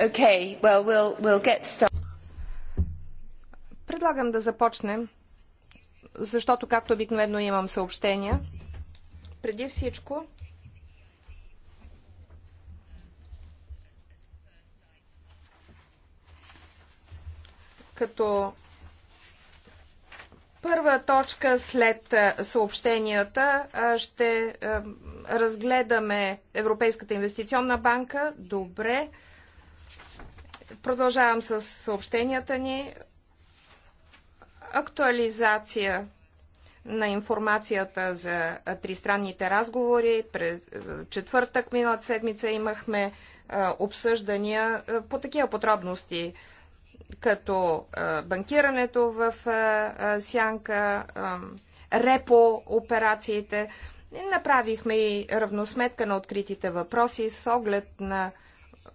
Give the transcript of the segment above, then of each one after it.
Okay, well, we'll, we'll get Предлагам да започнем, защото както обикновено имам съобщения. Преди всичко, като първа точка след съобщенията ще разгледаме Европейската инвестиционна банка. Добре. Продължавам с съобщенията ни. Актуализация на информацията за тристранните разговори. През е, четвъртък миналата седмица имахме е, обсъждания е, по такива подробности, като банкирането в сянка, репо операциите. Направихме и равносметка на откритите въпроси с оглед на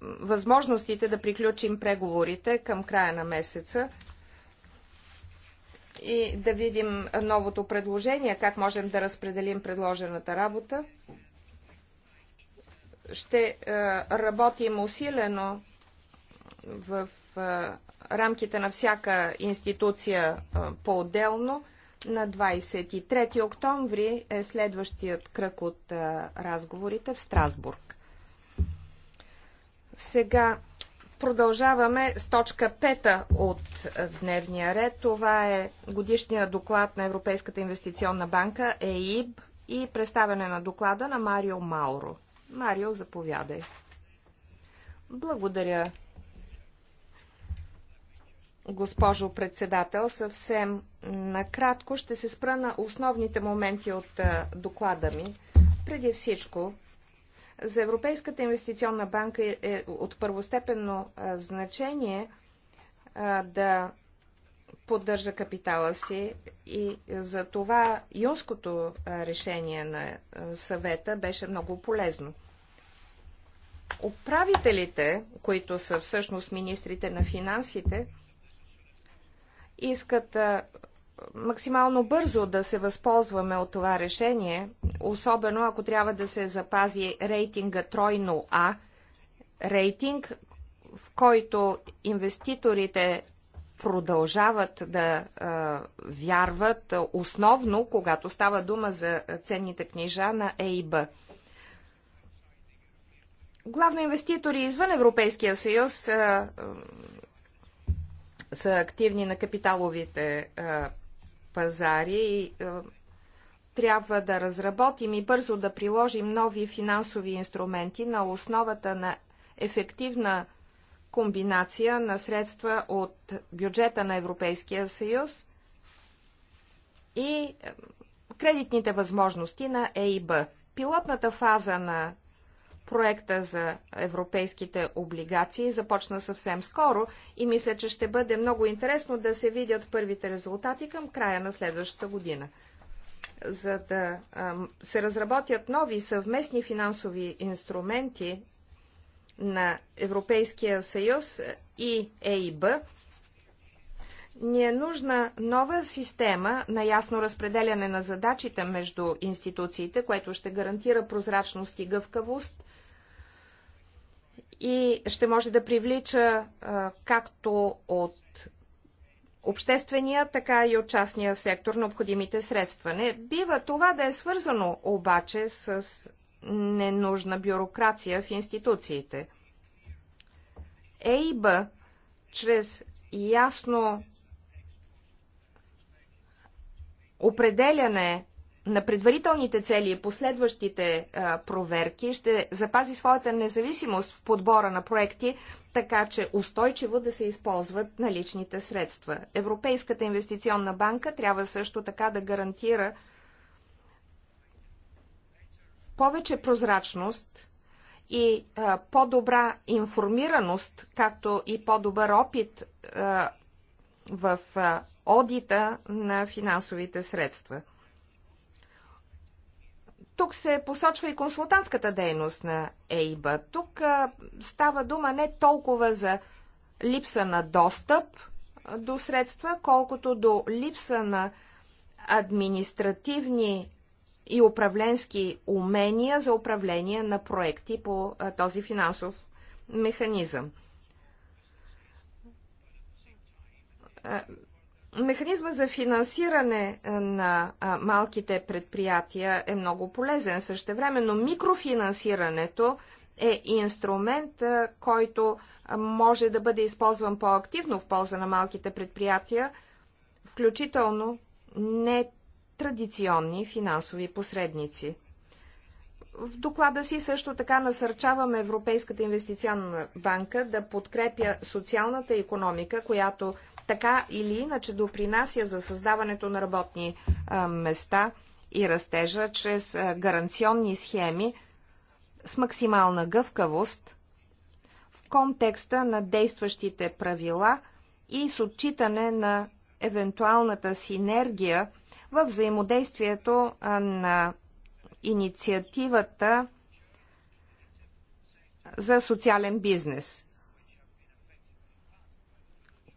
възможностите да приключим преговорите към края на месеца и да видим новото предложение, как можем да разпределим предложената работа. Ще е, работим усилено в е, рамките на всяка институция е, по-отделно. На 23 октомври е следващият кръг от разговорите в Страсбург. Сега продължаваме с точка 5 от е, дневния ред. Това е годишния доклад на Европейската инвестиционна банка ЕИБ и представяне на доклада на Марио Мауро. Марио, заповядай. Благодаря, госпожо председател. Съвсем накратко ще се спра на основните моменти от е, доклада ми. Преди всичко, за Европейската инвестиционна банка е, е от първостепенно значение да поддържа капитала си и за това юнското решение на съвета беше много полезно. Управителите, които са всъщност министрите на финансите, искат максимално бързо да се възползваме от това решение, особено ако трябва да се запази рейтинга тройно А, рейтинг, в който инвеститорите продължават да а, вярват основно, когато става дума за ценните книжа на ЕИБ. Главно инвеститори извън Европейския съюз а, а, са активни на капиталовите а, пазари и е, трябва да разработим и бързо да приложим нови финансови инструменти на основата на ефективна комбинация на средства от бюджета на Европейския съюз и е, кредитните възможности на ЕИБ. Пилотната фаза на проекта за европейските облигации започна съвсем скоро и мисля, че ще бъде много интересно да се видят първите резултати към края на следващата година. За да се разработят нови съвместни финансови инструменти на Европейския съюз и ЕИБ, ни е нужна нова система на ясно разпределяне на задачите между институциите, което ще гарантира прозрачност и гъвкавост и ще може да привлича както от обществения, така и от частния сектор необходимите средства. Не бива това да е свързано обаче с ненужна бюрокрация в институциите. ЕИБ чрез ясно определяне на предварителните цели и последващите а, проверки ще запази своята независимост в подбора на проекти, така че устойчиво да се използват наличните средства. Европейската инвестиционна банка трябва също така да гарантира повече прозрачност и по-добра информираност, както и по-добър опит а, в а, одита на финансовите средства. Тук се посочва и консултантската дейност на ЕИБА. Тук а, става дума не толкова за липса на достъп до средства, колкото до липса на административни и управленски умения за управление на проекти по а, този финансов механизъм. Механизма за финансиране е, на малките предприятия е много полезен. също време, но микрофинансирането е инструмент, е, който може да бъде използван по-активно в полза на малките предприятия, включително нетрадиционни финансови посредници. В доклада си също така насърчаваме Европейската инвестиционна банка да подкрепя социалната економика, която така или иначе допринася за създаването на работни места и растежа чрез гаранционни схеми с максимална гъвкавост в контекста на действащите правила и с отчитане на евентуалната синергия в взаимодействието на инициативата за социален бизнес.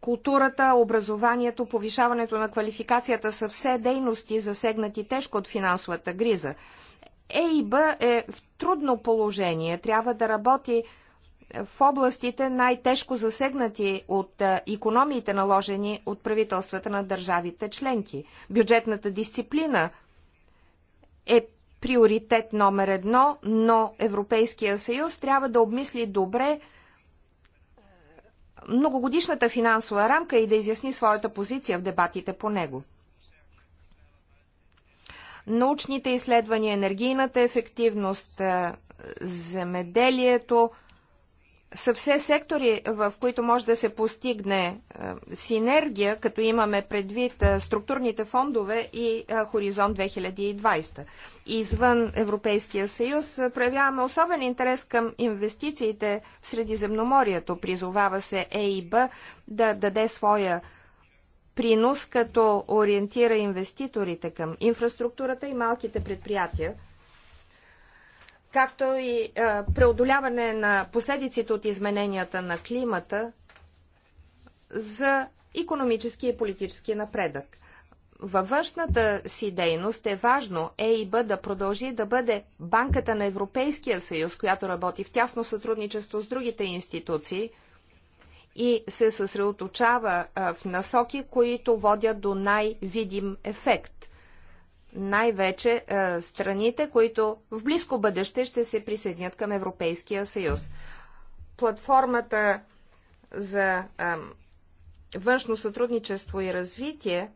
Културата, образованието, повишаването на квалификацията са все дейности, засегнати тежко от финансовата гриза. ЕИБ е в трудно положение, трябва да работи в областите най-тежко засегнати от економиите наложени от правителствата на държавите членки. Бюджетната дисциплина е приоритет номер едно, но Европейския съюз трябва да обмисли добре е, многогодишната финансова рамка и да изясни своята позиция в дебатите по него. Научните изследвания, енергийната ефективност, е, земеделието – са все сектори, в които може да се постигне е, синергия, като имаме предвид е, структурните фондове и е, Хоризонт 2020. Извън Европейския съюз проявяваме особен интерес към инвестициите в Средиземноморието. Призовава се ЕИБ да даде своя принос, като ориентира инвеститорите към инфраструктурата и малките предприятия както и е, преодоляване на последиците от измененията на климата за економически и политически напредък. Във външната си дейност е важно ЕИБ да продължи да бъде банката на Европейския съюз, която работи в тясно сътрудничество с другите институции и се съсредоточава е, в насоки, които водят до най-видим ефект – най-вече е, страните, които в близко бъдеще ще се присъединят към Европейския съюз. Платформата за външно сътрудничество и развитие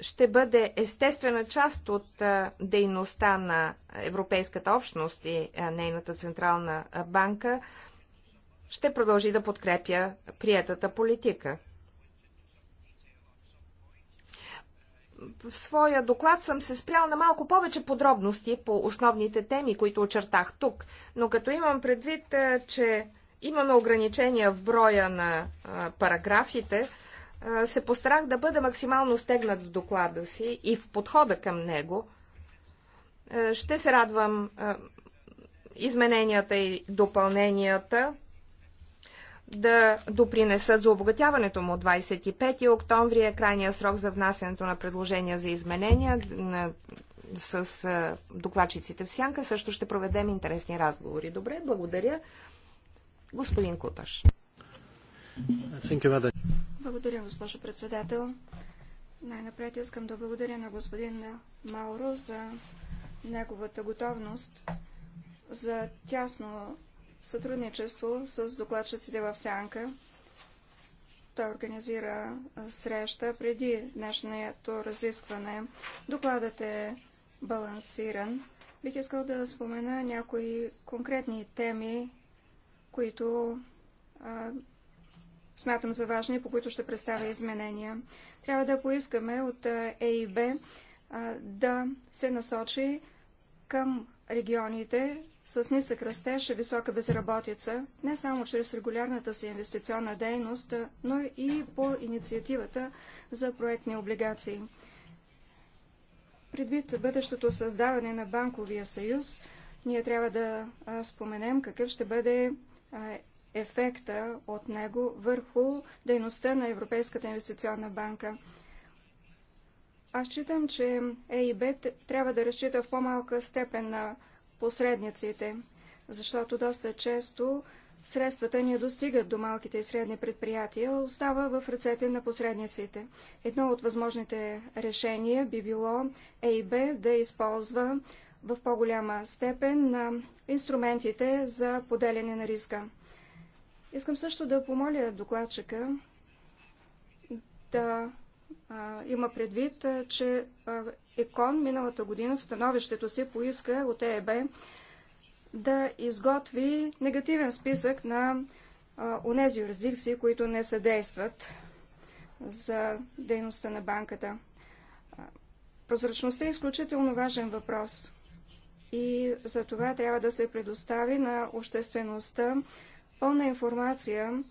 ще бъде естествена част от е, дейността на Европейската общност и е, нейната централна банка ще продължи да подкрепя приятата политика. в своя доклад съм се спрял на малко повече подробности по основните теми, които очертах тук. Но като имам предвид, че имаме ограничения в броя на параграфите, се постарах да бъда максимално стегнат в доклада си и в подхода към него. Ще се радвам измененията и допълненията да допринесат за обогатяването му. 25 октомври е крайния срок за внасянето на предложения за изменения на, с а, докладчиците в Сянка. Също ще проведем интересни разговори. Добре, благодаря. Господин Куташ. Благодаря, госпожо председател. Най-напред искам да благодаря на господин Мауро за неговата готовност за тясно сътрудничество с докладчиците в Сянка. Той организира среща преди днешното разискване. Докладът е балансиран. Бих искал да спомена някои конкретни теми, които а, смятам за важни, по които ще представя изменения. Трябва да поискаме от ЕИБ а, да се насочи към регионите с нисък растеж и висока безработица, не само чрез регулярната си инвестиционна дейност, но и по инициативата за проектни облигации. Предвид бъдещото създаване на Банковия съюз, ние трябва да споменем какъв ще бъде ефекта от него върху дейността на Европейската инвестиционна банка. Аз считам, че ЕИБ трябва да разчита в по-малка степен на посредниците, защото доста често средствата ни достигат до малките и средни предприятия, остава в ръцете на посредниците. Едно от възможните решения би било ЕИБ да използва в по-голяма степен на инструментите за поделяне на риска. Искам също да помоля докладчика да има предвид, че ЕКОН миналата година в становището си поиска от ЕЕБ да изготви негативен списък на онези юрисдикции, които не съдействат за дейността на банката. Прозрачността е изключително важен въпрос и за това трябва да се предостави на обществеността пълна информация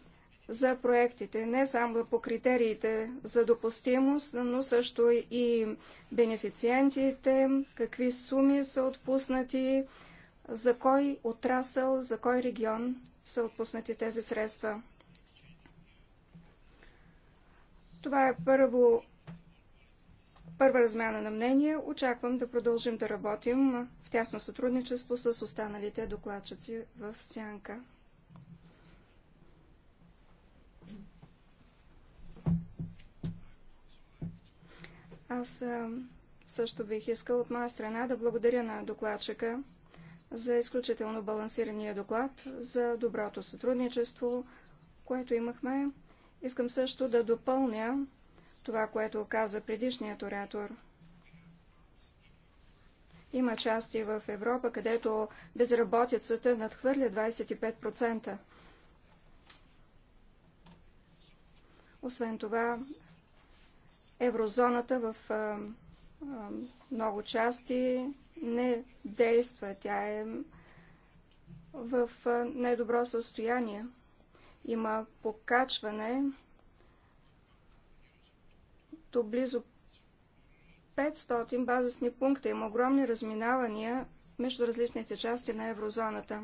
за проектите, не само по критериите за допустимост, но също и бенефициентите, какви суми са отпуснати, за кой отрасъл, за кой регион са отпуснати тези средства. Това е първо, първа размяна на мнение. Очаквам да продължим да работим в тясно сътрудничество с останалите докладчици в Сянка. Аз също бих искал от моя страна да благодаря на докладчика за изключително балансирания доклад, за доброто сътрудничество, което имахме. Искам също да допълня това, което каза предишният оратор. Има части в Европа, където безработицата надхвърля 25%. Освен това, Еврозоната в много части не действа. Тя е в най-добро състояние. Има покачване до близо 500 базисни пункта. Има огромни разминавания между различните части на еврозоната.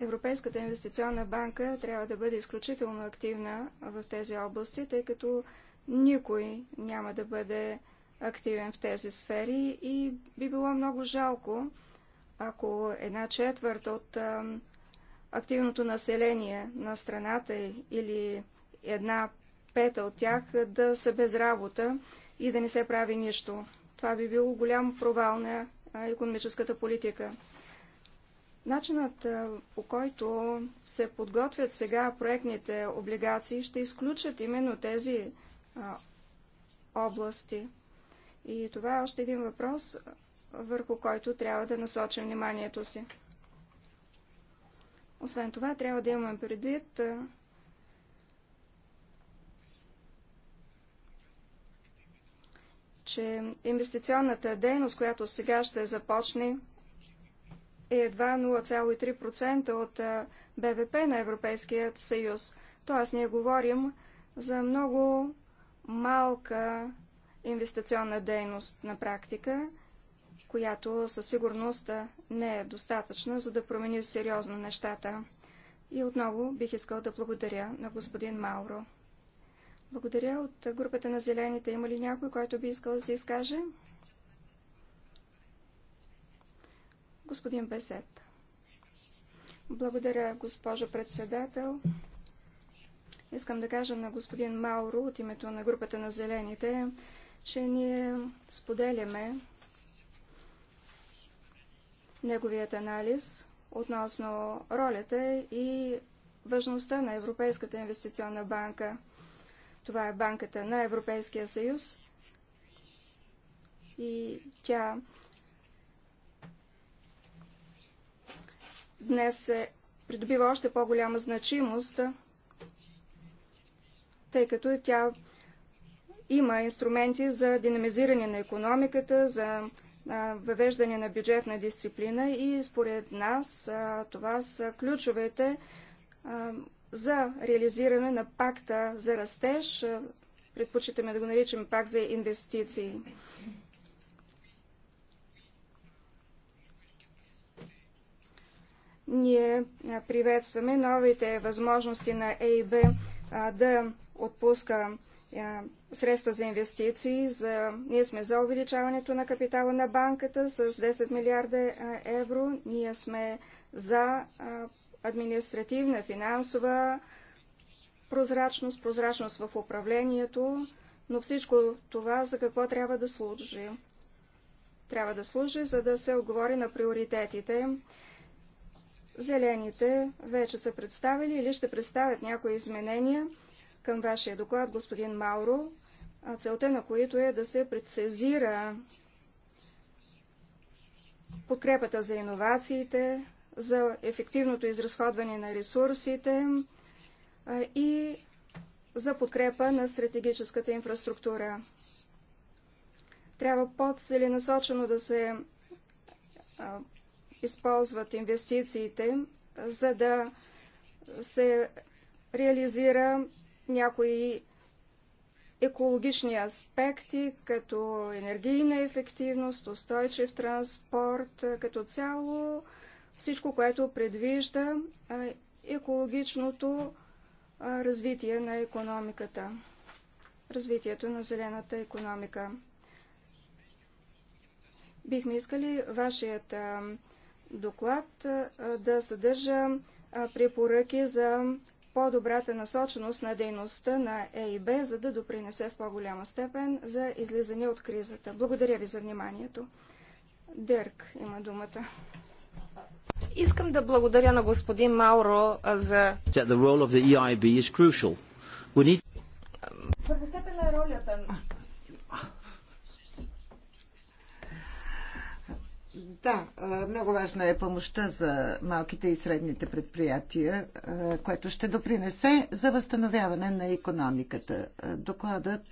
Европейската инвестиционна банка трябва да бъде изключително активна в тези области, тъй като никой няма да бъде активен в тези сфери и би било много жалко, ако една четвърт от а, активното население на страната или една пета от тях да са без работа и да не се прави нищо. Това би било голям провал на економическата политика. Начинът по който се подготвят сега проектните облигации ще изключат именно тези области. И това е още един въпрос, върху който трябва да насочим вниманието си. Освен това, трябва да имаме предвид че инвестиционната дейност, която сега ще започне, е едва 0,3% от БВП на Европейския съюз. Тоест, ние говорим за много малка инвестиционна дейност на практика, която със сигурност не е достатъчна, за да промени сериозно нещата. И отново бих искал да благодаря на господин Мауро. Благодаря от групата на зелените. Има ли някой, който би искал да се изкаже? Господин Бесет. Благодаря, госпожо председател. Искам да кажа на господин Мауро от името на групата на зелените, че ние споделяме неговият анализ относно ролята и важността на Европейската инвестиционна банка. Това е банката на Европейския съюз и тя днес се придобива още по-голяма значимост тъй като тя има инструменти за динамизиране на економиката, за въвеждане на бюджетна дисциплина и според нас това са ключовете за реализиране на пакта за растеж. Предпочитаме да го наричаме пак за инвестиции. Ние приветстваме новите възможности на ЕИБ да отпуска е, средства за инвестиции. За... Ние сме за увеличаването на капитала на банката с 10 милиарда е, евро. Ние сме за е, административна, финансова прозрачност, прозрачност в управлението, но всичко това за какво трябва да служи? Трябва да служи, за да се отговори на приоритетите. Зелените вече са представили или ще представят някои изменения – към вашия доклад, господин Мауро, целта на които е да се прецизира подкрепата за иновациите, за ефективното изразходване на ресурсите и за подкрепа на стратегическата инфраструктура. Трябва по-целенасочено да се използват инвестициите, за да се реализира някои екологични аспекти, като енергийна ефективност, устойчив транспорт, като цяло всичко, което предвижда екологичното развитие на економиката, развитието на зелената економика. Бихме искали вашият доклад да съдържа препоръки за по-добрата насоченост на дейността на ЕИБ, за да допринесе в по-голяма степен за излизане от кризата. Благодаря ви за вниманието. Дърк има думата. Искам да благодаря на господин Мауро за... That the role of the EIB is crucial. We need... Първостепенна е ролята Да, много важна е помощта за малките и средните предприятия, което ще допринесе за възстановяване на економиката. Докладът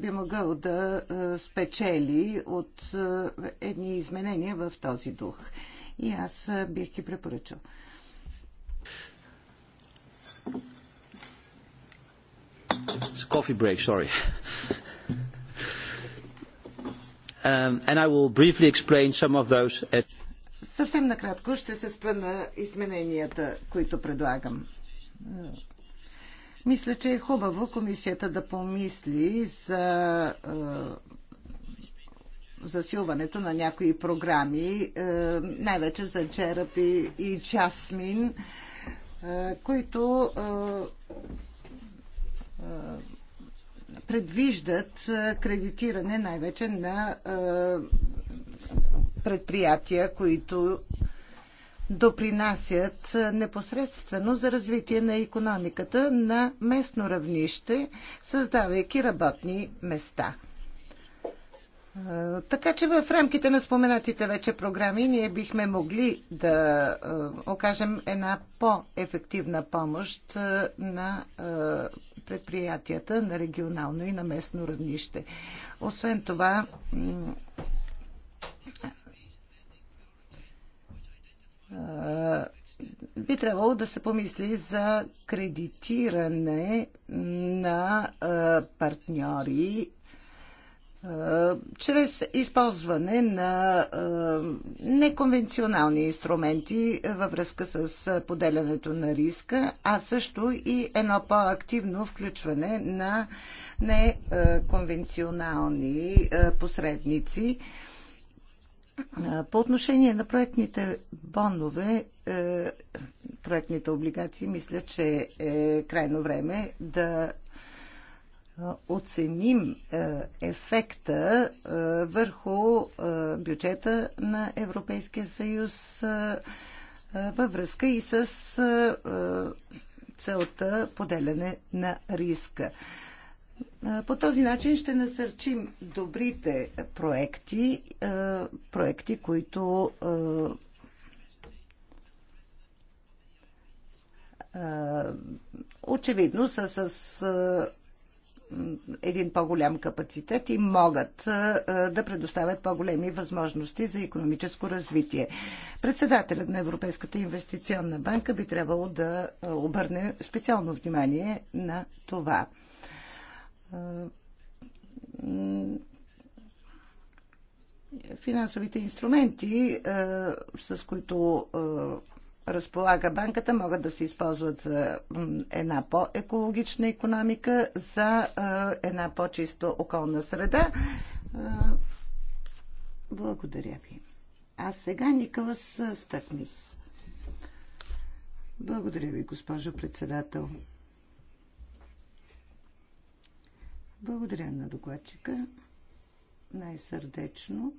би могъл да спечели от едни изменения в този дух. И аз бих ги препоръчал. It's coffee break, sorry. Um, and I will briefly explain some of those. At... Съвсем накратко ще се спра на измененията, които предлагам. Мисля, че е хубаво комисията да помисли за е, засилването на някои програми, е, най-вече за джерапи и, Часмин, е, които предвиждат кредитиране най-вече на предприятия, които допринасят непосредствено за развитие на економиката на местно равнище, създавайки работни места – така че в рамките на споменатите вече програми ние бихме могли да окажем една по-ефективна помощ на предприятията на регионално и на местно равнище. Освен това, би трябвало да се помисли за кредитиране на партньори чрез използване на неконвенционални инструменти във връзка с поделянето на риска, а също и едно по-активно включване на неконвенционални посредници. По отношение на проектните бонове, е, проектните облигации, мисля, че е крайно време да оценим ефекта върху бюджета на Европейския съюз във връзка и с целта поделяне на риска. По този начин ще насърчим добрите проекти, проекти, които очевидно са с един по-голям капацитет и могат да предоставят по-големи възможности за економическо развитие. Председателят на Европейската инвестиционна банка би трябвало да обърне специално внимание на това финансовите инструменти, с които разполага банката, могат да се използват за една по-екологична економика, за една по чисто околна среда. Благодаря ви. А сега Николас Стъкмис. Благодаря ви, госпожо председател. Благодаря на докладчика най-сърдечно.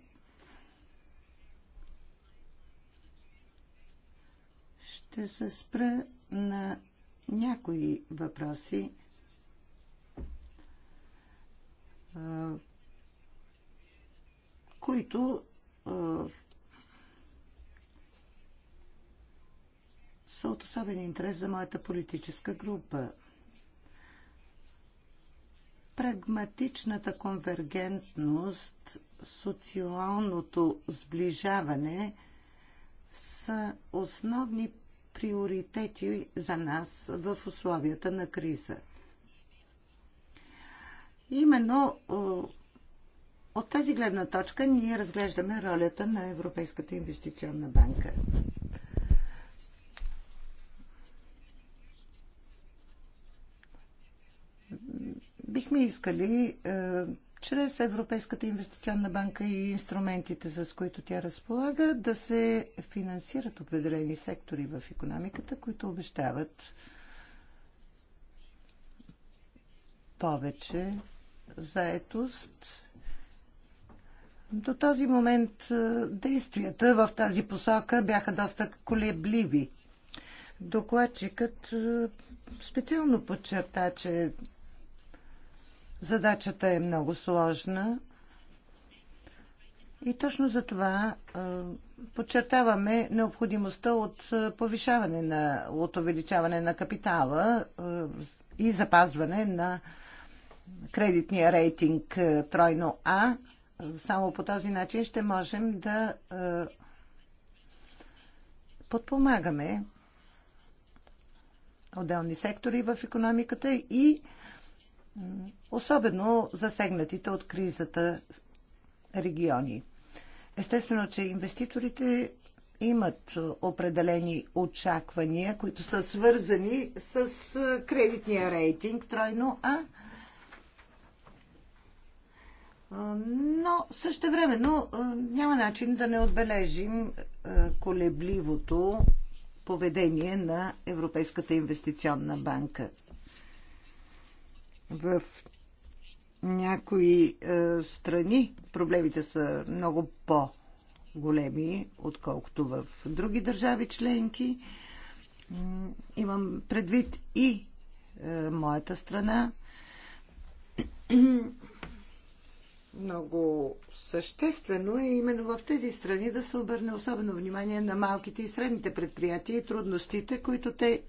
Ще се спра на някои въпроси. които са от особен интерес за моята политическа група. Прагматичната конвергентност, социалното сближаване – са основни приоритети за нас в условията на криза. Именно от тази гледна точка ние разглеждаме ролята на Европейската инвестиционна банка. Бихме искали е, чрез Европейската инвестиционна банка и инструментите, с които тя разполага, да се финансират определени сектори в економиката, които обещават повече заетост. До този момент е, действията в тази посока бяха доста колебливи. Докладчикът е, специално подчерта, че Задачата е много сложна и точно за това подчертаваме необходимостта от повишаване на, от увеличаване на капитала и запазване на кредитния рейтинг тройно А. Само по този начин ще можем да подпомагаме отделни сектори в економиката и особено засегнатите от кризата региони. Естествено, че инвеститорите имат определени очаквания, които са свързани с кредитния рейтинг тройно А. Но също времено няма начин да не отбележим колебливото поведение на Европейската инвестиционна банка. В някои е, страни проблемите са много по-големи, отколкото в други държави членки. Имам предвид и е, моята страна. Много съществено е именно в тези страни да се обърне особено внимание на малките и средните предприятия и трудностите, които те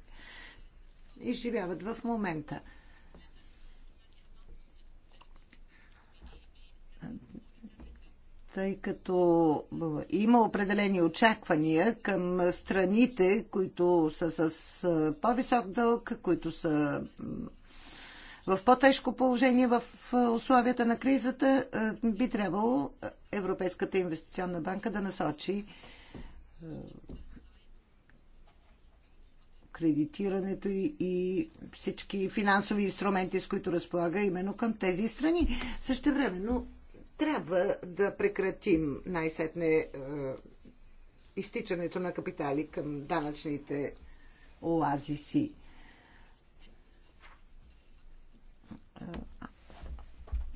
изживяват в момента. тъй като има определени очаквания към страните, които са с по-висок дълг, които са в по-тежко положение в условията на кризата, би трябвало Европейската инвестиционна банка да насочи кредитирането и, и всички финансови инструменти, с които разполага именно към тези страни. времено. Трябва да прекратим най-сетне е, изтичането на капитали към данъчните оазиси.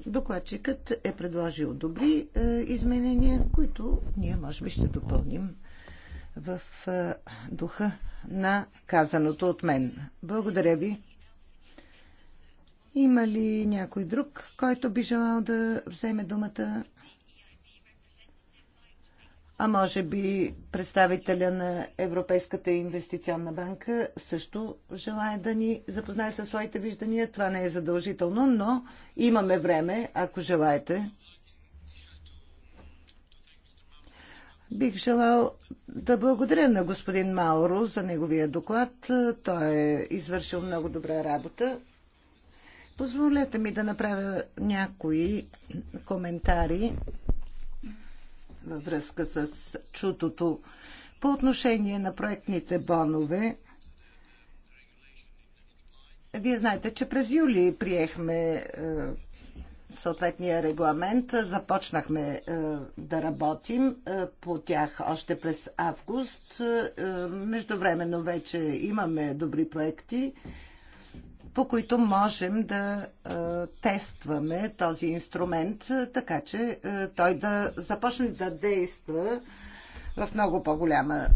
Докладчикът е предложил добри е, изменения, които ние може би ще допълним в е, духа на казаното от мен. Благодаря ви. Има ли някой друг, който би желал да вземе думата? А може би представителя на Европейската инвестиционна банка също желая да ни запознае със своите виждания. Това не е задължително, но имаме време, ако желаете. Бих желал да благодаря на господин Мауро за неговия доклад. Той е извършил много добра работа. Позволете ми да направя някои коментари във връзка с чутото по отношение на проектните бонове. Вие знаете, че през юли приехме е, съответния регламент. Започнахме е, да работим е, по тях още през август. Е, междувременно вече имаме добри проекти. Е, по които можем да тестваме този инструмент, така че той да започне да действа в много по-голяма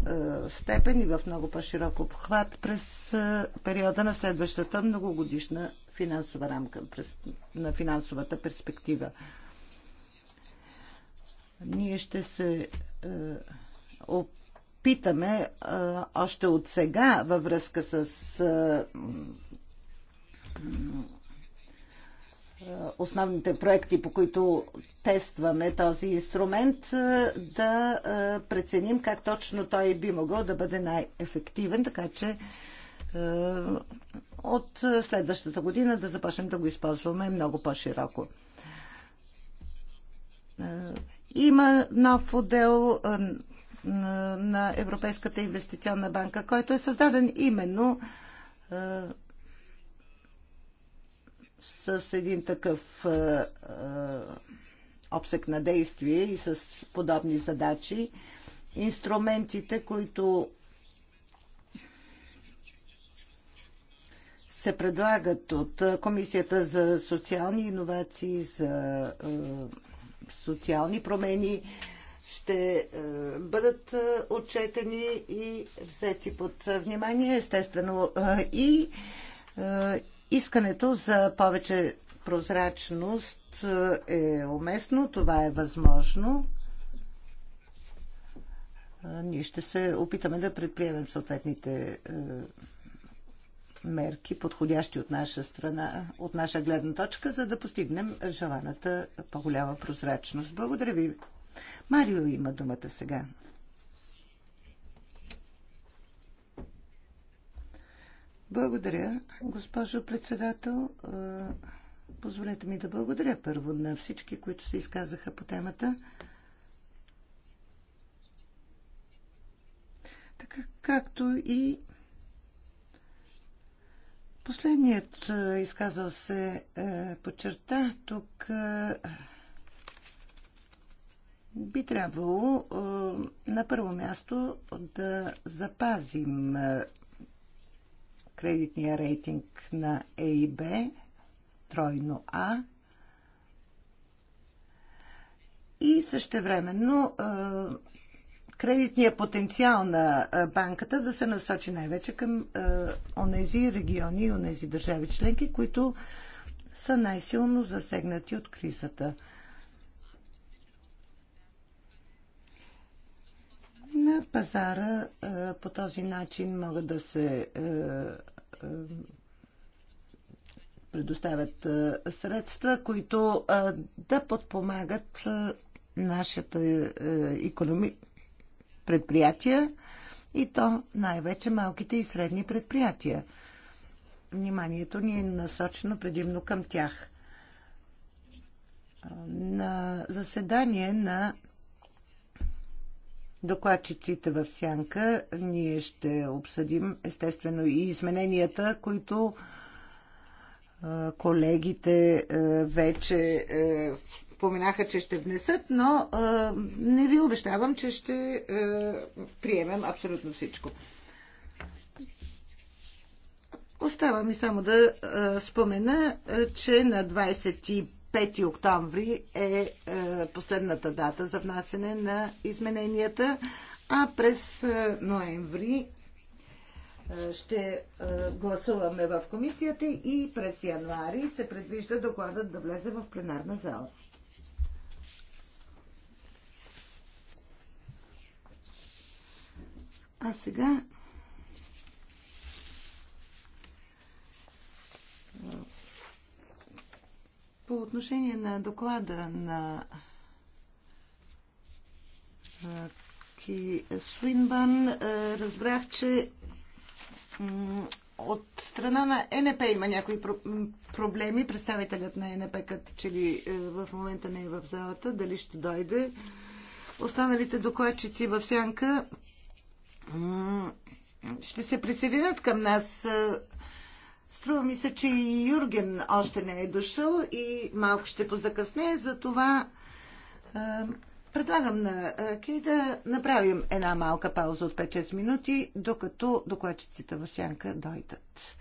степен и в много по-широк обхват през периода на следващата многогодишна финансова рамка, през, на финансовата перспектива. Ние ще се а, опитаме а, още от сега във връзка с А, е, основните проекти, по които тестваме този инструмент, е, да е, преценим как точно той би могъл да бъде най-ефективен, така че от следващата година да започнем да го използваме много по-широко. Има нов отдел на Европейската инвестиционна банка, който е създаден именно с един такъв е, е, обсек на действие и с подобни задачи, инструментите, които се предлагат от е, Комисията за социални иновации, за социални промени, ще бъдат отчетени и взети под внимание, естествено и Искането за повече прозрачност е, е уместно, това е възможно. Ние ще се опитаме да предприемем съответните е, мерки, подходящи от наша страна, от наша гледна точка, за да постигнем желаната по-голяма прозрачност. Благодаря ви. Марио има думата сега. Благодаря, госпожо председател. Позволете ми да благодаря първо на всички, които се изказаха по темата. Така както и последният изказал се подчерта тук би трябвало на първо място да запазим кредитния рейтинг на ЕИБ, тройно А, и същевременно кредитния потенциал на банката да се насочи най-вече към онези региони и онези държави членки, които са най-силно засегнати от кризата. На пазара по този начин могат да се предоставят средства, които да подпомагат нашата економи... предприятия и то най-вече малките и средни предприятия. Вниманието ни е насочено предимно към тях. На заседание на докладчиците в сянка. Ние ще обсъдим естествено и измененията, които колегите вече споменаха, че ще внесат, но не ви обещавам, че ще приемем абсолютно всичко. Остава ми само да спомена, че на 25 5 октомври е, е последната дата за внасене на измененията, а през е, ноември е, ще гласуваме в комисията и през януари се предвижда докладът да влезе в пленарна зала. А сега По отношение на доклада на Ки Свинбан, разбрах, че от страна на НП има някои проблеми. Представителят на НП като че ли е, в момента не е в залата. Дали ще дойде? Останалите докладчици в сянка ще се присъединят към нас е, Струва ми се, че и Юрген още не е дошъл и малко ще позакъсне, затова е, предлагам на Кей да направим една малка пауза от 5-6 минути, докато докладчиците в сянка дойдат.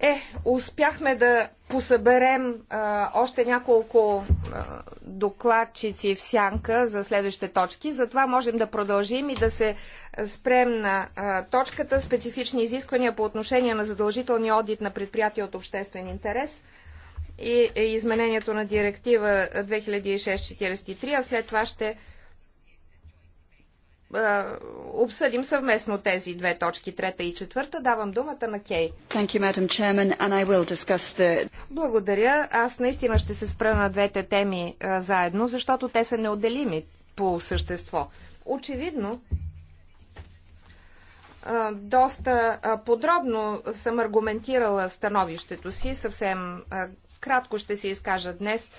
Е, успяхме да посъберем а, още няколко а, докладчици в сянка за следващите точки. Затова можем да продължим и да се спрем на а, точката специфични изисквания по отношение на задължителния одит на предприятия от обществен интерес и изменението на директива 2643, а след това ще е, обсъдим съвместно тези две точки, трета и четвърта. Давам думата на Кей. You, the... Благодаря. Аз наистина ще се спра на двете теми а, е, заедно, защото те са неотделими по същество. Очевидно, е, доста подробно съм аргументирала становището си съвсем кратко ще се изкажа днес.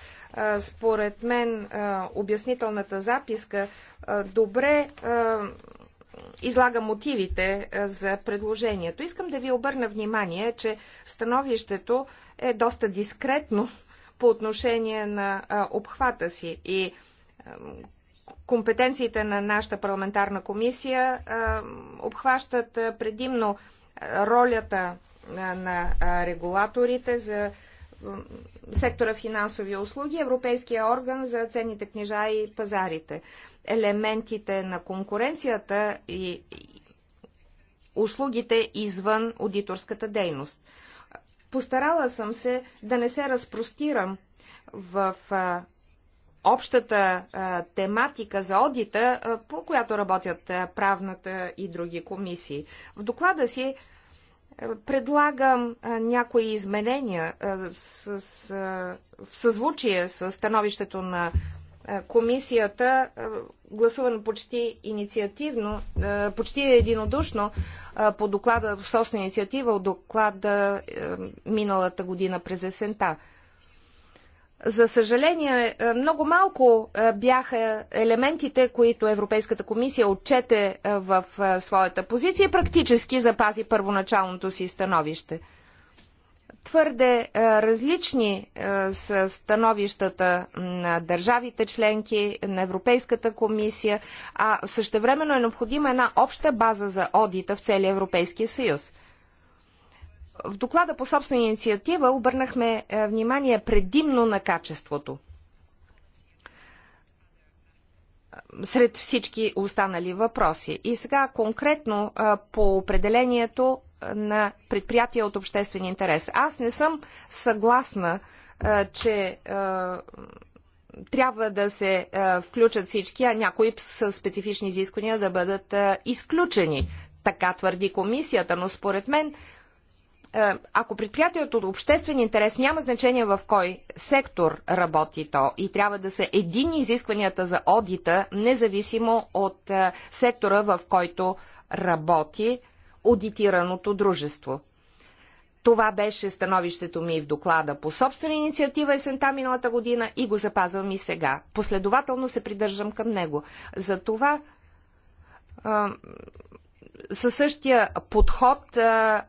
Според мен обяснителната записка добре излага мотивите за предложението. Искам да ви обърна внимание, че становището е доста дискретно по отношение на обхвата си и компетенциите на нашата парламентарна комисия обхващат предимно ролята на регулаторите за сектора финансови услуги, Европейския орган за ценните книжа и пазарите. Елементите на конкуренцията и услугите извън аудиторската дейност. Постарала съм се да не се разпростирам в общата тематика за одита, по която работят правната и други комисии. В доклада си Предлагам някои изменения с, в съзвучие с становището на комисията, гласувано почти инициативно, почти единодушно по доклада в собствена инициатива от доклада миналата година през есента. За съжаление, е, много малко е, бяха елементите, които Европейската комисия отчете е, в своята позиция и практически запази първоначалното си становище. Твърде различни са становищата на държавите членки, на Европейската комисия, а същевременно е необходима една обща база за одита в целия Европейския съюз – в доклада по собствена инициатива обърнахме е, внимание предимно на качеството. Сред всички останали въпроси. И сега конкретно е, по определението е, на предприятия от обществен интерес. Аз не съм съгласна, че трябва да се включат всички, а някои с специфични изисквания да бъдат изключени. Така твърди комисията, но според мен е, ако предприятието от обществен интерес няма значение в кой сектор работи то и трябва да са единни изискванията за одита, независимо от е, сектора, в който работи аудитираното дружество. Това беше становището ми в доклада по собствена инициатива есента миналата година и го запазвам и сега. Последователно се придържам към него. За това е, със същия подход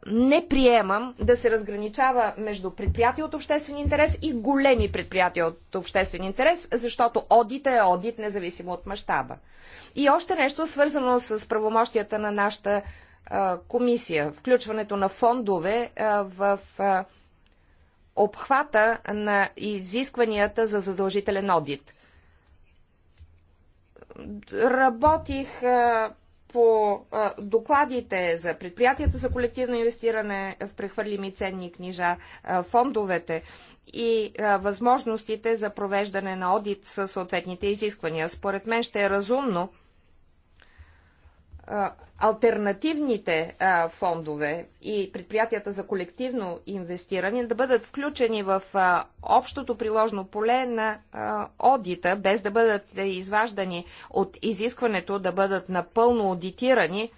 не приемам да се разграничава между предприятия от обществен интерес и големи предприятия от обществен интерес, защото одит е одит, независимо от мащаба. И още нещо свързано с правомощията на нашата комисия. Включването на фондове в обхвата на изискванията за задължителен одит. Работих по а, докладите за предприятията за колективно инвестиране в прехвърлими ценни книжа, а, фондовете и а, възможностите за провеждане на одит със съответните изисквания. Според мен ще е разумно альтернативните а, фондове и предприятията за колективно инвестиране да бъдат включени в а, общото приложно поле на а, одита, без да бъдат изваждани от изискването да бъдат напълно аудитирани,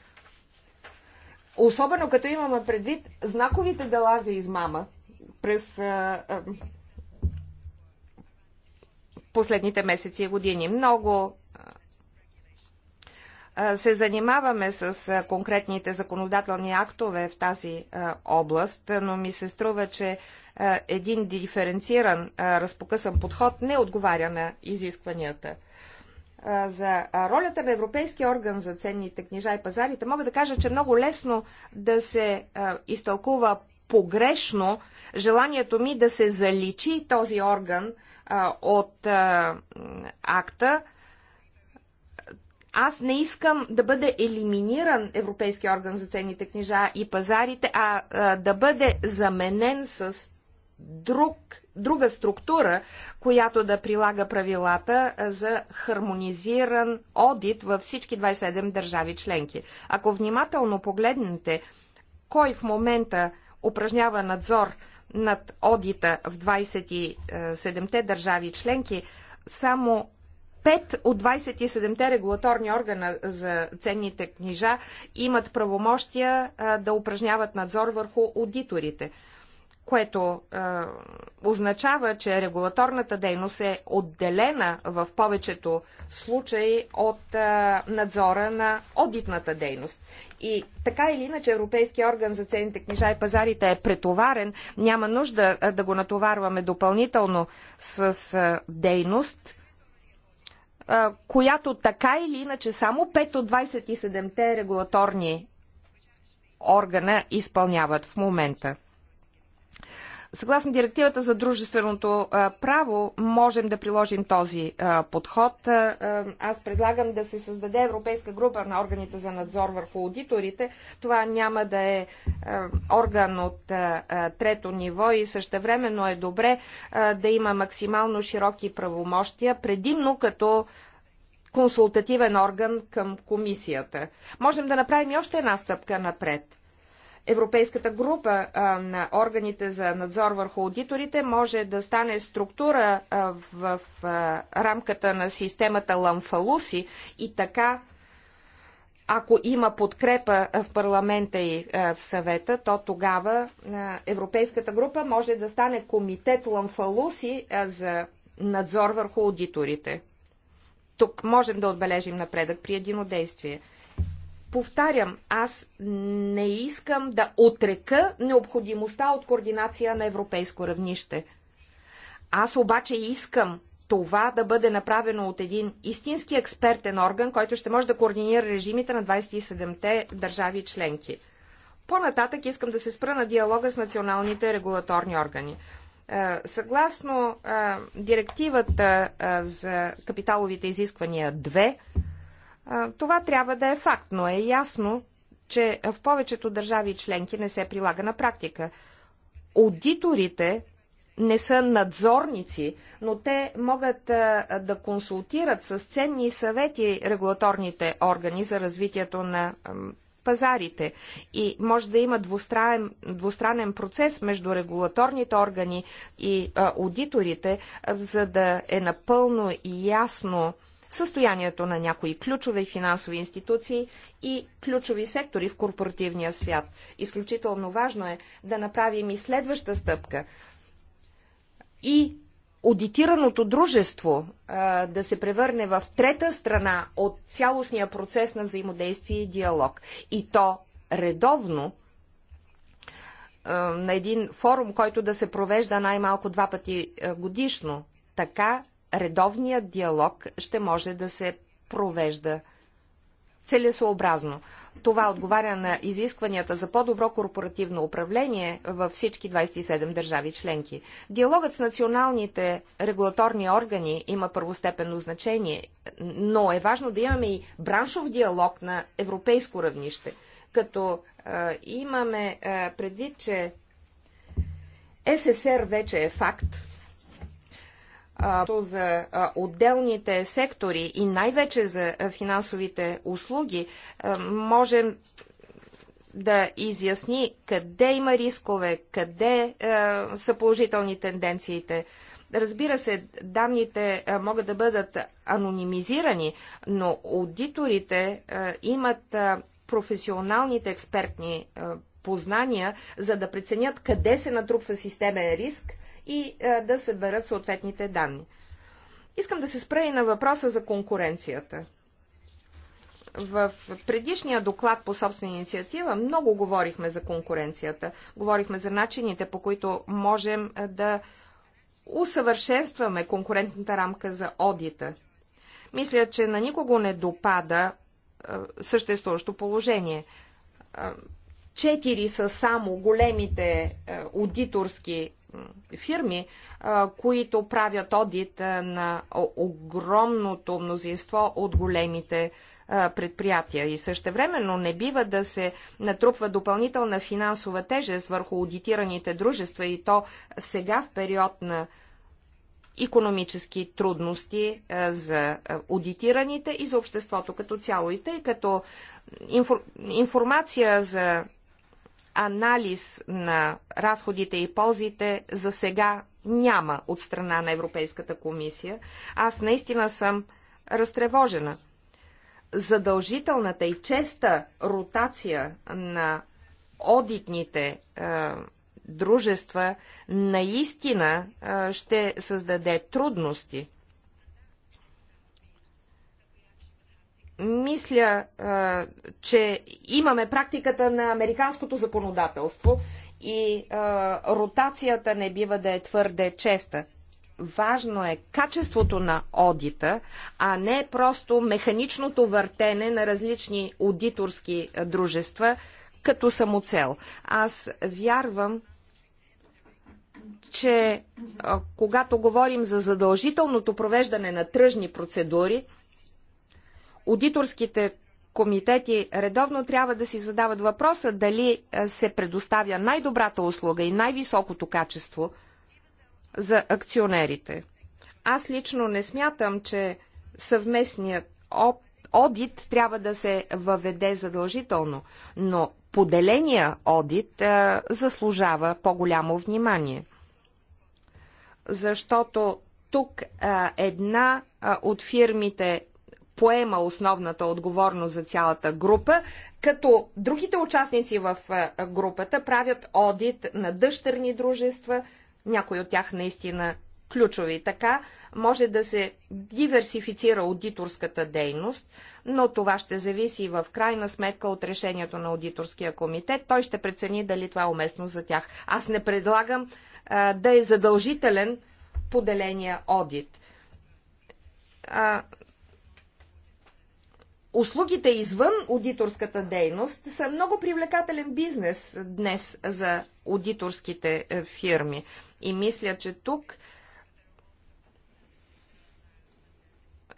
особено като имаме предвид знаковите дела за измама през последните месеци и години. Много се занимаваме с конкретните законодателни актове в тази област, но ми се струва, че един диференциран, разпокъсан подход не отговаря на изискванията. За ролята на Европейския орган за ценните книжа и пазарите мога да кажа, че е много лесно да се изтълкува погрешно желанието ми да се заличи този орган от акта, аз не искам да бъде елиминиран Европейския орган за ценните книжа и пазарите, а, а да бъде заменен с друг, друга структура, която да прилага правилата за хармонизиран одит във всички 27 държави членки. Ако внимателно погледнете кой в момента упражнява надзор над одита в 27-те държави членки, само Пет от 27-те регулаторни органа за ценните книжа имат правомощия да упражняват надзор върху аудиторите, което е, означава, че регулаторната дейност е отделена в повечето случаи от е, надзора на одитната дейност. И така или иначе Европейския орган за ценните книжа и пазарите е претоварен, няма нужда да го натоварваме допълнително с е, дейност – която така или иначе само 5 от 27-те регулаторни органа изпълняват в момента. Съгласно директивата за дружественото право можем да приложим този подход. Аз предлагам да се създаде Европейска група на органите за надзор върху аудиторите. Това няма да е орган от трето ниво и същевременно е добре да има максимално широки правомощия, предимно като консултативен орган към комисията. Можем да направим и още една стъпка напред – Европейската група на органите за надзор върху аудиторите може да стане структура в рамката на системата Ламфалуси и така, ако има подкрепа в парламента и в съвета, то тогава Европейската група може да стане комитет Ламфалуси за надзор върху аудиторите. Тук можем да отбележим напредък при единодействие. действие. Повтарям, аз не искам да отрека необходимостта от координация на европейско равнище. Аз обаче искам това да бъде направено от един истински експертен орган, който ще може да координира режимите на 27-те държави членки. По-нататък искам да се спра на диалога с националните регулаторни органи. Е, съгласно е, директивата е, за капиталовите изисквания това трябва да е факт, но е ясно, че в повечето държави членки не се прилага на практика. Аудиторите не са надзорници, но те могат а, да консултират с ценни съвети регулаторните органи за развитието на а, пазарите. И може да има двустранен, двустранен процес между регулаторните органи и а, аудиторите, за да е напълно и ясно състоянието на някои ключови финансови институции и ключови сектори в корпоративния свят. Изключително важно е да направим и следваща стъпка и аудитираното дружество а, да се превърне в трета страна от цялостния процес на взаимодействие и диалог. И то редовно а, на един форум, който да се провежда най-малко два пъти годишно. Така редовният диалог ще може да се провежда целесообразно. Това отговаря на изискванията за по-добро корпоративно управление във всички 27 държави членки. Диалогът с националните регулаторни органи има първостепенно значение, но е важно да имаме и браншов диалог на европейско равнище, като е, имаме е, предвид, че СССР вече е факт, за отделните сектори и най-вече за финансовите услуги, можем да изясни къде има рискове, къде са положителни тенденциите. Разбира се, данните могат да бъдат анонимизирани, но аудиторите имат професионалните експертни познания, за да преценят къде се натрупва системен риск и е, да съберат съответните данни. Искам да се спра и на въпроса за конкуренцията. В предишния доклад по собствена инициатива много говорихме за конкуренцията. Говорихме за начините, по които можем е, да усъвършенстваме конкурентната рамка за одита. Мисля, че на никого не допада е, съществуващо положение. Четири са само големите аудиторски фирми, които правят одит на огромното мнозинство от големите предприятия. И същевременно не бива да се натрупва допълнителна финансова тежест върху аудитираните дружества и то сега в период на економически трудности за аудитираните и за обществото като цяло. И тъй като информация за анализ на разходите и ползите за сега няма от страна на Европейската комисия. Аз наистина съм разтревожена. Задължителната и честа ротация на одитните е, дружества наистина е, ще създаде трудности – мисля, че имаме практиката на американското законодателство и ротацията не бива да е твърде честа. Важно е качеството на одита, а не просто механичното въртене на различни аудиторски дружества като самоцел. Аз вярвам, че когато говорим за задължителното провеждане на тръжни процедури, аудиторските комитети редовно трябва да си задават въпроса дали се предоставя най-добрата услуга и най-високото качество за акционерите. Аз лично не смятам, че съвместният одит трябва да се въведе задължително, но поделения одит е, заслужава по-голямо внимание. Защото тук е, една от фирмите поема основната отговорност за цялата група, като другите участници в е, групата правят одит на дъщерни дружества, някои от тях наистина ключови. Така може да се диверсифицира аудиторската дейност, но това ще зависи в крайна сметка от решението на аудиторския комитет. Той ще прецени дали това е уместно за тях. Аз не предлагам а, е, да е задължителен поделения одит. А, услугите извън аудиторската дейност са много привлекателен бизнес днес за аудиторските е, фирми. И мисля, че тук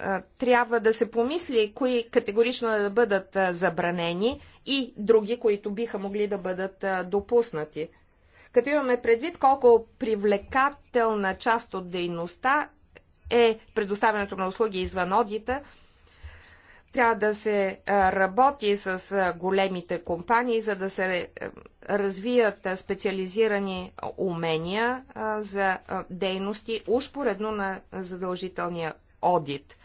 е, трябва да се помисли кои категорично да бъдат е, забранени и други, които биха могли да бъдат допуснати. Като имаме предвид колко привлекателна част от дейността е предоставянето на услуги извън одита – трябва да се работи с големите компании, за да се развият специализирани умения за дейности, успоредно на задължителния одит.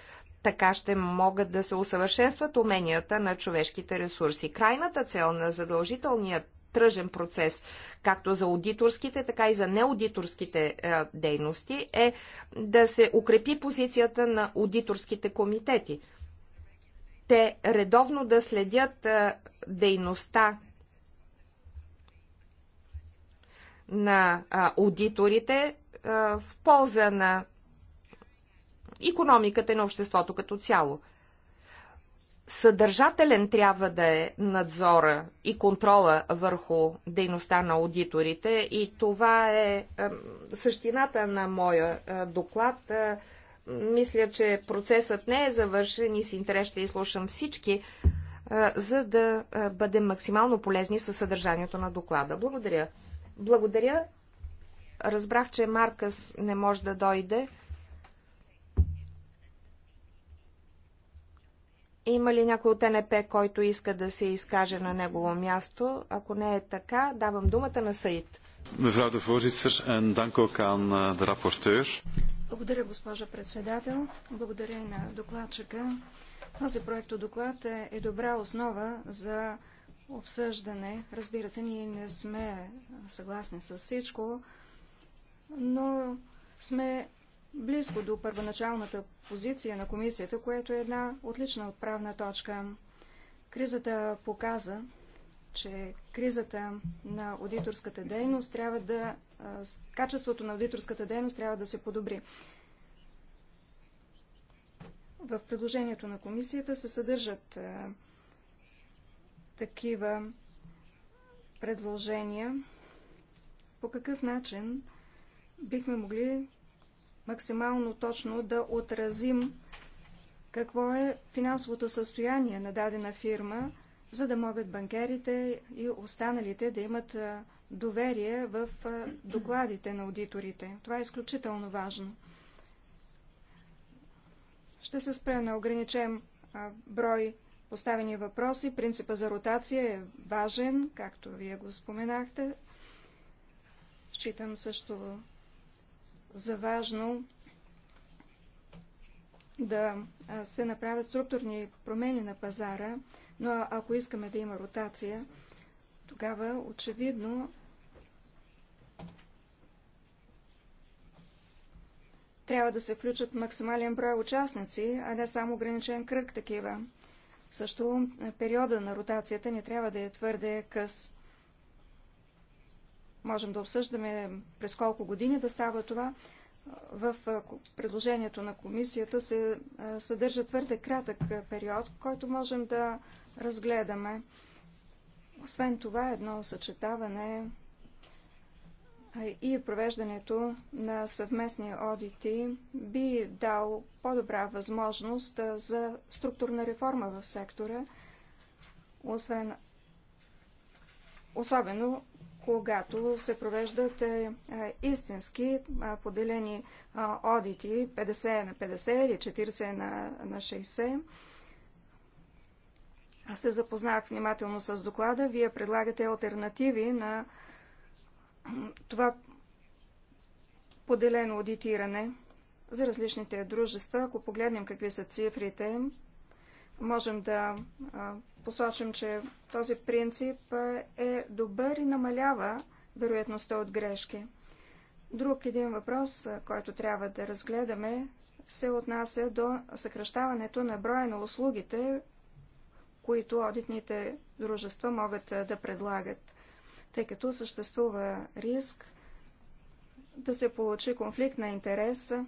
Така ще могат да се усъвършенстват уменията на човешките ресурси. Крайната цел на задължителния тръжен процес, както за аудиторските, така и за неаудиторските дейности, е да се укрепи позицията на аудиторските комитети те редовно да следят дейността на аудиторите в полза на економиката и на обществото като цяло. Съдържателен трябва да е надзора и контрола върху дейността на аудиторите и това е същината на моя доклад. Мисля, че процесът не е завършен и с интерес ще изслушам всички, за да бъдем максимално полезни със съдържанието на доклада. Благодаря. Благодаря. Разбрах, че Маркъс не може да дойде. Има ли някой от НП, който иска да се изкаже на негово място? Ако не е така, давам думата на Саид. Mevrouw de voorzitter, en dank ook aan eh, de rapporteur. Благодаря, госпожа председател. Благодаря и на докладчика. Този проект доклад е, е добра основа за обсъждане. Разбира се, ние не сме съгласни с всичко, но сме близко до първоначалната позиция на комисията, което е една отлична отправна точка. Кризата показа, че кризата на аудиторската дейност трябва да... качеството на аудиторската дейност трябва да се подобри. В предложението на комисията се съдържат такива предложения. По какъв начин бихме могли максимално точно да отразим какво е финансовото състояние на дадена фирма, за да могат банкерите и останалите да имат доверие в докладите на аудиторите. Това е изключително важно. Ще се спре на ограничен брой поставени въпроси. Принципа за ротация е важен, както вие го споменахте. Считам също за важно да се направят структурни промени на пазара, но ако искаме да има ротация, тогава очевидно трябва да се включат максимален брой участници, а не само ограничен кръг такива. Също е, периода на ротацията не трябва да е твърде къс. Можем да обсъждаме през колко години да става това, в предложението на комисията се съдържа твърде кратък период, който можем да разгледаме. Освен това, едно съчетаване и провеждането на съвместни одити би дал по-добра възможност за структурна реформа в сектора, освен особено когато се провеждат е, е, истински поделени одити 50 на 50 или 40 на, на 60. Аз се запознах внимателно с доклада. Вие предлагате альтернативи на това поделено аудитиране за различните дружества. Ако погледнем какви са цифрите, можем да посочим, че този принцип е добър и намалява вероятността от грешки. Друг един въпрос, който трябва да разгледаме, се отнася до съкръщаването на броя на услугите, които одитните дружества могат да предлагат, тъй като съществува риск да се получи конфликт на интереса,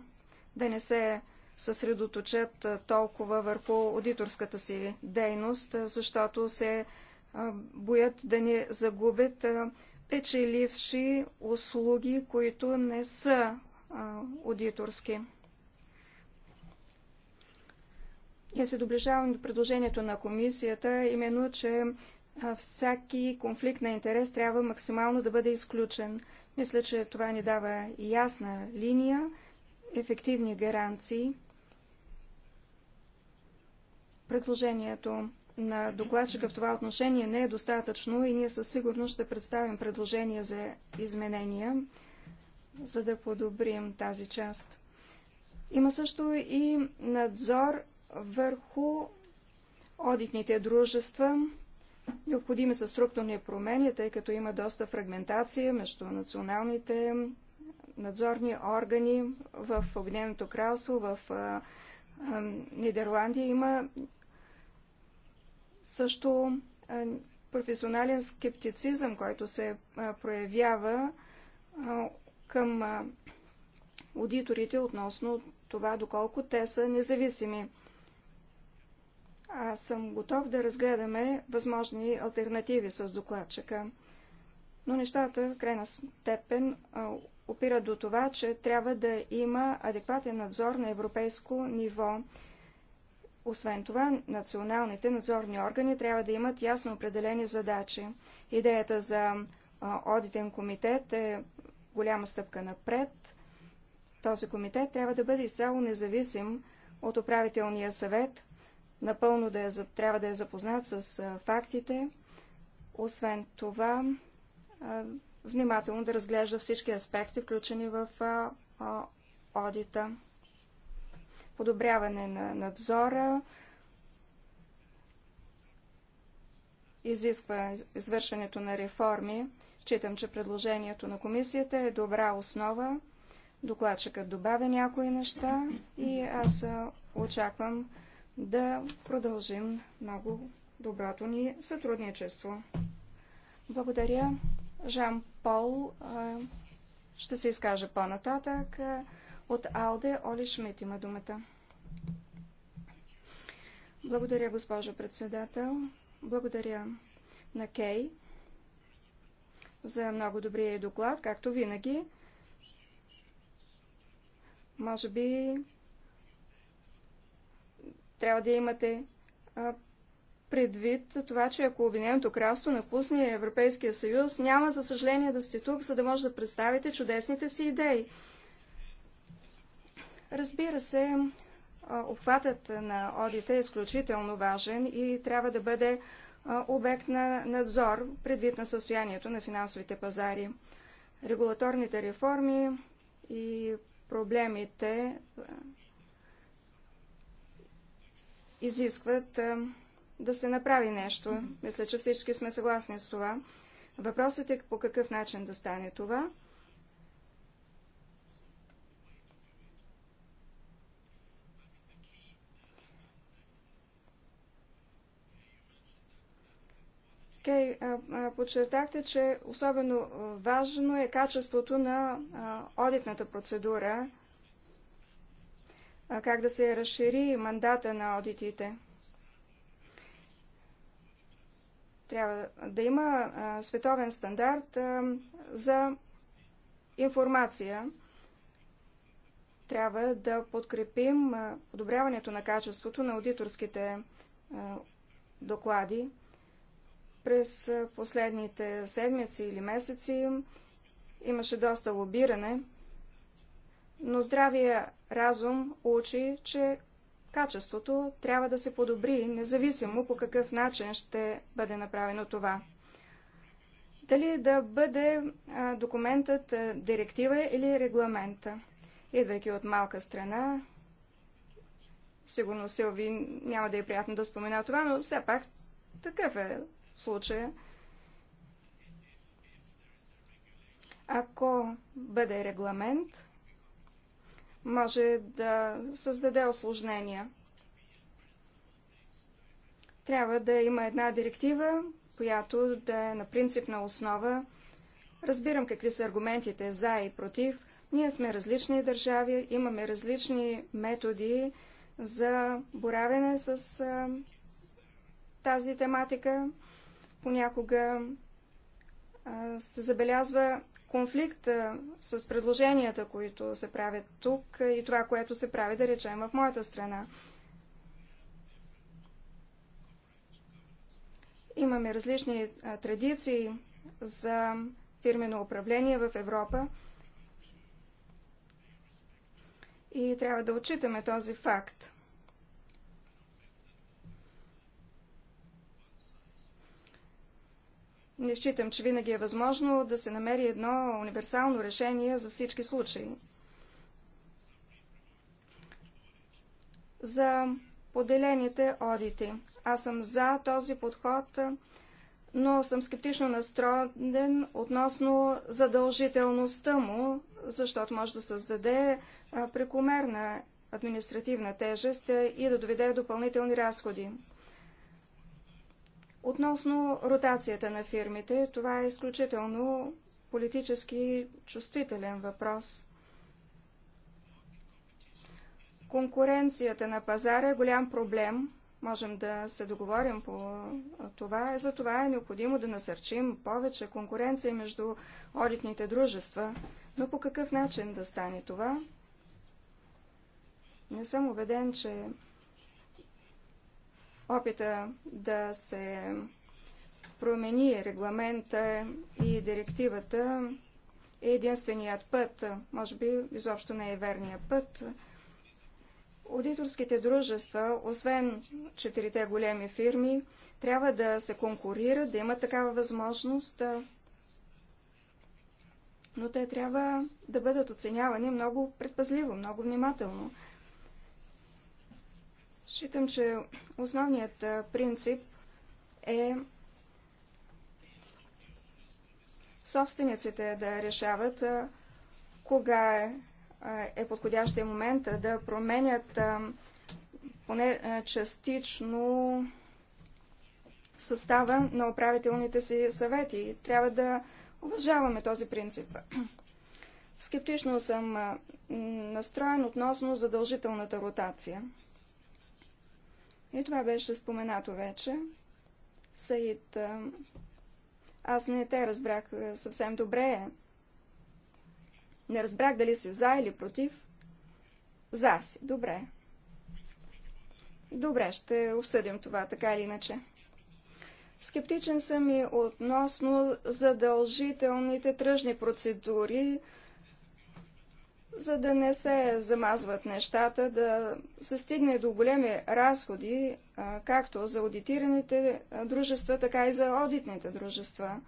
да не се съсредоточат толкова върху аудиторската си дейност, защото се боят да не загубят печеливши услуги, които не са аудиторски. Я се доближавам до предложението на комисията, именно, че всяки конфликт на интерес трябва максимално да бъде изключен. Мисля, че това ни дава ясна линия, ефективни гаранции Предложението на докладчика в това отношение не е достатъчно и ние със сигурност ще представим предложения за изменения, за да подобрим тази част. Има също и надзор върху одитните дружества. Необходими са структурни промени, тъй като има доста фрагментация между националните надзорни органи в Обединеното кралство, в Нидерландия. Има също професионален скептицизъм, който се проявява към аудиторите относно това, доколко те са независими. Аз съм готов да разгледаме възможни альтернативи с докладчика. Но нещата, в крайна степен, опират до това, че трябва да има адекватен надзор на европейско ниво освен това, националните надзорни органи трябва да имат ясно определени задачи. Идеята за одитен комитет е голяма стъпка напред. Този комитет трябва да бъде изцяло независим от управителния съвет, напълно да е, трябва да е запознат с фактите. Освен това, внимателно да разглежда всички аспекти, включени в одита подобряване на надзора, изисква извършването на реформи. Читам, че предложението на комисията е добра основа. Докладчикът добавя някои неща и аз очаквам да продължим много доброто ни сътрудничество. Благодаря. Жан Пол ще се изкаже по-нататък. От АЛДЕ Оли Шмидт има думата. Благодаря, госпожо председател. Благодаря на Кей за много добрия доклад, както винаги. Може би трябва да имате предвид това, че ако Обединеното кралство напусне Европейския съюз, няма, за съжаление, да сте тук, за да може да представите чудесните си идеи. Разбира се, обхватът на одита е изключително важен и трябва да бъде обект на надзор предвид на състоянието на финансовите пазари. Регулаторните реформи и проблемите изискват да се направи нещо. Мисля, че всички сме съгласни с това. Въпросът е по какъв начин да стане това. Кей, подчертахте, че особено важно е качеството на одитната процедура, как да се разшири мандата на одитите. Трябва да има световен стандарт за информация. Трябва да подкрепим подобряването на качеството на аудиторските доклади, през последните седмици или месеци имаше доста лобиране, но здравия разум учи, че качеството трябва да се подобри, независимо по какъв начин ще бъде направено това. Дали да бъде документът директива или регламента. Идвайки от малка страна, сигурно Силви няма да е приятно да спомена това, но все пак такъв е случая. Ако бъде регламент, може да създаде осложнения. Трябва да има една директива, която да е на принципна основа. Разбирам какви са аргументите за и против. Ние сме различни държави, имаме различни методи за боравене с тази тематика. Понякога се забелязва конфликт с предложенията, които се правят тук и това, което се прави, да речем, в моята страна. Имаме различни традиции за фирмено управление в Европа и трябва да отчитаме този факт. Не считам, че винаги е възможно да се намери едно универсално решение за всички случаи. За поделените одити. Аз съм за този подход, но съм скептично настроен относно задължителността му, защото може да създаде прекомерна административна тежест и да доведе допълнителни разходи. Относно ротацията на фирмите, това е изключително политически чувствителен въпрос. Конкуренцията на пазара е голям проблем. Можем да се договорим по това. Е, Затова е необходимо да насърчим повече конкуренция между одитните дружества. Но по какъв начин да стане това? Не съм убеден, че Опита да се промени регламента и директивата е единственият път, може би изобщо не е верният път. Аудиторските дружества, освен четирите големи фирми, трябва да се конкурират, да имат такава възможност, но те трябва да бъдат оценявани много предпазливо, много внимателно. Считам, че основният принцип е собствениците да решават кога е, е подходящия момент да променят поне частично състава на управителните си съвети. Трябва да уважаваме този принцип. Скептично съм настроен относно задължителната ротация. И това беше споменато вече. Саид, аз не те разбрах съвсем добре. Не разбрах дали си за или против. За си, добре. Добре, ще обсъдим това, така или иначе. Скептичен съм и относно задължителните тръжни процедури за да не се замазват нещата, да се стигне до големи разходи, както за аудитираните дружества, така и за аудитните дружества.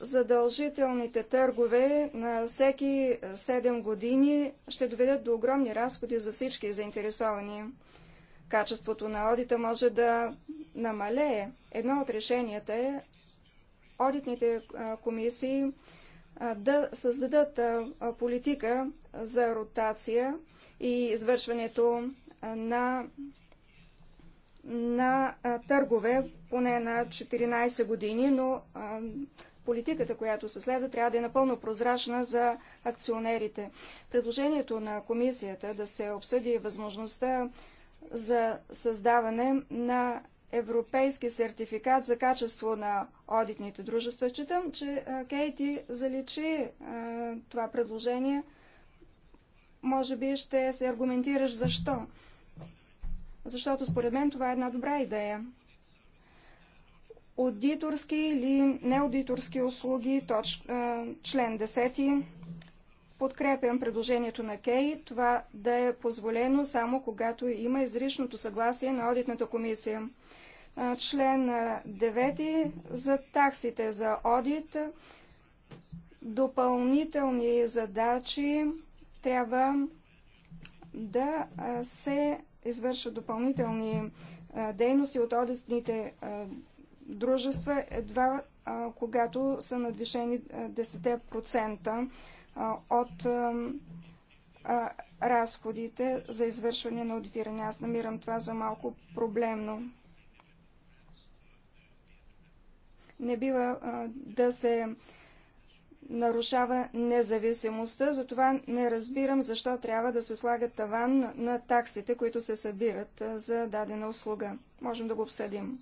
Задължителните търгове на всеки 7 години ще доведат до огромни разходи за всички заинтересовани. Качеството на аудита може да намалее. Едно от решенията е одитните комисии да създадат политика за ротация и извършването на, на търгове поне на 14 години, но политиката, която се следва, трябва да е напълно прозрачна за акционерите. Предложението на комисията да се обсъди възможността за създаване на европейски сертификат за качество на одитните дружества. Читам, че Кейти заличи това предложение. Може би ще се аргументираш защо. Защото според мен това е една добра идея. Аудиторски или неаудиторски услуги, точ, член 10. Подкрепям предложението на Кей това да е позволено само когато има изричното съгласие на одитната комисия член 9 за таксите за одит, допълнителни задачи трябва да се извършат допълнителни дейности от одитните дружества едва когато са надвишени 10% от разходите за извършване на аудитиране. Аз намирам това за малко проблемно. не бива а, да се нарушава независимостта, затова не разбирам защо трябва да се слага таван на таксите, които се събират за дадена услуга. Можем да го обсъдим.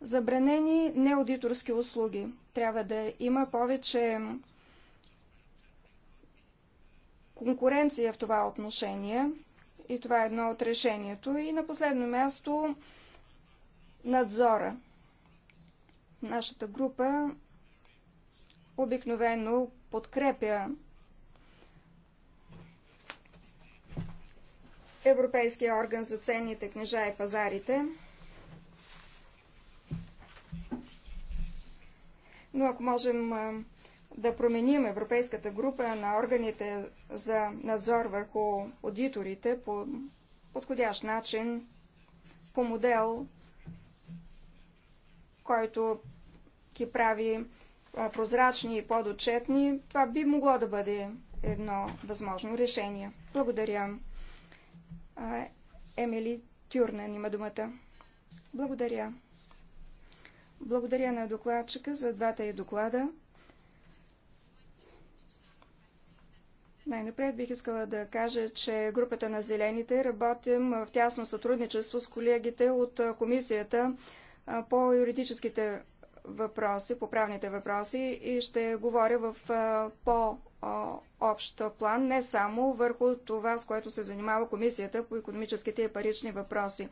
Забранени неаудиторски услуги. Трябва да има повече конкуренция в това отношение и това е едно от решението. И на последно място надзора. Нашата група обикновено подкрепя Европейския орган за ценните книжа и пазарите. Но ако можем да променим Европейската група на органите за надзор върху аудиторите по подходящ начин, по модел, който ги прави прозрачни и подотчетни, това би могло да бъде едно възможно решение. Благодаря. Емили Тюрнен има думата. Благодаря. Благодаря на докладчика за двата и доклада. Най-напред бих искала да кажа, че групата на зелените работим в тясно сътрудничество с колегите от Комисията по юридическите въпроси, по правните въпроси и ще говоря в по-общ план, не само върху това, с което се занимава Комисията по економическите и парични въпроси.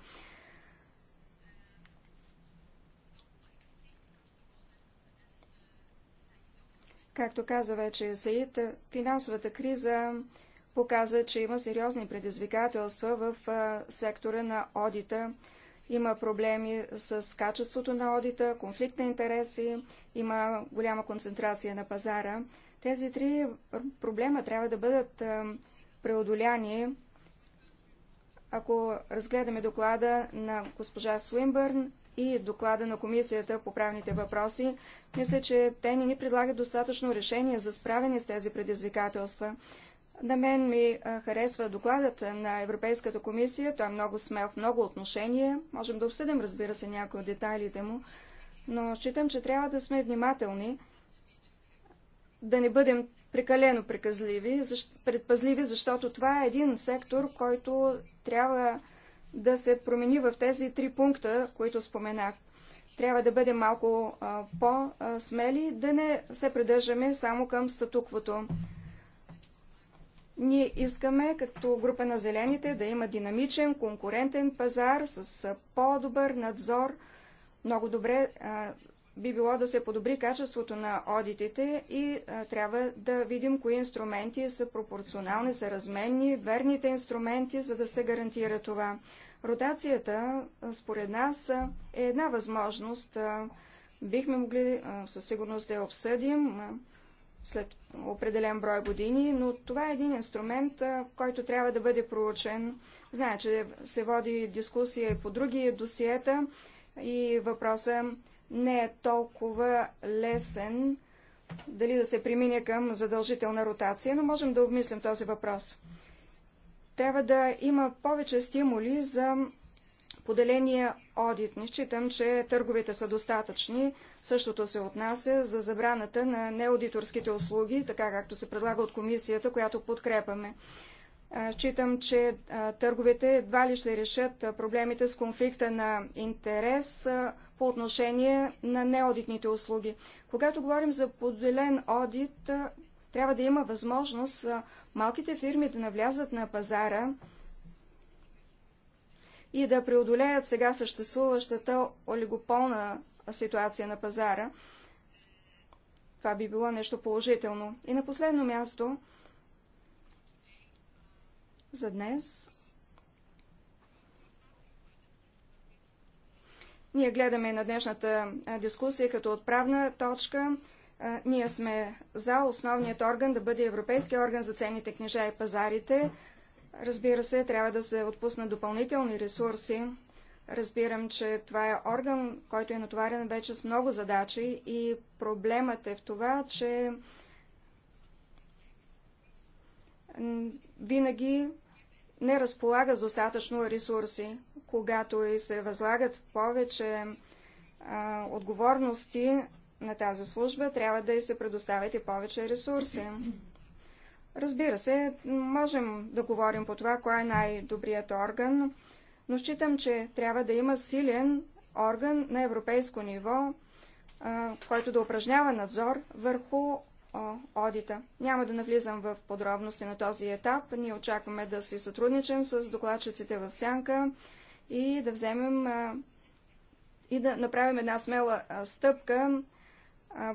Както каза вече Саид, финансовата криза показа, че има сериозни предизвикателства в сектора на одита, има проблеми с качеството на одита, конфликт на интереси, има голяма концентрация на пазара. Тези три проблема трябва да бъдат е, преодоляни. Ако разгледаме доклада на госпожа Свинбърн, и доклада на Комисията по правните въпроси, мисля, че те не ни предлагат достатъчно решение за справяне с тези предизвикателства. На мен ми харесва докладът на Европейската комисия. Той е много смел в много отношения. Можем да обсъдим, разбира се, някои от детайлите му, но считам, че трябва да сме внимателни, да не бъдем прекалено преказливи, предпазливи, защото това е един сектор, който трябва да се промени в тези три пункта, които споменах. Трябва да бъдем малко по-смели, да не се придържаме само към статуквото. Ние искаме като група на зелените да има динамичен, конкурентен пазар с по-добър надзор. Много добре би било да се подобри качеството на одитите и трябва да видим кои инструменти са пропорционални, са разменни, верните инструменти, за да се гарантира това. Ротацията, според нас, е една възможност. Бихме могли със сигурност да я обсъдим след определен брой години, но това е един инструмент, който трябва да бъде проучен. Знае, че се води дискусия и по други досиета и въпросът не е толкова лесен дали да се премине към задължителна ротация, но можем да обмислим този въпрос. Трябва да има повече стимули за поделения одит. Не считам, че търговете са достатъчни. Същото се отнася за забраната на неаудиторските услуги, така както се предлага от комисията, която подкрепаме. Считам, че търговете едва ли ще решат проблемите с конфликта на интерес по отношение на неодитните услуги. Когато говорим за поделен одит, трябва да има възможност малките фирми да навлязат на пазара, и да преодолеят сега съществуващата олигополна ситуация на пазара. Това би било нещо положително. И на последно място за днес Ние гледаме на днешната дискусия като отправна точка. Ние сме за основният орган да бъде Европейския орган за ценните книжа и пазарите, Разбира се, трябва да се отпуснат допълнителни ресурси. Разбирам, че това е орган, който е натоварен вече с много задачи и проблемът е в това, че винаги не разполага с достатъчно ресурси. Когато и се възлагат повече а, отговорности на тази служба, трябва да и се предоставят и повече ресурси. Разбира се, можем да говорим по това, кой е най-добрият орган, но считам, че трябва да има силен орган на европейско ниво, който да упражнява надзор върху одита. Няма да навлизам в подробности на този етап. Ние очакваме да си сътрудничим с докладчиците в Сянка и да вземем и да направим една смела стъпка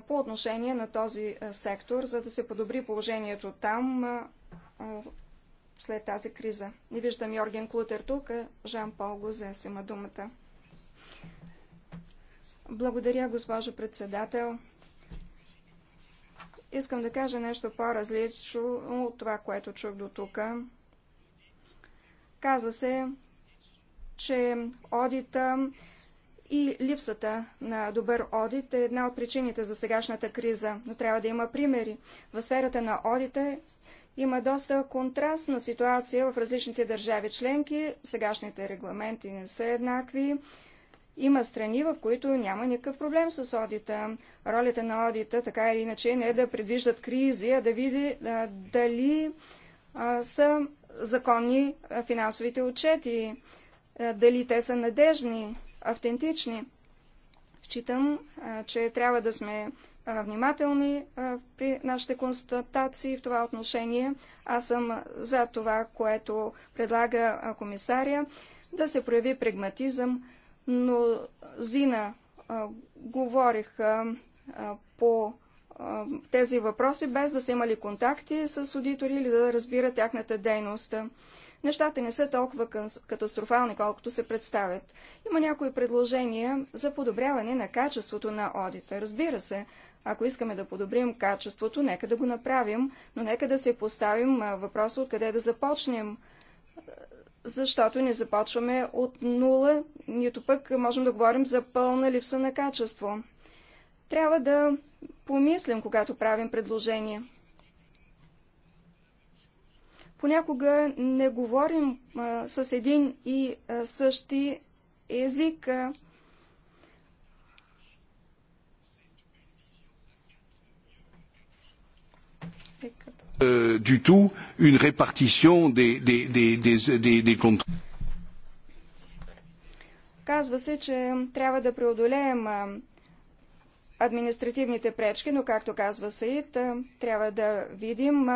по отношение на този сектор, за да се подобри положението там след тази криза. Не виждам Йорген Клутер тук, Жан-Пол си има думата. Благодаря, госпожо председател. Искам да кажа нещо по-различно от това, което чух до тук. Каза се, че одита и липсата на добър одит е една от причините за сегашната криза, но трябва да има примери. В сферата на одита има доста контрастна ситуация в различните държави членки, сегашните регламенти не са еднакви. Има страни, в които няма никакъв проблем с одита. Ролята на одита, така или иначе, не е да предвиждат кризи, а да види а, дали а, са законни финансовите отчети, а, дали те са надежни, автентични. Считам, че трябва да сме внимателни при нашите констатации в това отношение. Аз съм за това, което предлага комисаря, да се прояви прагматизъм, но Зина говорих по тези въпроси, без да са имали контакти с аудитори или да разбира тяхната дейност нещата не са толкова катастрофални, колкото се представят. Има някои предложения за подобряване на качеството на одита. Разбира се, ако искаме да подобрим качеството, нека да го направим, но нека да се поставим въпроса откъде да започнем защото не започваме от нула, нито пък можем да говорим за пълна липса на качество. Трябва да помислим, когато правим предложение. Понякога не говорим а, с един и а, същи език. А, du tout une répartition des, des, des, des, contrats. Казва се, че трябва да преодолеем административните пречки, но както казва Саид, трябва да видим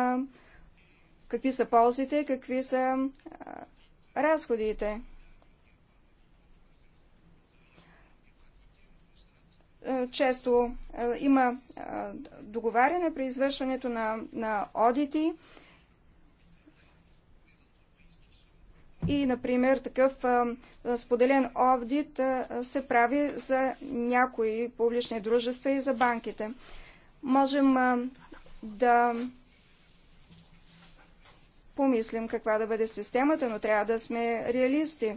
какви са ползите, какви са а, разходите. Е, често а, е, има а, е, договаряне при извършването на, на одити и, например, такъв а, споделен одит а, се прави за някои публични дружества и за банките. Можем а, да помислим каква да бъде системата, но трябва да сме реалисти.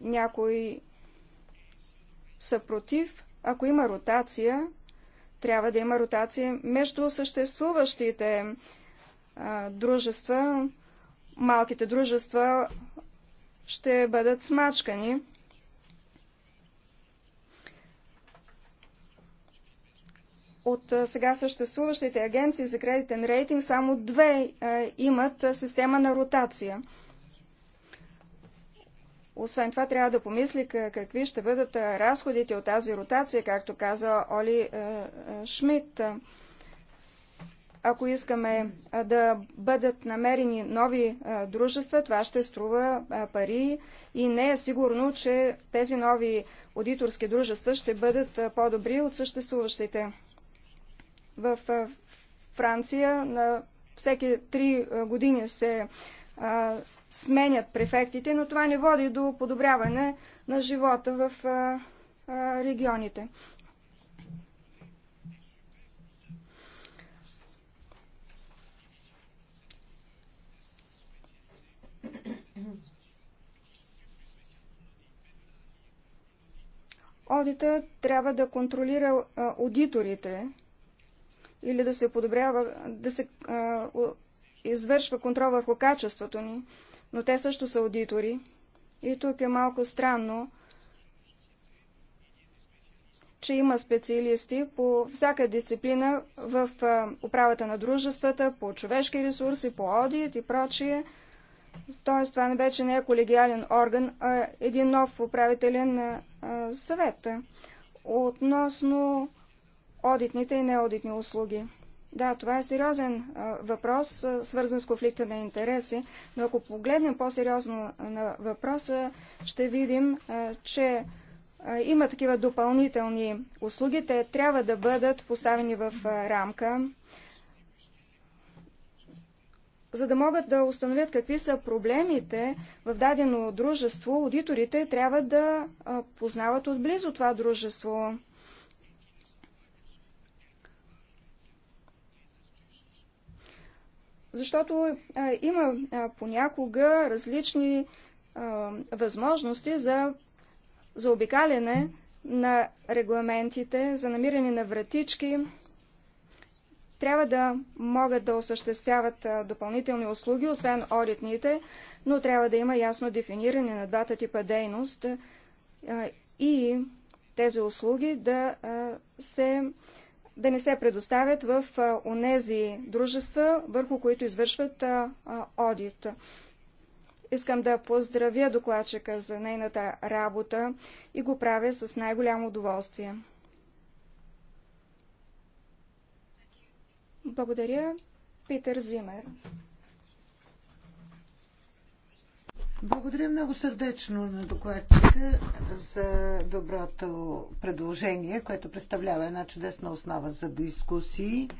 Някои са против. Ако има ротация, трябва да има ротация между съществуващите а, дружества. Малките дружества ще бъдат смачкани. От сега съществуващите агенции за кредитен рейтинг само две е, имат система на ротация. Освен това, трябва да помисли какви ще бъдат разходите от тази ротация, както каза Оли е, е, Шмидт. Ако искаме да бъдат намерени нови дружества, това ще струва пари и не е сигурно, че тези нови аудиторски дружества ще бъдат по-добри от съществуващите в Франция на всеки три години се а, сменят префектите, но това не води до подобряване на живота в а, а, регионите. Одита трябва да контролира аудиторите, или да се подобрява, да се а, извършва контрол върху качеството ни, но те също са аудитори. И тук е малко странно, че има специалисти по всяка дисциплина в управата на дружествата, по човешки ресурси, по аудит и прочие. Тоест, това вече не е колегиален орган, а един нов управителен съвет. Относно одитните и неодитни услуги. Да, това е сериозен а, въпрос, а, свързан с конфликта на интереси, но ако погледнем по-сериозно на въпроса, ще видим, а, че има такива допълнителни услуги. Те трябва да бъдат поставени в рамка, за да могат да установят какви са проблемите в дадено дружество, аудиторите трябва да познават отблизо това дружество. защото а, е, има а, е, понякога различни а, е, възможности за заобикаляне на регламентите, за намиране на вратички. Трябва да могат да осъществяват а, допълнителни услуги, освен одитните, но трябва да има ясно дефиниране на двата типа дейност а, и тези услуги да а, се а, да не се предоставят в онези дружества, върху които извършват одит. Искам да поздравя докладчика за нейната работа и го правя с най-голямо удоволствие. Благодаря, Питер Зимер. Благодаря много сърдечно на докладчика за доброто предложение, което представлява една чудесна основа за дискусии.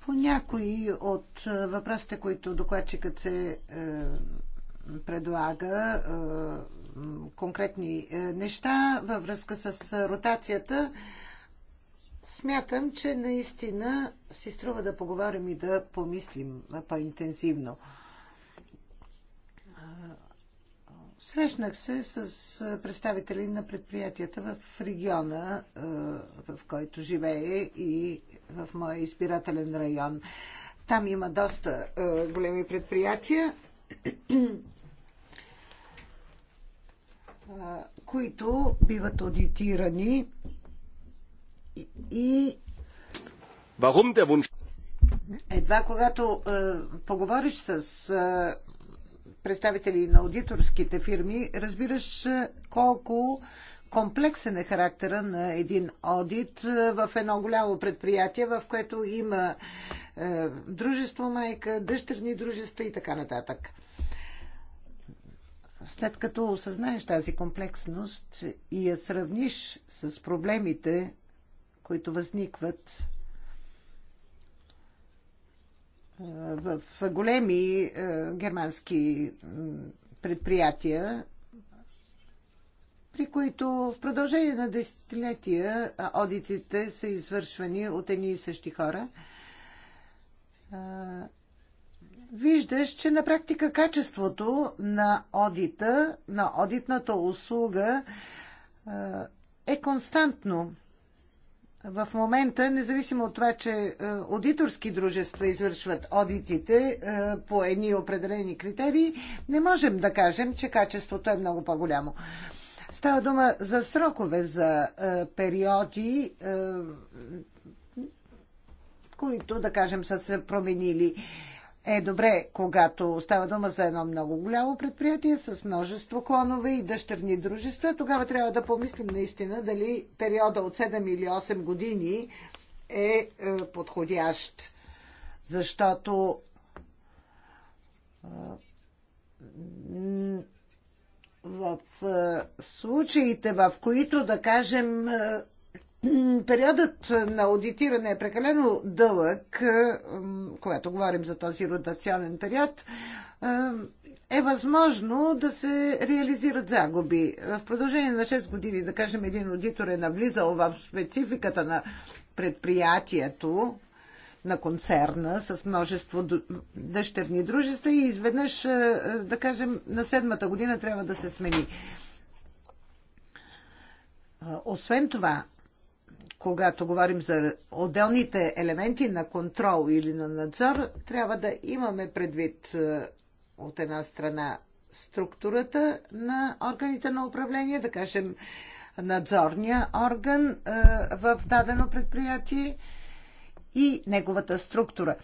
По някои от въпросите, които докладчикът се е, предлага, е, конкретни е, неща във връзка с ротацията, смятам, че наистина си струва да поговорим и да помислим по-интензивно. по интензивно Срещнах се с представители на предприятията в региона, в който живее и в моя избирателен район. Там има доста големи предприятия, които биват аудитирани и Едва когато е, поговориш с представители на аудиторските фирми, разбираш е, колко комплексен е характера на един одит е, в едно голямо предприятие, в което има е, дружество майка, дъщерни дружества и така нататък. След като осъзнаеш тази комплексност и я сравниш с проблемите, които възникват в големи е, германски предприятия, при които в продължение на десетилетия одитите са извършвани от едни и същи хора, е, виждаш, че на практика качеството на одита, на одитната услуга е, е константно в момента, независимо от това, че е, аудиторски дружества извършват одитите е, по едни определени критерии, не можем да кажем, че качеството е много по-голямо. Става дума за срокове, за е, периоди, които, да кажем, са се променили е добре, когато става дума за едно много голямо предприятие с множество клонове и дъщерни дружества, тогава трябва да помислим наистина дали периода от 7 или 8 години е, е подходящ. Защото е, в е, случаите, в които, да кажем, Периодът на аудитиране е прекалено дълъг, е, когато говорим за този ротационен период, е, е възможно да се реализират загуби. В продължение на 6 години, да кажем, един аудитор е навлизал в спецификата на предприятието, на концерна с множество дъщерни дружества и изведнъж, е, да кажем, на седмата година трябва да се смени. Освен това, когато говорим за отделните елементи на контрол или на надзор, трябва да имаме предвид е, от една страна структурата на органите на управление, да кажем надзорния орган е, в дадено предприятие и неговата структура.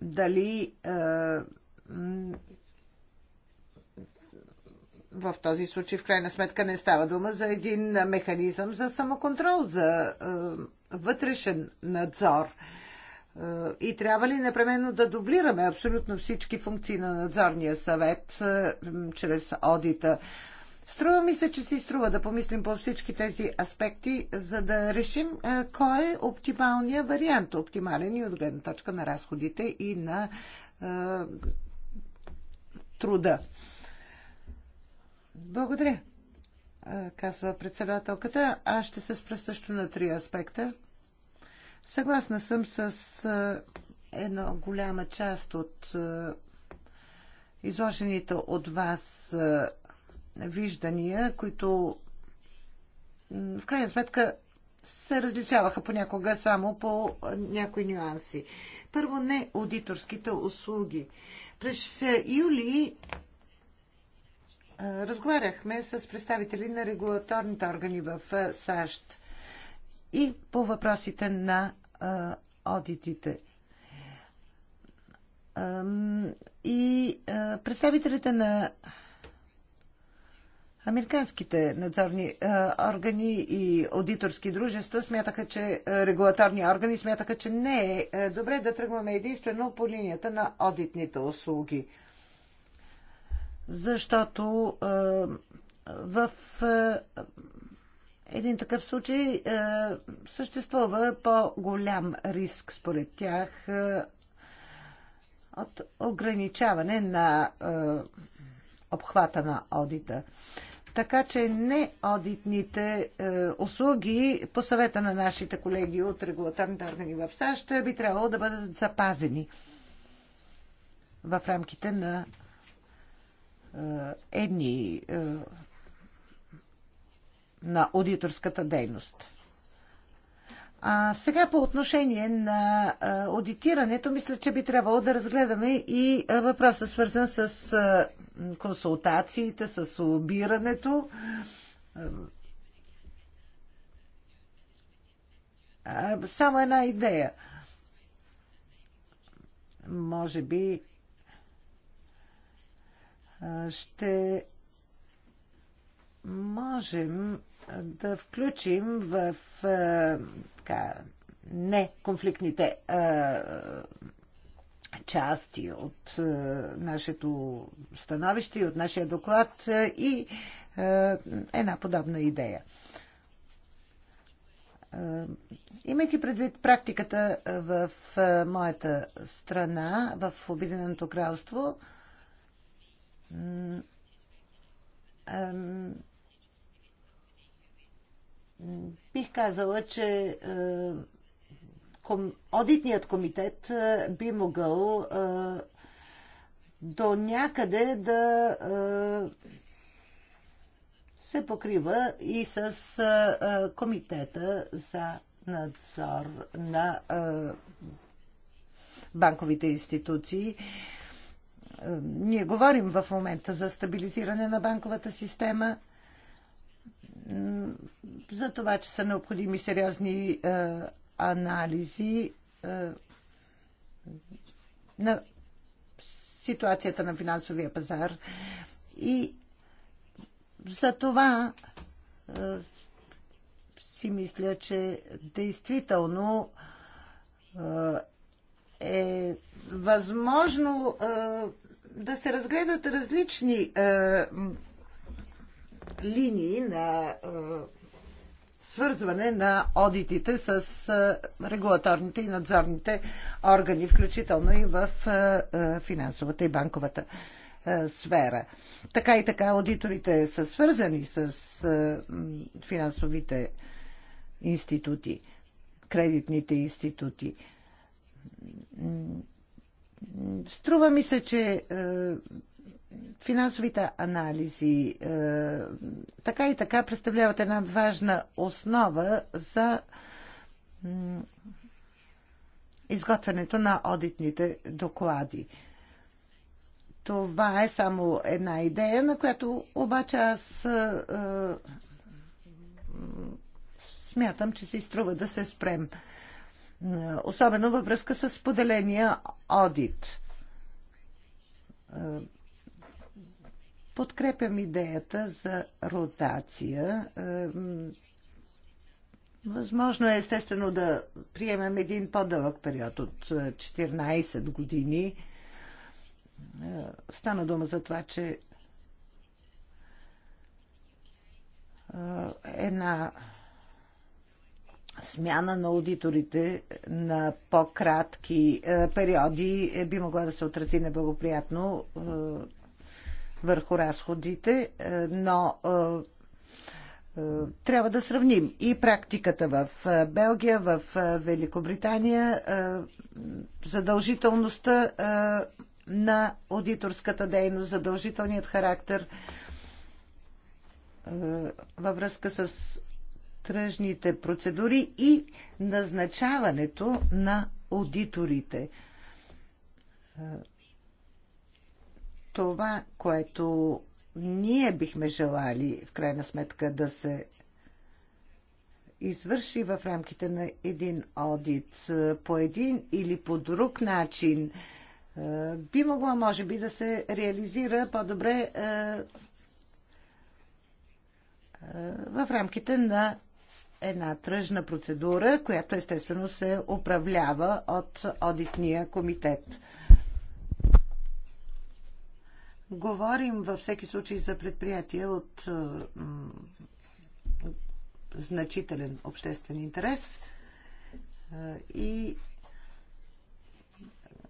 Дали е, в този случай в крайна сметка не става дума за един механизъм за самоконтрол, за е, вътрешен надзор. Е, и трябва ли непременно да дублираме абсолютно всички функции на надзорния съвет е, чрез одита? Струва ми се, че си струва да помислим по всички тези аспекти, за да решим кой е оптималният вариант, оптимален и от гледна точка на разходите и на е, труда. Благодаря, казва председателката. Аз ще се спра също на три аспекта. Съгласна съм с една голяма част от изложените от вас виждания, които в крайна сметка се различаваха понякога само по някои нюанси. Първо, не аудиторските услуги. През юли разговаряхме с представители на регулаторните органи в САЩ и по въпросите на одитите. И представителите на Американските надзорни органи и аудиторски дружества смятаха, че регулаторни органи смятаха, че не е добре да тръгваме единствено по линията на одитните услуги защото в един такъв случай съществува по-голям риск според тях от ограничаване на обхвата на одита. Така че не одитните е, услуги, по съвета на нашите колеги от регулаторните органи в САЩ, би трябвало да бъдат запазени в рамките на е, едни е, на аудиторската дейност. А сега по отношение на е, аудитирането, мисля, че би трябвало да разгледаме и въпроса свързан с консултациите, с лобирането. Само една идея. Може би ще можем да включим в така, неконфликтните части от нашето становище и от нашия доклад и една подобна идея. Имайки предвид практиката в моята страна, в Обединеното кралство, бих казала, че е, одитният комитет е, би могъл е, до някъде да се покрива и с комитета за надзор на банковите институции. Ние говорим в момента за стабилизиране на банковата система, за това, че са необходими сериозни е, анализи е, на ситуацията на финансовия пазар. И за това е, си мисля, че действително е възможно да се разгледат различни е, линии на е, свързване на одитите с е, регулаторните и надзорните органи, включително и в е, е, финансовата и банковата е, сфера. Така и така аудиторите са свързани с е, финансовите институти, кредитните институти Струва ми се, че е, финансовите анализи е, така и така представляват една важна основа за изготвянето на одитните доклади. Това е само една идея, на която обаче аз е, смятам, че се изтрува да се спрем особено във връзка с поделения одит. Подкрепям идеята за ротация. Възможно е естествено да приемем един по-дълъг период от 14 години. Стана дума за това, че една смяна на аудиторите на по-кратки е, периоди е, би могла да се отрази неблагоприятно е, върху разходите, но трябва да сравним и практиката в Белгия, в Великобритания, задължителността на аудиторската дейност, задължителният характер във връзка с тръжните процедури и назначаването на аудиторите. Е, това, което ние бихме желали в крайна сметка да се извърши в рамките на един аудит е, по един или по друг начин, е, би могло, може би, да се реализира по-добре в рамките на една тръжна процедура, която естествено се управлява от одитния комитет. Говорим във всеки случай за предприятия от значителен обществен интерес и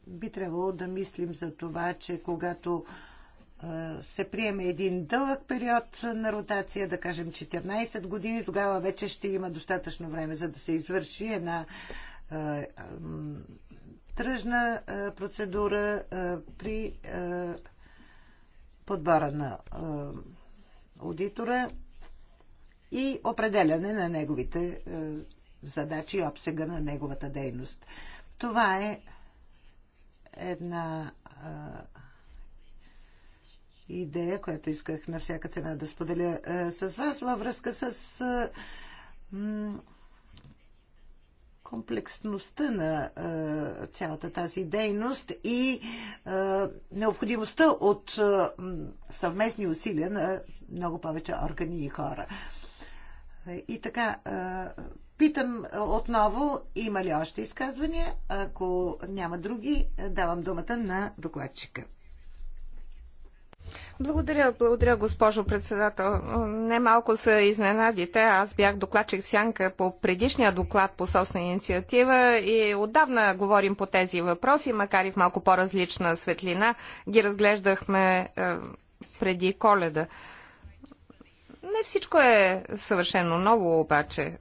би трябвало да мислим за това, че когато се приеме един дълъг период на ротация, да кажем 14 години, тогава вече ще има достатъчно време, за да се извърши една тръжна процедура при подбора на аудитора и определяне на неговите задачи и обсега на неговата дейност. Това е една а, идея, която исках на всяка цена да споделя е, с вас във връзка с е, комплексността на а, е, цялата тази дейност и а, необходимостта от а, съвместни усилия на много повече органи и хора. И така, а, питам отново, има ли още изказвания? Ако няма други, давам думата на докладчика. Благодаря, благодаря, госпожо председател. Немалко са изненадите. Аз бях докладчик в сянка по предишния доклад по собствена инициатива и отдавна говорим по тези въпроси, макар и в малко по-различна светлина. Ги разглеждахме е, преди коледа. Не всичко е съвършено ново, обаче. Е,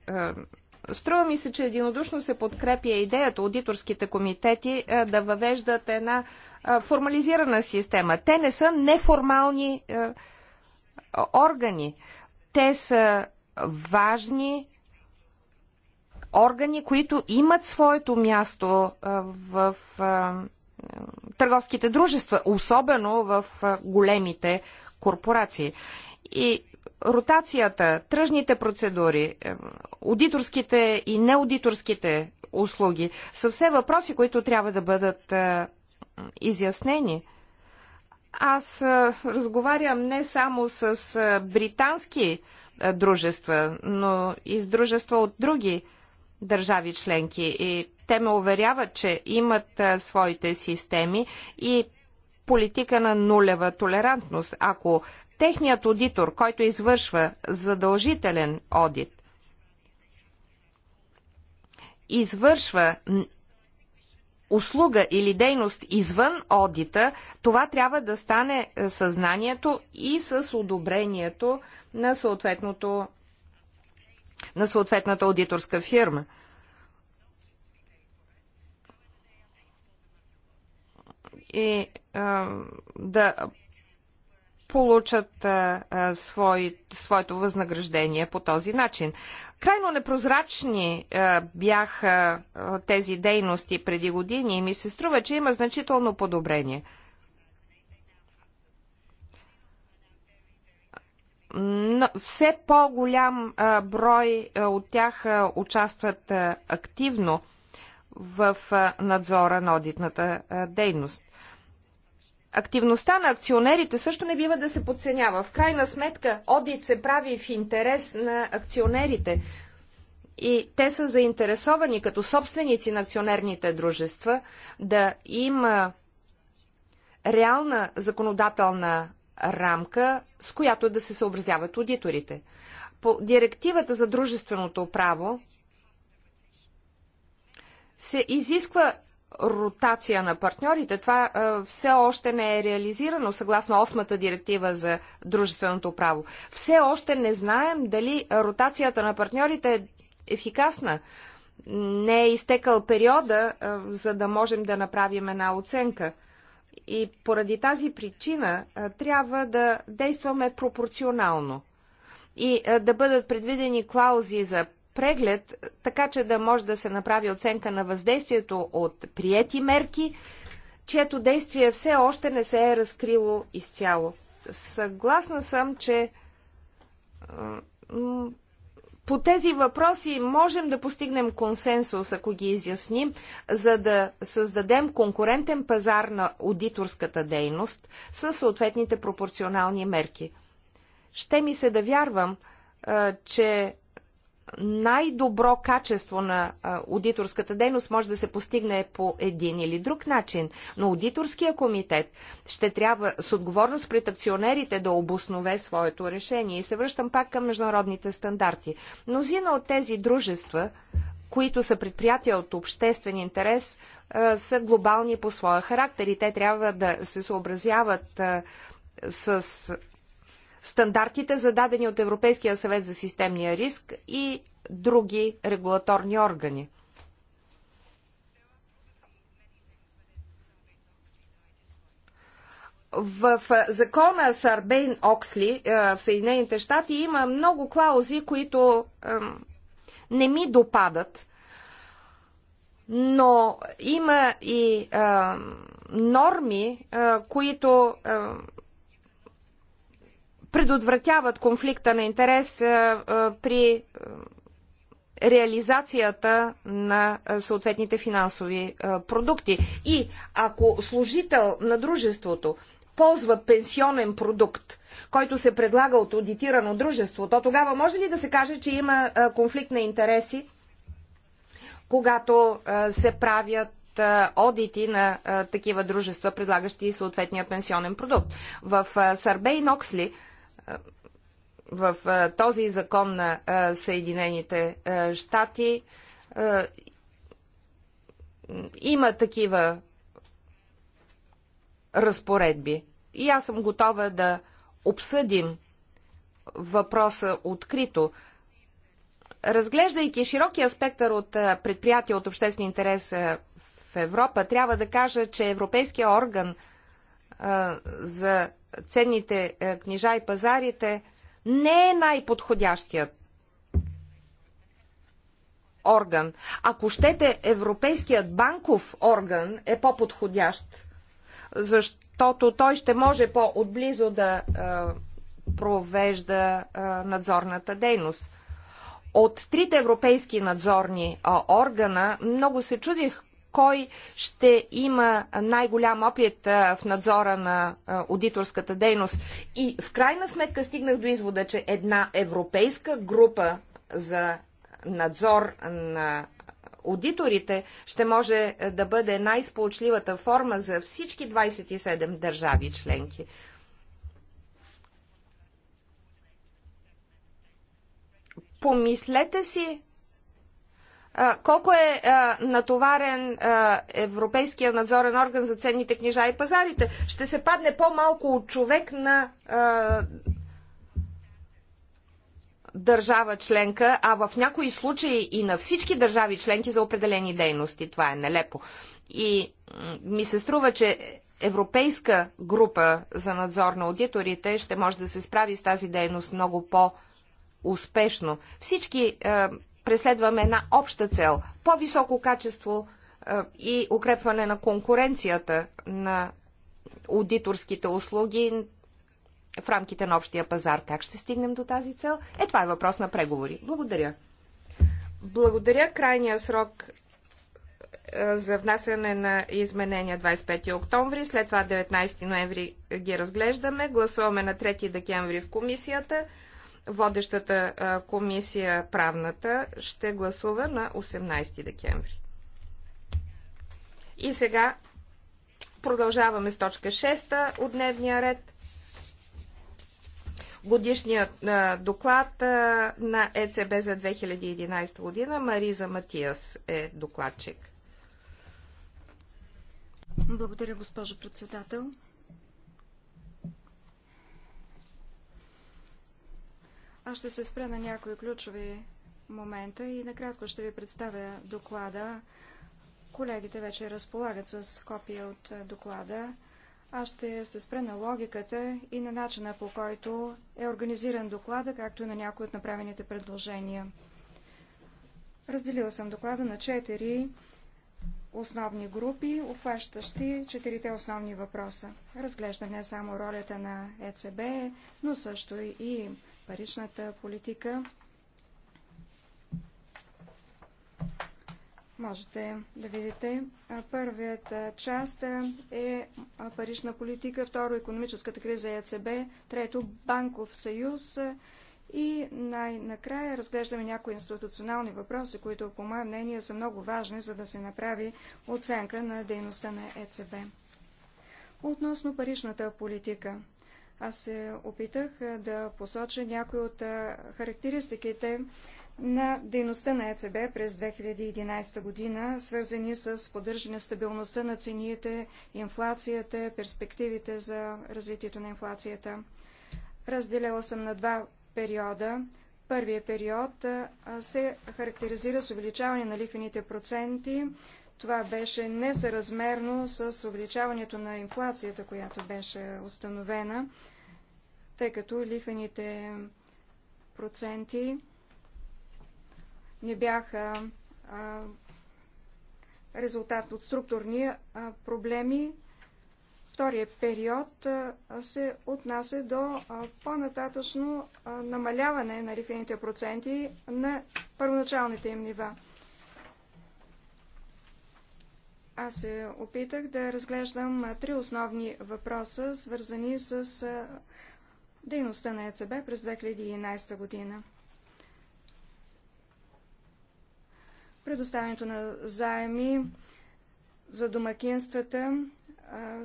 струва ми се, че единодушно се подкрепя идеята аудиторските комитети е, да въвеждат една формализирана система. Те не са неформални органи. Те са важни органи, които имат своето място в търговските дружества, особено в големите корпорации. И ротацията, тръжните процедури, аудиторските и неаудиторските услуги са все въпроси, които трябва да бъдат изяснени. Аз разговарям не само с британски дружества, но и с дружества от други държави членки. И те ме уверяват, че имат своите системи и политика на нулева толерантност. Ако техният аудитор, който извършва задължителен одит, извършва услуга или дейност извън одита, това трябва да стане е, съзнанието и с одобрението на, съответното, на съответната аудиторска фирма. И а, да получат а, а, свой, своето възнаграждение по този начин. Крайно непрозрачни а, бяха а, тези дейности преди години и ми се струва, че има значително подобрение. Но все по-голям брой а, от тях а, участват а, активно в а, надзора на одитната а, дейност. Активността на акционерите също не бива да се подценява. В крайна сметка, одит се прави в интерес на акционерите и те са заинтересовани като собственици на акционерните дружества да има реална законодателна рамка, с която да се съобразяват аудиторите. По директивата за дружественото право се изисква ротация на партньорите. Това а, все още не е реализирано съгласно 8-та директива за дружественото право. Все още не знаем дали ротацията на партньорите е ефикасна. Не е изтекал периода, а, за да можем да направим една оценка. И поради тази причина а, трябва да действаме пропорционално и да бъдат предвидени клаузи за преглед, така че да може да се направи оценка на въздействието от приети мерки, чието действие все още не се е разкрило изцяло. Съгласна съм, че по тези въпроси можем да постигнем консенсус, ако ги изясним, за да създадем конкурентен пазар на аудиторската дейност със съответните пропорционални мерки. Ще ми се да вярвам, че най-добро качество на аудиторската дейност може да се постигне по един или друг начин, но аудиторския комитет ще трябва с отговорност пред акционерите да обоснове своето решение. И се връщам пак към международните стандарти. Мнозина от тези дружества, които са предприятия от обществен интерес, са глобални по своя характер и те трябва да се съобразяват с стандартите, зададени от Европейския съвет за системния риск и други регулаторни органи. В закона Сарбейн Оксли е, в Съединените щати има много клаузи, които не ми допадат, но има и норми, е, които предотвратяват конфликта на интерес при реализацията на съответните финансови продукти. И ако служител на дружеството ползва пенсионен продукт, който се предлага от аудитирано дружество, то тогава може ли да се каже, че има конфликт на интереси, когато се правят одити на такива дружества, предлагащи съответния пенсионен продукт. В Сърбей Ноксли в този закон на Съединените щати има такива разпоредби. И аз съм готова да обсъдим въпроса открито. Разглеждайки широкия спектър от предприятия от обществен интерес в Европа, трябва да кажа, че Европейския орган за ценните книжа и пазарите – не е най-подходящият орган. Ако щете, Европейският банков орган е по-подходящ, защото той ще може по-отблизо да а, е, провежда а, е, надзорната дейност. От трите европейски надзорни а, е, органа много се чудих кой ще има най-голям опит в надзора на аудиторската дейност. И в крайна сметка стигнах до извода, че една европейска група за надзор на аудиторите ще може да бъде най-сполучливата форма за всички 27 държави членки. Помислете си колко е натоварен Европейския надзорен орган за ценните книжа и пазарите. Ще се падне по-малко от човек на държава членка, а в някои случаи и на всички държави членки за определени дейности. Това е нелепо. И ми се струва, че европейска група за надзор на аудиторите ще може да се справи с тази дейност много по- успешно. Всички преследваме една обща цел – по-високо качество е, и укрепване на конкуренцията на аудиторските услуги в рамките на общия пазар. Как ще стигнем до тази цел? Е, това е въпрос на преговори. Благодаря. Благодаря. Крайния срок е, за внасяне на изменения 25 е октомври, след това 19 ноември ги разглеждаме, гласуваме на 3 декември в комисията. Водещата комисия, правната, ще гласува на 18 декември. И сега продължаваме с точка 6 от дневния ред. Годишният доклад на ЕЦБ за 2011 година. Мариза Матиас е докладчик. Благодаря, госпожо председател. Аз ще се спра на някои ключови момента и накратко ще ви представя доклада. Колегите вече разполагат с копия от е, доклада. Аз ще се спра на логиката и на начина по който е организиран доклада, както и на някои от направените предложения. Разделила съм доклада на четири основни групи, обхващащи четирите основни въпроса. Разглежда не само ролята на ЕЦБ, но също и паричната политика. Можете да видите. Първият част е парична политика, второ економическата криза ЕЦБ, трето банков съюз и най-накрая разглеждаме някои институционални въпроси, които по мое мнение са много важни, за да се направи оценка на дейността на ЕЦБ. Относно паричната политика – аз се опитах да посоча някои от характеристиките на дейността на ЕЦБ през 2011 година, свързани с поддържане стабилността на цените, инфлацията, перспективите за развитието на инфлацията. Разделяла съм на два периода. Първият период се характеризира с увеличаване на лихвените проценти това беше несъразмерно с увеличаването на инфлацията, която беше установена, тъй като лихвените проценти не бяха а, резултат от структурни а, проблеми. Втория период а, се отнася до по-нататъчно намаляване на лихвените проценти на първоначалните им нива. Аз се опитах да разглеждам три основни въпроса, свързани с дейността на ЕЦБ през 2011 година. Предоставянето на заеми за домакинствата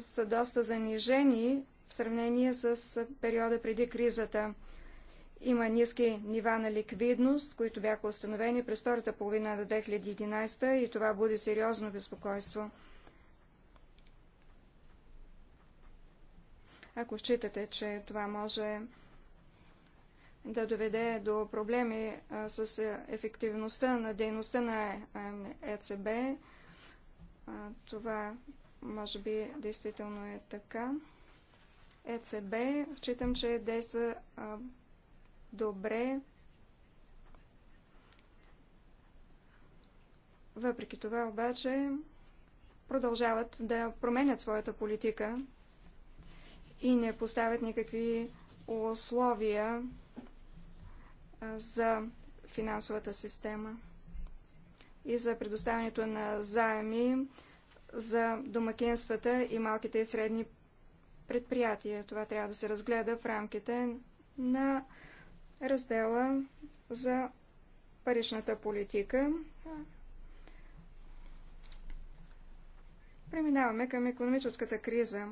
са доста занижени в сравнение с периода преди кризата. Има ниски нива на ликвидност, които бяха установени през втората половина на 2011 и това буди сериозно безпокойство. Ако считате, че това може да доведе до проблеми а, с ефективността на дейността на ЕЦБ, а, това може би действително е така. ЕЦБ считам, че действа а, добре. Въпреки това обаче продължават да променят своята политика и не поставят никакви условия за финансовата система и за предоставянето на заеми за домакинствата и малките и средни предприятия. Това трябва да се разгледа в рамките на раздела за паричната политика. Преминаваме към економическата криза.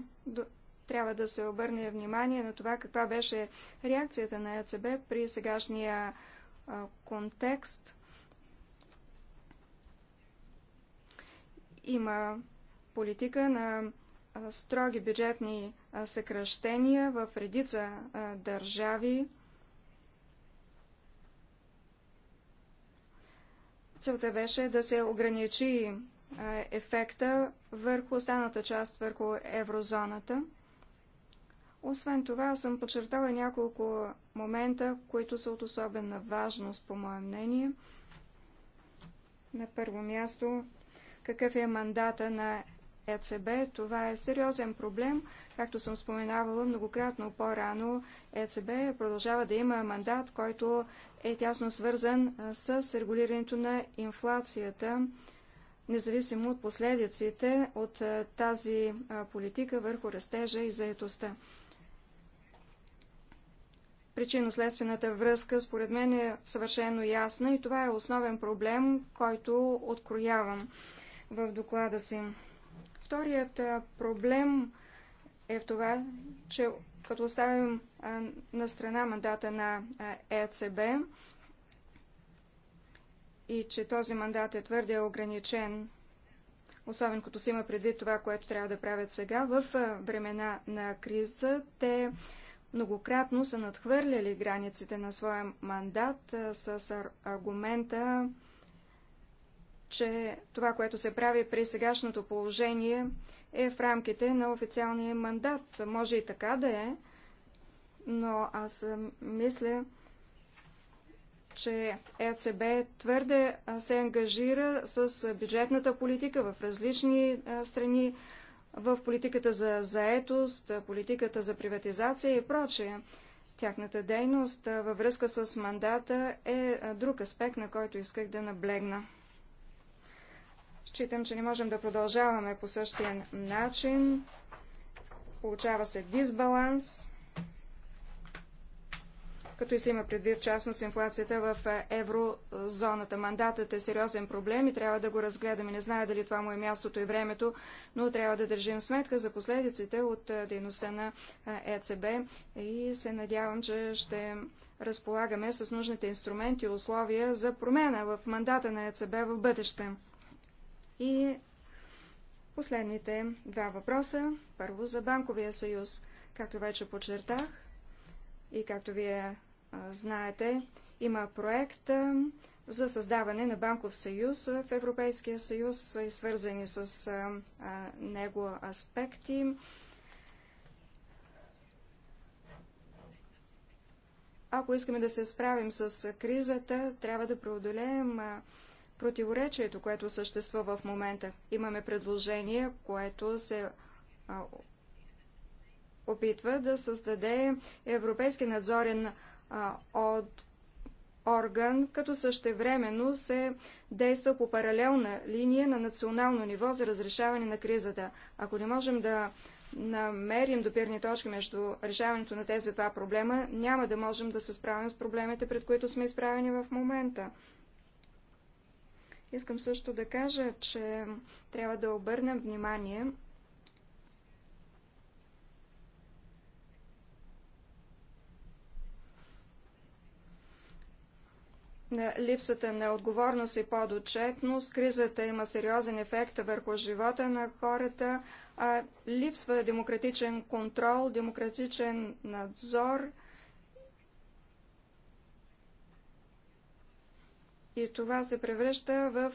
Трябва да се обърне внимание на това каква беше реакцията на ЕЦБ при сегашния контекст. Има политика на строги бюджетни съкръщения в редица държави. Целта беше да се ограничи ефекта върху останата част, върху еврозоната. Освен това, съм подчертала няколко момента, които са от особена важност, по мое мнение. На първо място, какъв е мандата на ЕЦБ. Това е сериозен проблем. Както съм споменавала многократно по-рано, ЕЦБ продължава да има мандат, който е тясно свързан с регулирането на инфлацията, независимо от последиците от тази политика върху растежа и заетостта. Причинно-следствената връзка, според мен, е съвършено ясна и това е основен проблем, който откроявам в доклада си. Вторият проблем е в това, че като оставим на страна мандата на ЕЦБ и че този мандат е твърде ограничен, особено като се има предвид това, което трябва да правят сега, в времена на криза, те многократно са надхвърляли границите на своя мандат с аргумента, че това, което се прави при сегашното положение, е в рамките на официалния мандат. Може и така да е, но аз мисля, че ЕЦБ твърде се ангажира с бюджетната политика в различни страни, в политиката за заетост, политиката за приватизация и прочее. Тяхната дейност във връзка с мандата е друг аспект, на който исках да наблегна. Считам, че не можем да продължаваме по същия начин. Получава се дисбаланс, като и се има предвид частност инфлацията в еврозоната. Мандатът е сериозен проблем и трябва да го разгледаме. Не знае дали това му е мястото и времето, но трябва да държим сметка за последиците от дейността на ЕЦБ и се надявам, че ще разполагаме с нужните инструменти и условия за промена в мандата на ЕЦБ в бъдеще. И последните два въпроса. Първо за Банковия съюз. Както вече подчертах и както вие а, знаете, има проект а, за създаване на банков съюз в Европейския съюз и свързани с а, а, него аспекти. Ако искаме да се справим с кризата, трябва да преодолеем а, противоречието, което съществува в момента. Имаме предложение, което се опитва да създаде европейски надзорен от орган, като същевременно се действа по паралелна линия на национално ниво за разрешаване на кризата. Ако не можем да намерим допирни точки между решаването на тези два проблема, няма да можем да се справим с проблемите, пред които сме изправени в момента. Искам също да кажа, че трябва да обърнем внимание на липсата на отговорност и подотчетност. Кризата има сериозен ефект върху живота на хората. А липсва демократичен контрол, демократичен надзор – и това се превръща в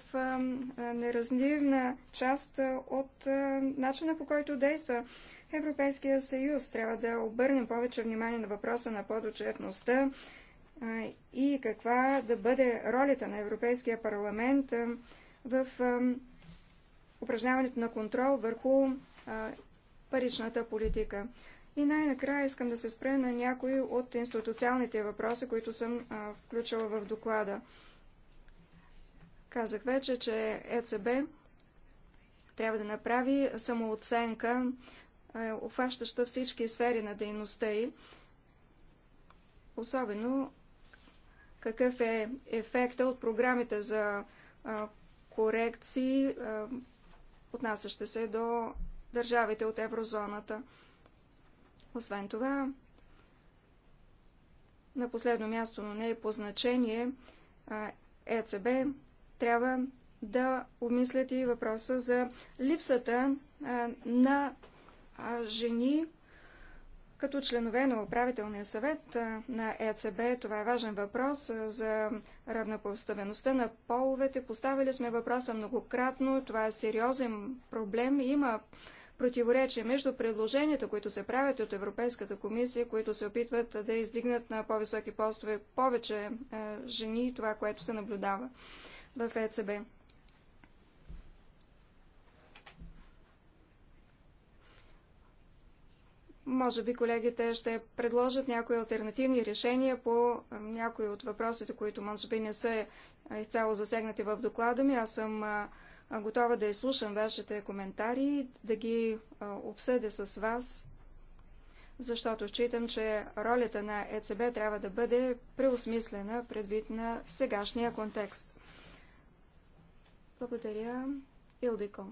неразливна част от начина по който действа Европейския съюз. Трябва да обърнем повече внимание на въпроса на подочетността и каква да бъде ролята на Европейския парламент в упражняването на контрол върху паричната политика. И най-накрая искам да се спре на някои от институциалните въпроси, които съм включила в доклада. Казах вече, че ЕЦБ трябва да направи самооценка, обхващаща всички сфери на дейността й, особено какъв е ефекта от програмите за корекции, отнасящи се до държавите от еврозоната. Освен това, на последно място, но не е по значение, ЕЦБ трябва да обмислят и въпроса за липсата на жени като членове на управителния съвет на ЕЦБ. Това е важен въпрос за равнопоставеността на половете. Поставили сме въпроса многократно. Това е сериозен проблем. Има противоречие между предложенията, които се правят от Европейската комисия, които се опитват да издигнат на по-високи постове повече жени, това, което се наблюдава в ЕЦБ. Може би колегите ще предложат някои альтернативни решения по някои от въпросите, които може би не са изцяло засегнати в доклада ми. Аз съм готова да изслушам вашите коментари, да ги обсъдя с вас, защото считам, че ролята на ЕЦБ трябва да бъде преосмислена предвид на сегашния контекст. Благодаря, Илдико.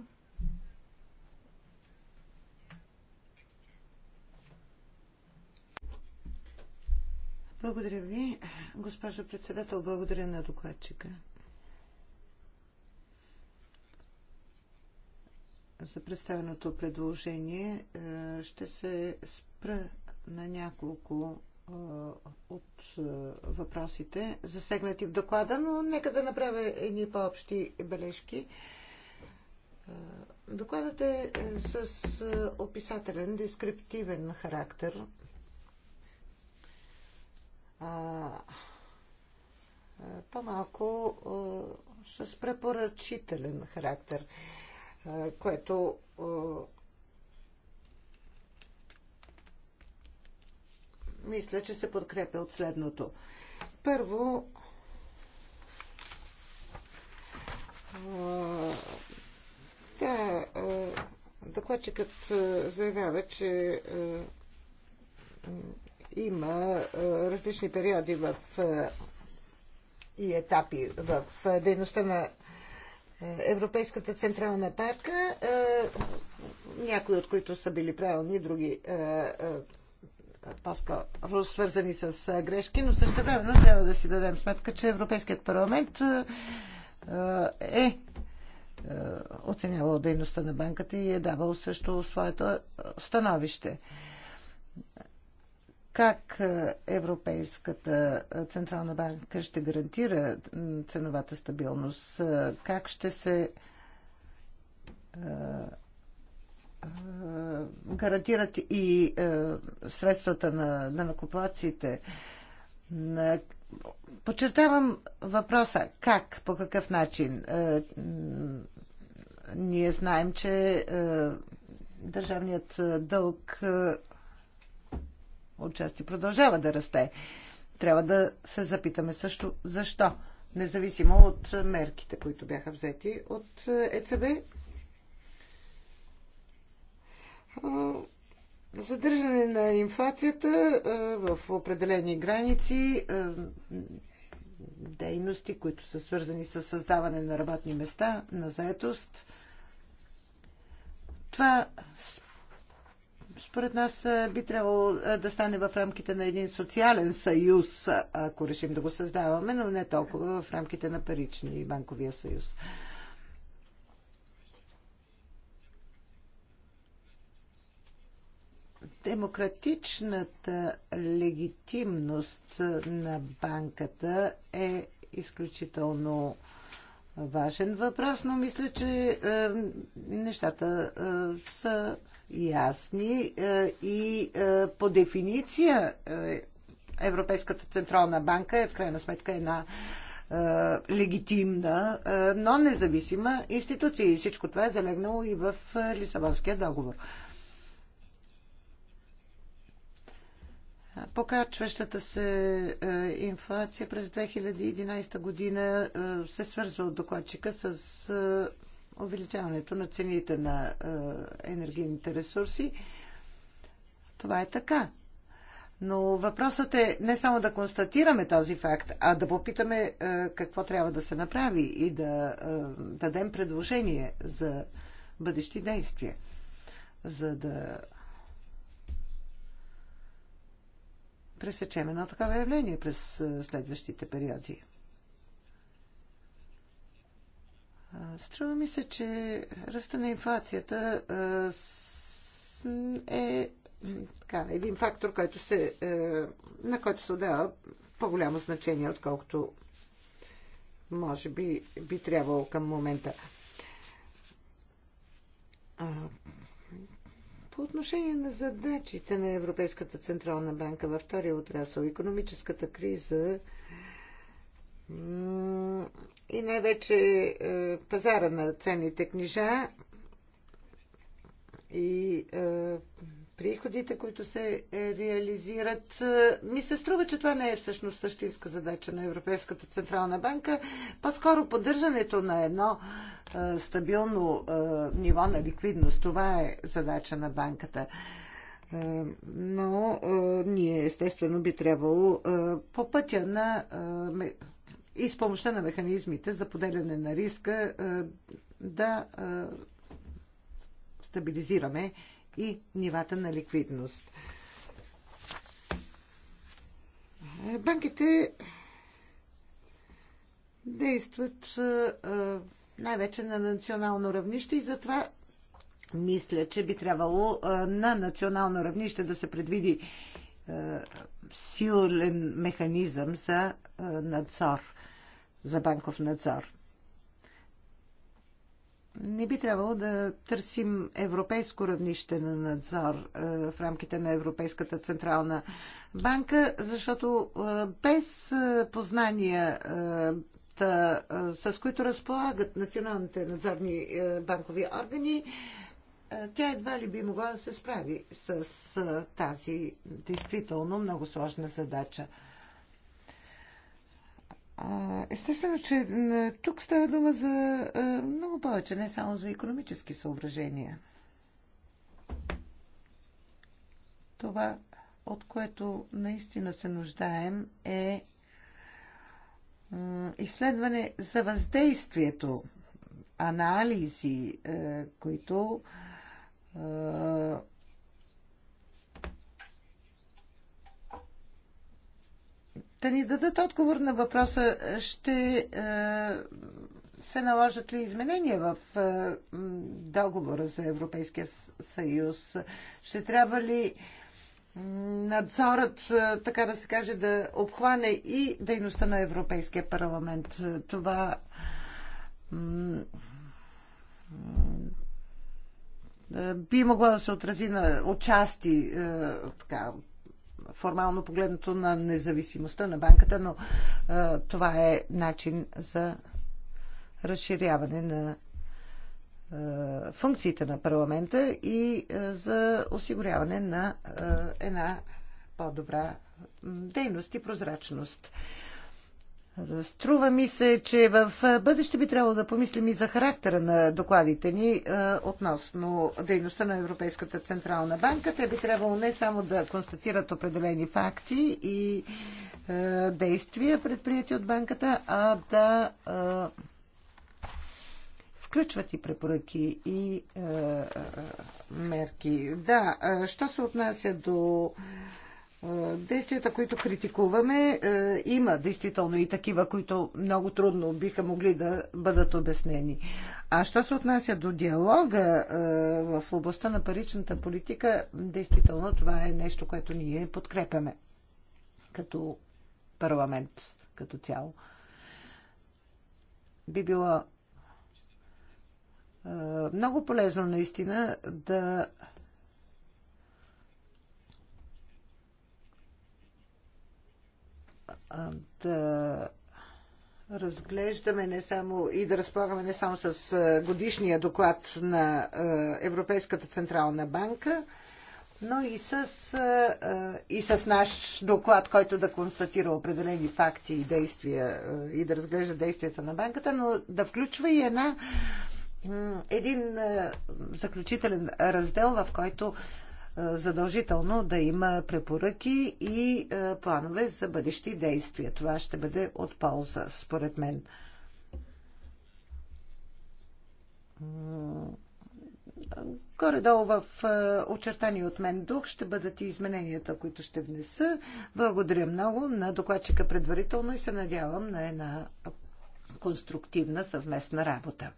Благодаря ви, госпожо председател. Благодаря на докладчика. За представеното предложение е, ще се спра на няколко от въпросите, засегнати в доклада, но нека да направя едни по-общи бележки. Докладът е, е с описателен, дескриптивен характер. по-малко с препоръчителен характер, което мисля, че се подкрепя от следното. Първо, да, докладчикът заявява, че има различни периоди в и етапи в дейността на Европейската централна парка, някои от които са били правилни, други по-скоро свързани с грешки, но също време трябва да си дадем сметка, че Европейският парламент е оценявал дейността на банката и е давал също своето становище. Как Европейската Централна банка ще гарантира ценовата стабилност? Как ще се е, гарантират и е, средствата на данакоплаците. На е, Подчертавам въпроса как, по какъв начин. Ние знаем, че държавният дълг отчасти продължава да расте. Трябва да се запитаме също защо, независимо от мерките, които бяха взети от ЕЦБ задържане на инфлацията в определени граници, дейности, които са свързани с създаване на работни места, на заетост. Това според нас би трябвало да стане в рамките на един социален съюз, ако решим да го създаваме, но не толкова в рамките на парични и банковия съюз. демократичната легитимност на банката е изключително важен въпрос, но мисля, че е, нещата е, са ясни е, и е, по дефиниция е, Европейската централна банка е в крайна сметка една е, легитимна, е, но независима институция. И всичко това е залегнало и в е, Лисабонския договор. Е, Покачващата се е, инфлация през 2011 година е, се свързва от докладчика с е, увеличаването на цените на енергийните ресурси. Това е така. Но въпросът е не само да констатираме този факт, а да попитаме какво трябва да се направи и да дадем предложение за бъдещи действия, за да пресечем едно такава явление през следващите периоди. Струва ми се, че ръста на инфлацията е така, един фактор, който се, на който се отдава по-голямо значение, отколкото може би би трябвало към момента. По отношение на задачите на Европейската Централна банка във втория отрасъл, економическата криза и най-вече е, пазара на ценните книжа и е, приходите, които се е, реализират. Е, ми се струва, че това не е всъщност същинска задача на Европейската Централна банка. По-скоро поддържането на едно е, стабилно ниво на ликвидност. Това е задача на банката. Но ние естествено би трябвало по пътя на и с помощта на механизмите за поделяне на риска да стабилизираме и нивата на ликвидност. Банките действат най-вече на национално равнище и затова мисля, че би трябвало на национално равнище да се предвиди силен механизъм за надзор, за банков надзор не би трябвало да търсим европейско равнище на надзор е, в рамките на Европейската централна банка, защото е, без е, познания, с които разполагат националните надзорни банкови органи, тя едва ли би могла да се справи с тази действително много сложна задача. Естествено, че тук става дума за много повече, не само за економически съображения. Това, от което наистина се нуждаем, е изследване за въздействието, анализи, е, които е, да ни дадат отговор на въпроса, е, ще е, се наложат ли изменения в е, договора за Европейския съюз? Ще трябва ли надзорът, така да се каже, да обхване и дейността на Европейския парламент? Това би могло да се отрази на отчасти така, формално погледнато на независимостта на банката, но а, това е начин за разширяване на а, функциите на парламента и а, за осигуряване на а, една по-добра дейност и прозрачност. Струва ми се, че в бъдеще би трябвало да помислим и за характера на докладите ни е, относно дейността на Европейската Централна банка. Те би трябвало не само да констатират определени факти и е, действия, предприяти от банката, а да е, включват и препоръки и мерки. Да, що се отнася до е, действията, които критикуваме, е, има действително и такива, които много трудно биха могли да бъдат обяснени. А що се отнася до диалога е, в областта на паричната политика, действително това е нещо, което ние подкрепяме като парламент, като цяло. Би било много полезно наистина да да разглеждаме не само и да разполагаме не само с годишния доклад на Европейската Централна банка, но и с, и с наш доклад, който да констатира определени факти и действия и да разглежда действията на банката, но да включва и една, един заключителен раздел, в който е, задължително да има препоръки и е, планове за бъдещи действия. Това ще бъде от полза, според мен. Горе-долу в е, очертани от мен дух ще бъдат и измененията, които ще внеса. Благодаря много на докладчика предварително и се надявам на една конструктивна съвместна работа.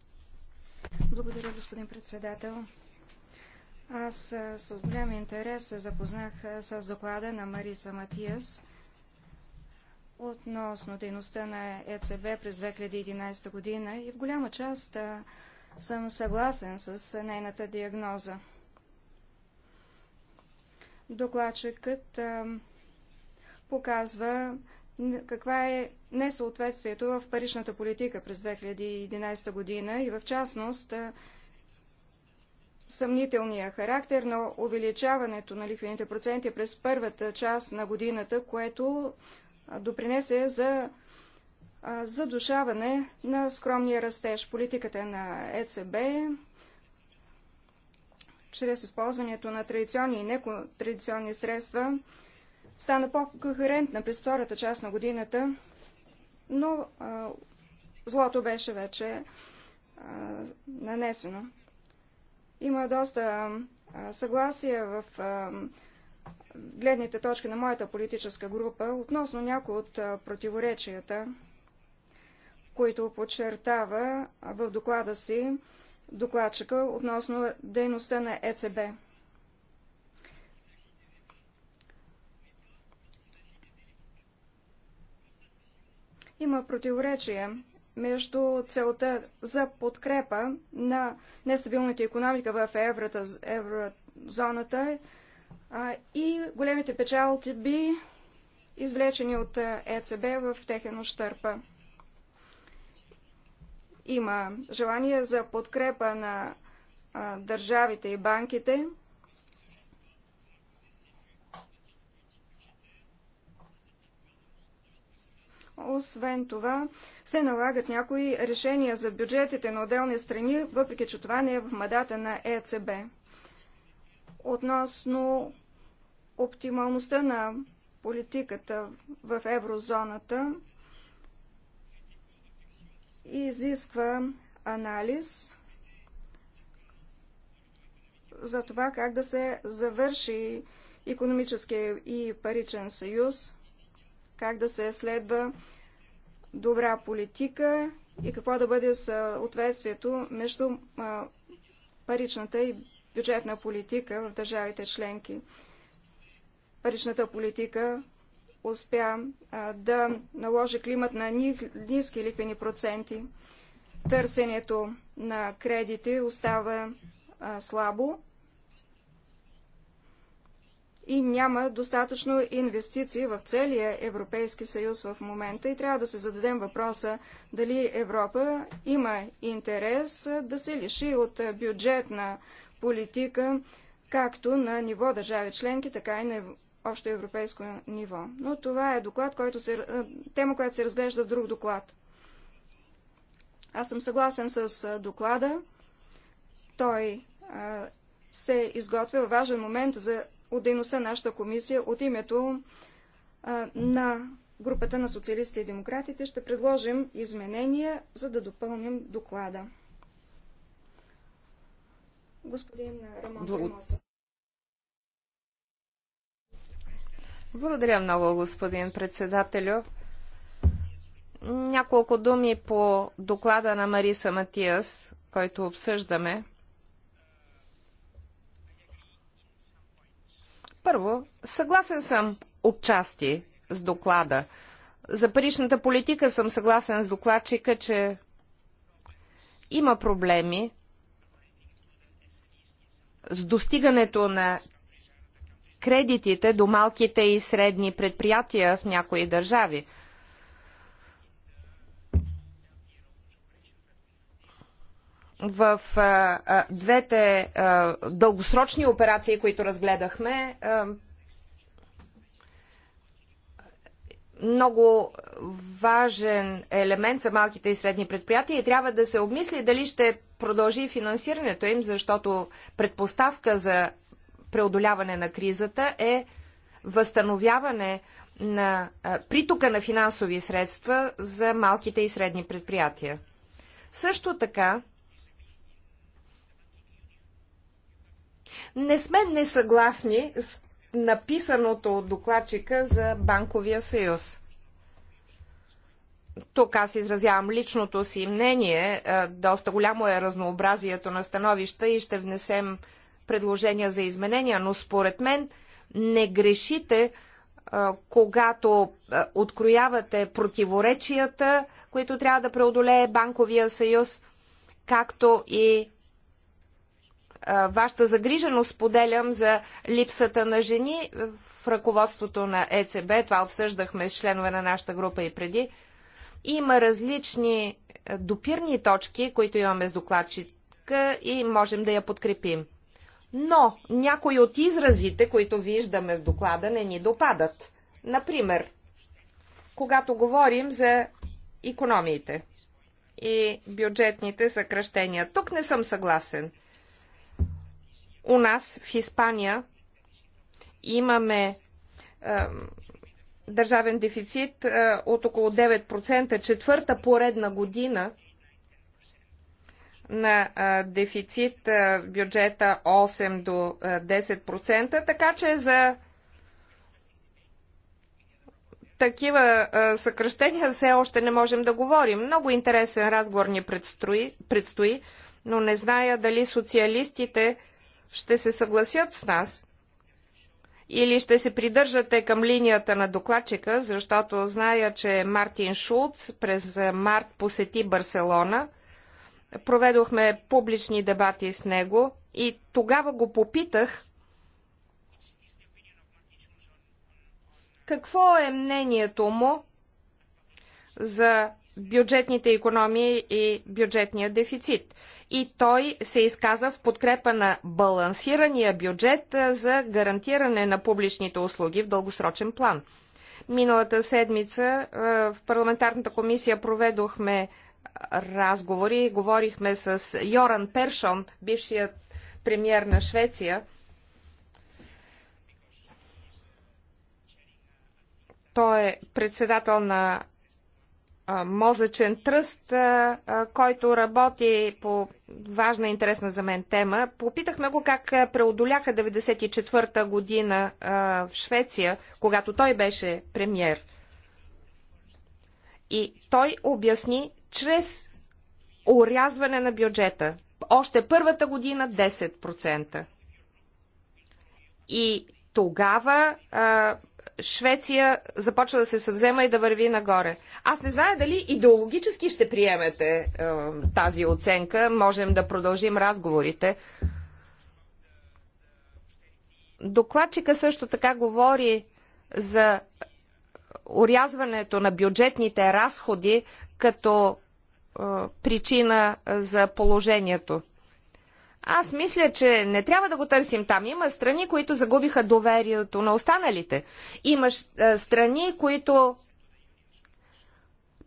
Благодаря, господин председател. Аз с голям интерес се запознах с доклада на Мариса Матиас относно дейността на ЕЦБ през 2011 година и в голяма част съм съгласен с нейната диагноза. Докладчикът показва каква е несъответствието в паричната политика през 2011 година и в частност съмнителния характер на увеличаването на лихвените проценти през първата част на годината, което допринесе за задушаване на скромния растеж. Политиката на ЕЦБ чрез използването на традиционни и некотрадиционни средства стана по-кохерентна през втората част на годината, но злото беше вече нанесено. Има доста съгласие в гледните точки на моята политическа група относно някои от противоречията, които подчертава в доклада си докладчика относно дейността на ЕЦБ. Има противоречия между целта за подкрепа на нестабилната економика в еврата, еврозоната а, и големите печалки би извлечени от ЕЦБ в техен ощърпа. Има желание за подкрепа на а, държавите и банките – Освен това, се налагат някои решения за бюджетите на отделни страни, въпреки че това не е в мадата на ЕЦБ. Относно оптималността на политиката в еврозоната, изисква анализ за това как да се завърши економическия и паричен съюз – как да се следва добра политика и какво да бъде съответствието между паричната и бюджетна политика в държавите членки. Паричната политика успя да наложи климат на ниски ликвени проценти. Търсенето на кредити остава слабо и няма достатъчно инвестиции в целия Европейски съюз в момента и трябва да се зададем въпроса дали Европа има интерес да се лиши от бюджетна политика, както на ниво държави членки, така и на общо европейско ниво. Но това е доклад, който се, тема, която се разглежда в друг доклад. Аз съм съгласен с доклада. Той а, се изготвя в важен момент за от дейността на нашата комисия от името а, на групата на социалистите и демократите. Ще предложим изменения, за да допълним доклада. Господин Рамон Благодар... Благодаря много, господин председателю. Няколко думи по доклада на Мариса Матиас, който обсъждаме. Първо, съгласен съм отчасти с доклада. За паричната политика съм съгласен с докладчика, че има проблеми с достигането на кредитите до малките и средни предприятия в някои държави. в а, а, двете а, дългосрочни операции, които разгледахме, а, много важен елемент са малките и средни предприятия и трябва да се обмисли дали ще продължи финансирането им, защото предпоставка за преодоляване на кризата е възстановяване на а, притока на финансови средства за малките и средни предприятия. Също така, Не сме несъгласни с написаното от докладчика за Банковия съюз. Тук аз изразявам личното си мнение. Е, доста голямо е разнообразието на становища и ще внесем предложения за изменения, но според мен не грешите, е, когато е, откроявате противоречията, които трябва да преодолее Банковия съюз, както и вашата загриженост поделям за липсата на жени в ръководството на ЕЦБ. Това обсъждахме с членове на нашата група и преди. Има различни допирни точки, които имаме с докладчика и можем да я подкрепим. Но някои от изразите, които виждаме в доклада, не ни допадат. Например, когато говорим за економиите и бюджетните съкръщения. Тук не съм съгласен – у нас в Испания имаме е, държавен дефицит е, от около 9%, четвърта поредна година на е, дефицит в бюджета 8 до 10%, така че за такива съкръщения все още не можем да говорим. Много интересен разговор ни предстои, предстои но не зная дали социалистите ще се съгласят с нас или ще се придържате към линията на докладчика, защото зная, че Мартин Шулц през март посети Барселона. Проведохме публични дебати с него и тогава го попитах какво е мнението му за бюджетните економии и бюджетния дефицит и той се изказа в подкрепа на балансирания бюджет за гарантиране на публичните услуги в дългосрочен план. Миналата седмица в парламентарната комисия проведохме разговори и говорихме с Йоран Першон, бившият премьер на Швеция. Той е председател на мозъчен тръст, който работи по важна, и интересна за мен тема. Попитахме го как преодоляха 94-та година в Швеция, когато той беше премьер. И той обясни чрез урязване на бюджета. Още първата година 10%. И тогава Швеция започва да се съвзема и да върви нагоре. Аз не зная дали идеологически ще приемете е, тази оценка. Можем да продължим разговорите. Докладчика също така говори за урязването на бюджетните разходи като е, причина за положението. Аз мисля, че не трябва да го търсим там. Има страни, които загубиха доверието на останалите. Има е, страни, които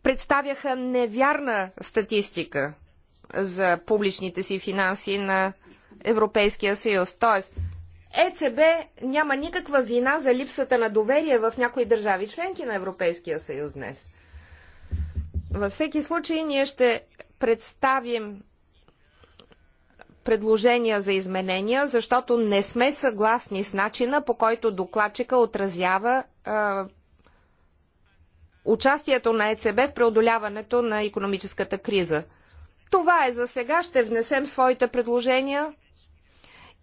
представяха невярна статистика за публичните си финанси на Европейския съюз. Тоест, ЕЦБ няма никаква вина за липсата на доверие в някои държави, членки на Европейския съюз днес. Във всеки случай ние ще представим предложения за изменения, защото не сме съгласни с начина по който докладчика отразява участието на ЕЦБ в преодоляването на економическата криза. Това е за сега. Ще внесем своите предложения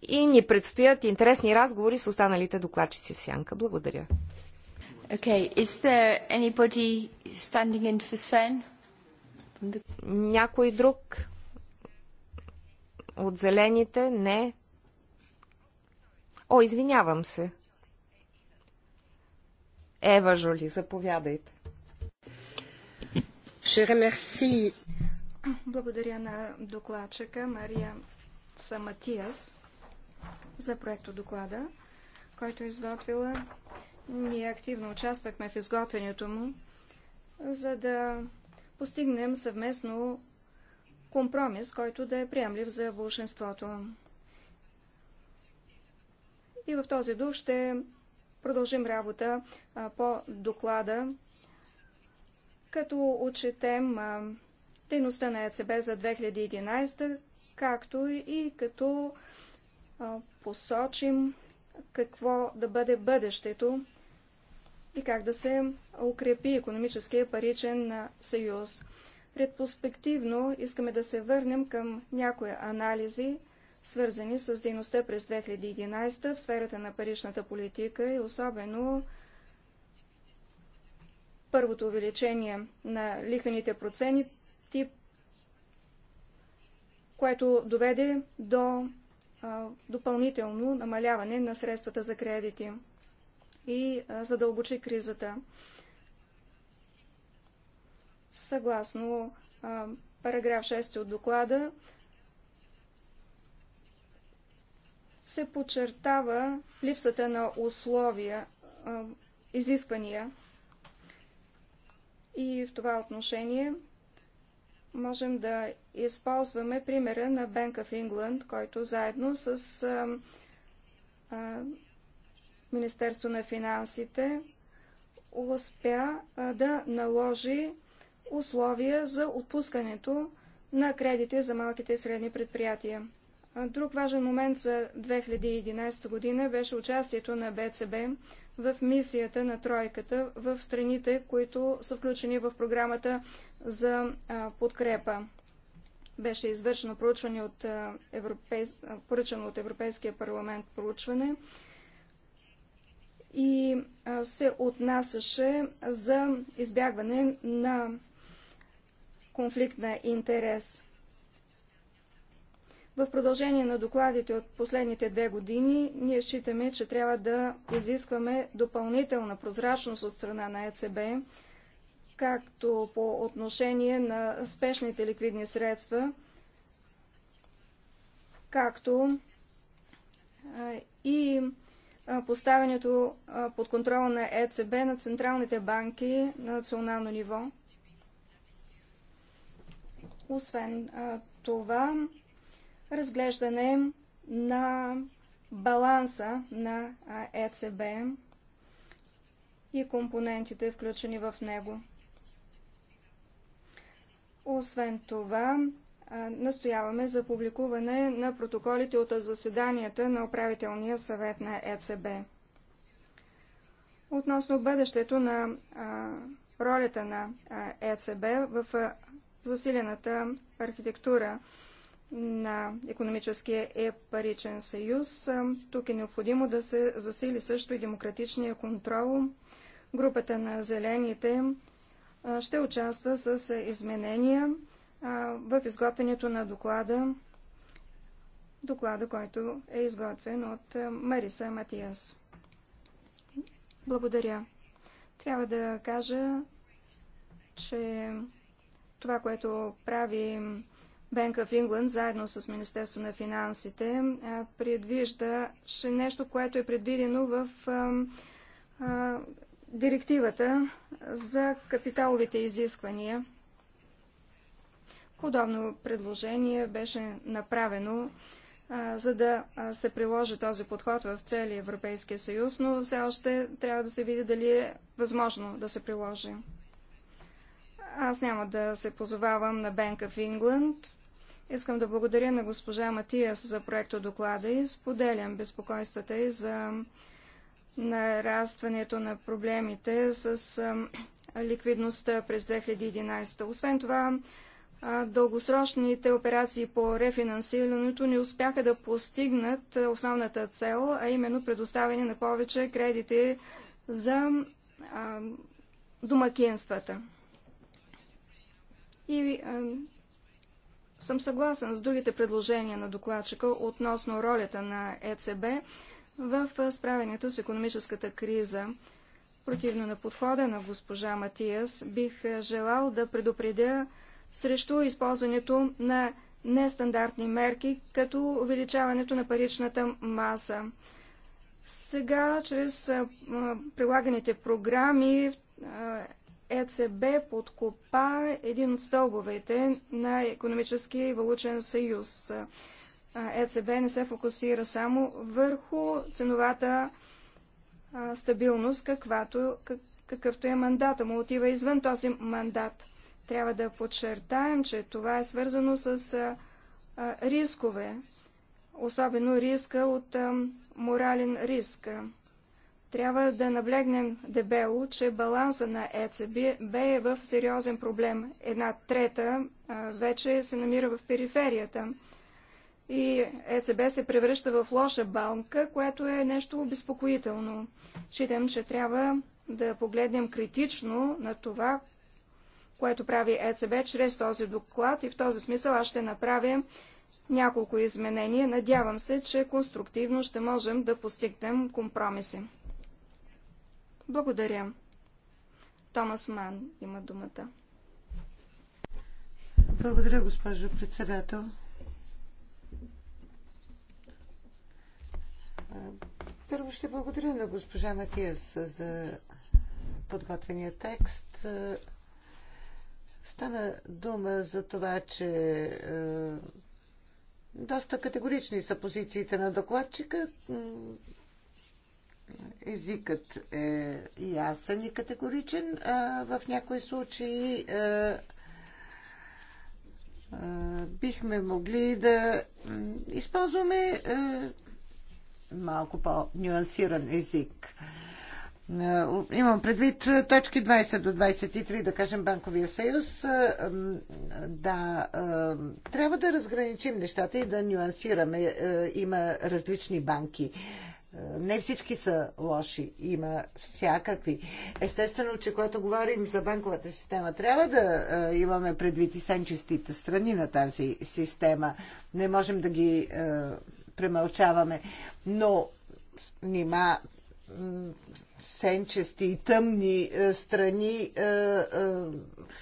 и ни предстоят интересни разговори с останалите докладчици в Сянка. Благодаря. Okay. Is there anybody standing in for Sven? Някой друг? От зелените не. О, извинявам се. Ева Жоли, заповядайте. Благодаря на докладчика Мария Саматиас за проекто доклада, който е изготвила. Ние активно участвахме в изготвянето му, за да постигнем съвместно компромис, който да е приемлив за вълшенството. И в този дух ще продължим работа по доклада, като отчетем дейността на ЕЦБ за 2011, както и като посочим какво да бъде бъдещето и как да се укрепи економическия паричен съюз. Предпоспективно искаме да се върнем към някои анализи, свързани с дейността през 2011 в сферата на паричната политика и особено първото увеличение на лихвените тип, което доведе до а, допълнително намаляване на средствата за кредити и а, задълбочи кризата съгласно параграф 6 от доклада, се подчертава липсата на условия, изисквания. И в това отношение можем да използваме примера на Bank of England, който заедно с а, а, Министерство на финансите успя а, да наложи условия за отпускането на кредити за малките и средни предприятия. Друг важен момент за 2011 година беше участието на БЦБ в мисията на тройката в страните, които са включени в програмата за подкрепа. Беше извършено проучване от Европейс... поръчано от Европейския парламент проучване и се отнасяше за избягване на конфликт на интерес. В продължение на докладите от последните две години, ние считаме, че трябва да изискваме допълнителна прозрачност от страна на ЕЦБ, както по отношение на спешните ликвидни средства, както и поставянето под контрол на ЕЦБ на централните банки на национално ниво. Освен това, разглеждане на баланса на ЕЦБ и компонентите, включени в него. Освен това, настояваме за публикуване на протоколите от заседанията на управителния съвет на ЕЦБ. Относно бъдещето на ролята на ЕЦБ в засилената архитектура на економическия е паричен съюз. Тук е необходимо да се засили също и демократичния контрол. Групата на зелените ще участва с изменения в изготвянето на доклада, доклада, който е изготвен от Мариса Матиас. Благодаря. Трябва да кажа, че това, което прави Bank of England заедно с Министерство на финансите предвижда нещо, което е предвидено в директивата за капиталовите изисквания. Подобно предложение беше направено за да се приложи този подход в целия Европейския съюз, но все още трябва да се види дали е възможно да се приложи. Аз няма да се позовавам на Bank of England. Искам да благодаря на госпожа Матиас за проекто доклада и споделям безпокойствата и за нарастването на проблемите с ликвидността през 2011. Освен това, дългосрочните операции по рефинансирането не успяха да постигнат основната цел, а именно предоставяне на повече кредити за домакинствата. И съм съгласен с другите предложения на докладчика относно ролята на ЕЦБ в справянето с економическата криза. Противно на подхода на госпожа Матиас, бих желал да предупредя срещу използването на нестандартни мерки, като увеличаването на паричната маса. Сега, чрез прилаганите програми, ЕЦБ подкопа един от стълбовете на економическия и валучен съюз. ЕЦБ не се фокусира само върху ценовата стабилност, каквато, какъвто е мандата му, отива извън този мандат. Трябва да подчертаем, че това е свързано с рискове, особено риска от морален риск. Трябва да наблегнем дебело, че баланса на ЕЦБ е в сериозен проблем. Една трета вече се намира в периферията. И ЕЦБ се превръща в лоша банка, което е нещо обезпокоително. Считам, че трябва да погледнем критично на това, което прави ЕЦБ чрез този доклад и в този смисъл аз ще направя няколко изменения. Надявам се, че конструктивно ще можем да постигнем компромиси. Благодаря. Томас Ман има думата. Благодаря, госпожо председател. Първо ще благодаря на госпожа Матиас за подготвения текст. Стана дума за това, че е, доста категорични са позициите на докладчика езикът е ясен и категоричен, а в някои случаи а, а, бихме могли да използваме а, малко по-нюансиран език. Имам предвид точки 20 до 23, да кажем, Банковия съюз. Да, трябва да разграничим нещата и да нюансираме. Има различни банки не всички са лоши. Има всякакви. Естествено, че когато говорим за банковата система, трябва да е, имаме предвид и сенчестите страни на тази система. Не можем да ги е, премълчаваме. Но нима сенчести и тъмни е, страни е, е,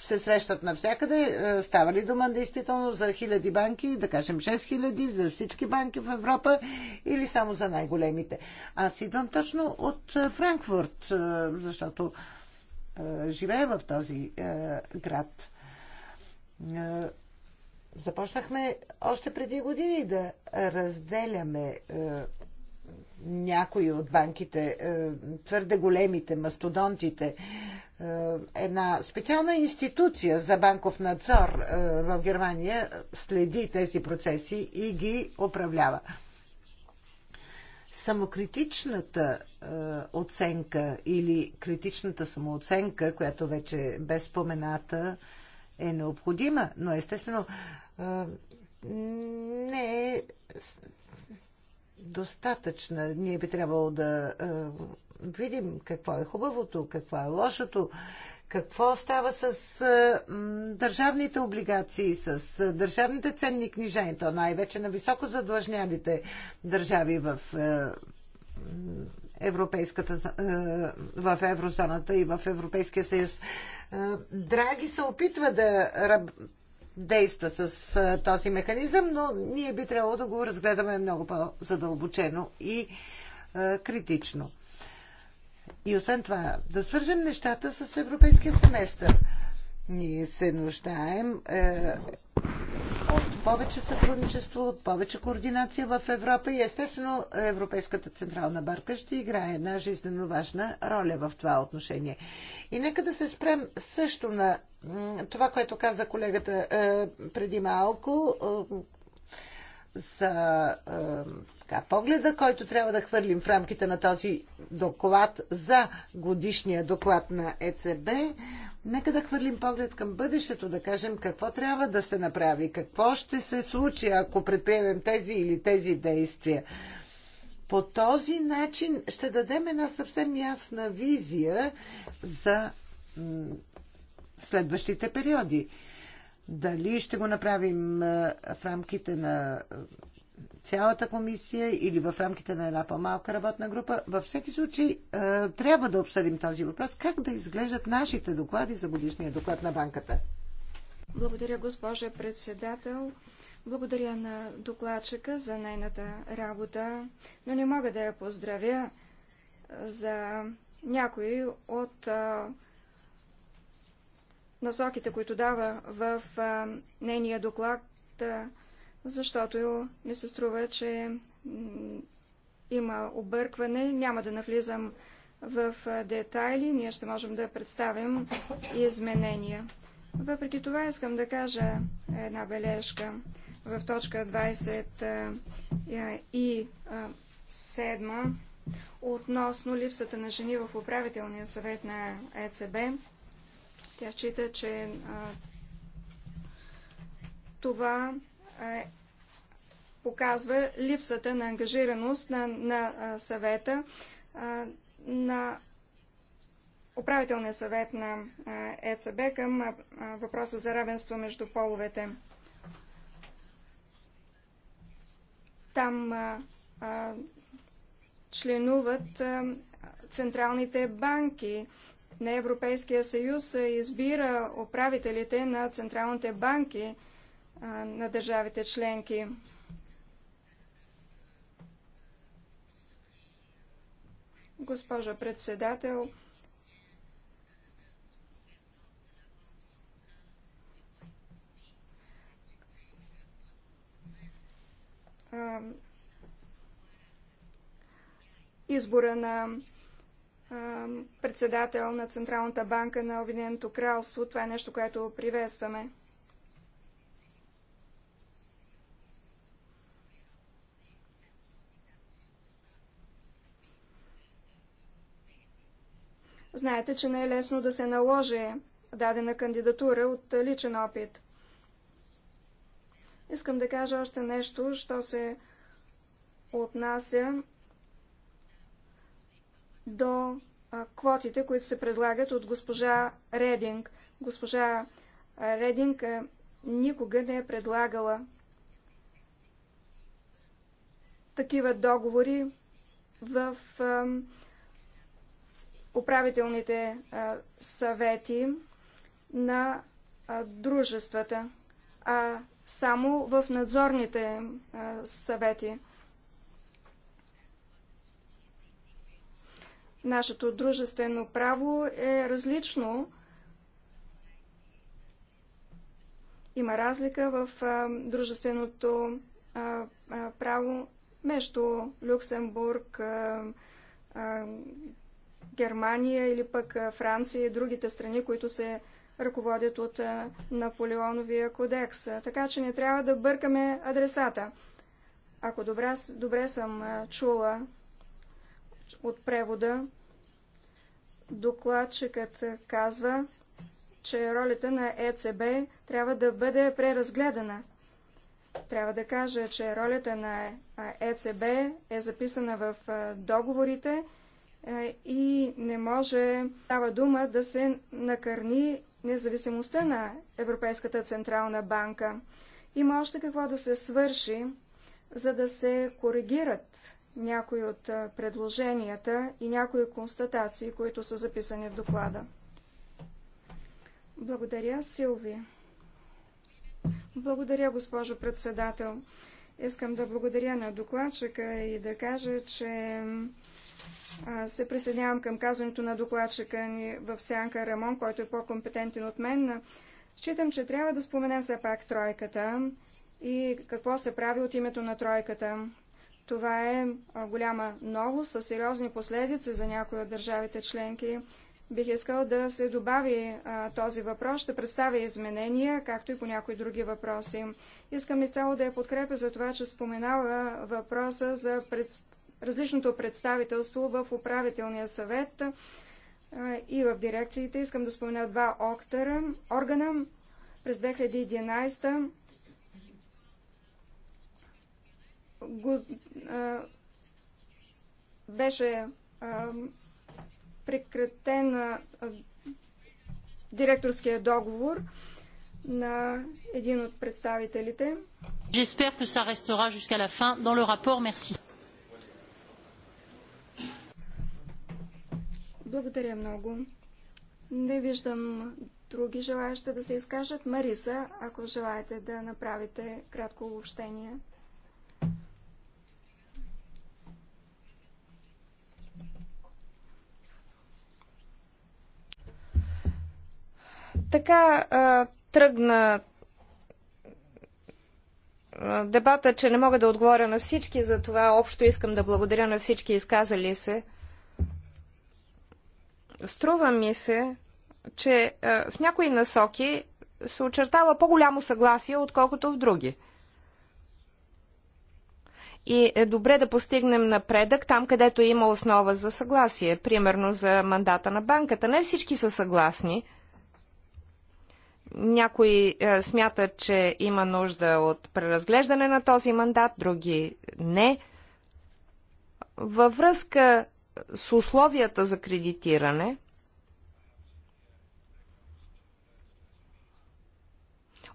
се срещат навсякъде. Става ли дума действително за хиляди банки, да кажем 6 хиляди, за всички банки в Европа или само за най-големите? Аз идвам точно от Франкфурт, защото живея в този град. Започнахме още преди години да разделяме някои от банките, е, твърде големите, мастодонтите, е, една специална институция за банков надзор е, в Германия следи тези процеси и ги управлява. Самокритичната оценка или критичната самооценка, която вече бе спомената, е необходима, но естествено не е достатъчна. Ние би трябвало да е, видим какво е хубавото, какво е лошото, какво става с е, м, държавните облигации, с е, държавните ценни книжа, и то най-вече на високо задлъжнялите държави в е, европейската, е, в еврозоната и в Европейския съюз. Е, драги се опитва да действа с този механизъм, но ние би трябвало да го разгледаме много по-задълбочено и критично. И освен това, да свържем нещата с европейския семестър. Ние се нуждаем е, от повече сътрудничество, от повече координация в Европа и естествено Европейската Централна банка ще играе една жизненно важна роля в това отношение. И нека да се спрем също на това, което каза колегата е, преди малко, е, за е, така, погледа, който трябва да хвърлим в рамките на този доклад за годишния доклад на ЕЦБ. Нека да хвърлим поглед към бъдещето, да кажем какво трябва да се направи, какво ще се случи, ако предприемем тези или тези действия. По този начин ще дадем една съвсем ясна визия за следващите периоди. Дали ще го направим в рамките на цялата комисия или в рамките на една по-малка работна група. Във всеки случай е, трябва да обсъдим този въпрос. Как да изглеждат нашите доклади за годишния доклад на банката? Благодаря, госпожа председател. Благодаря на докладчика за нейната работа, но не мога да я поздравя е, за някои от е, насоките, които дава в нейния доклад защото ми се струва, че има объркване. Няма да навлизам в детайли. Ние ще можем да представим изменения. Въпреки това искам да кажа една бележка в точка 20 и 7 относно липсата на жени в управителния съвет на ЕЦБ. Тя счита, че това е показва липсата на ангажираност на, на съвета, на управителния съвет на ЕЦБ към въпроса за равенство между половете. Там членуват централните банки на Европейския съюз избира управителите на централните банки на държавите членки. Госпожо председател, избора на председател на Централната банка на Обединеното кралство. Това е нещо, което приветстваме. Знаете, че не е лесно да се наложи дадена кандидатура от личен опит. Искам да кажа още нещо, що се отнася до квотите, които се предлагат от госпожа Рединг. Госпожа Рединг никога не е предлагала такива договори в управителните съвети на дружествата, а само в надзорните съвети. Нашето дружествено право е различно. Има разлика в дружественото право между Люксембург, Германия или пък Франция и другите страни, които се ръководят от Наполеоновия кодекс. Така че не трябва да бъркаме адресата. Ако добре, добре съм чула от превода, докладчикът казва, че ролята на ЕЦБ трябва да бъде преразгледана. Трябва да кажа, че ролята на ЕЦБ е записана в договорите е, и не може става дума да се накърни независимостта на Европейската Централна банка. Има още какво да се свърши, за да се коригират някои от е, предложенията и някои констатации, които са записани в доклада. Благодаря, Силви. Благодаря, госпожо председател. Искам да благодаря на докладчика и да кажа, че се присъединявам към казването на докладчика ни в Сянка Рамон, който е по-компетентен от мен. Считам, че трябва да споменем все пак тройката и какво се прави от името на тройката. Това е голяма новост със сериозни последици за някои от държавите членки. Бих искал да се добави а, този въпрос, ще представя изменения, както и по някои други въпроси. Искам изцяло да я подкрепя за това, че споменава въпроса за пред различното представителство в управителния съвет и в дирекциите. Искам да спомена два октера, органа. През 2011 го, а, беше а, прекратен а, директорския договор на един от представителите. J'espère que ça restera jusqu'à la fin dans le rapport. Merci. Благодаря много. Не виждам други желаящи да се изкажат. Мариса, ако желаете да направите кратко обобщение. Така тръгна дебата, че не мога да отговоря на всички, за това. общо искам да благодаря на всички изказали се. Струва ми се, че е, в някои насоки се очертава по-голямо съгласие, отколкото в други. И е добре да постигнем напредък там, където има основа за съгласие. Примерно за мандата на банката. Не всички са съгласни. Някои е, смятат, че има нужда от преразглеждане на този мандат, други не. Във връзка с условията за кредитиране,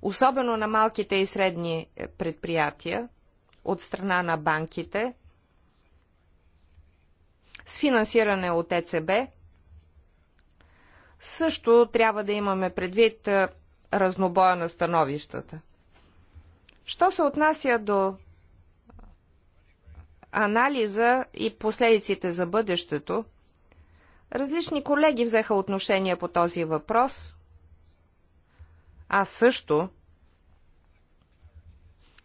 особено на малките и средни предприятия от страна на банките, с финансиране от ЕЦБ, също трябва да имаме предвид разнобоя на становищата. Що се отнася до анализа и последиците за бъдещето. Различни колеги взеха отношение по този въпрос. Аз също.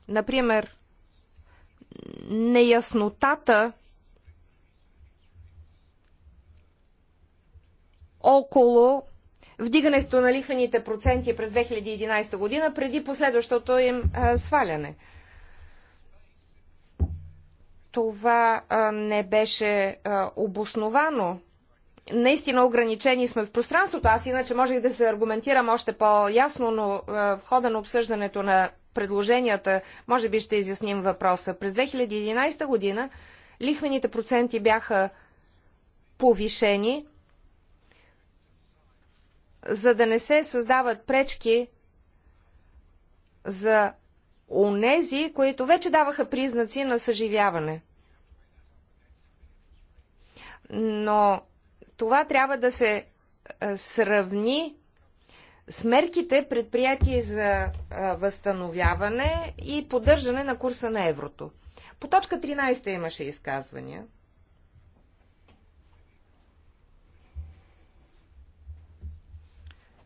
Например, неяснотата около вдигането на лихвените проценти през 2011 година преди последващото им сваляне това не беше обосновано. Наистина ограничени сме в пространството. Аз иначе можех да се аргументирам още по-ясно, но в хода на обсъждането на предложенията може би ще изясним въпроса. През 2011 година лихвените проценти бяха повишени, за да не се създават пречки за онези, които вече даваха признаци на съживяване. Но това трябва да се сравни с мерките предприятия за възстановяване и поддържане на курса на еврото. По точка 13 имаше изказвания.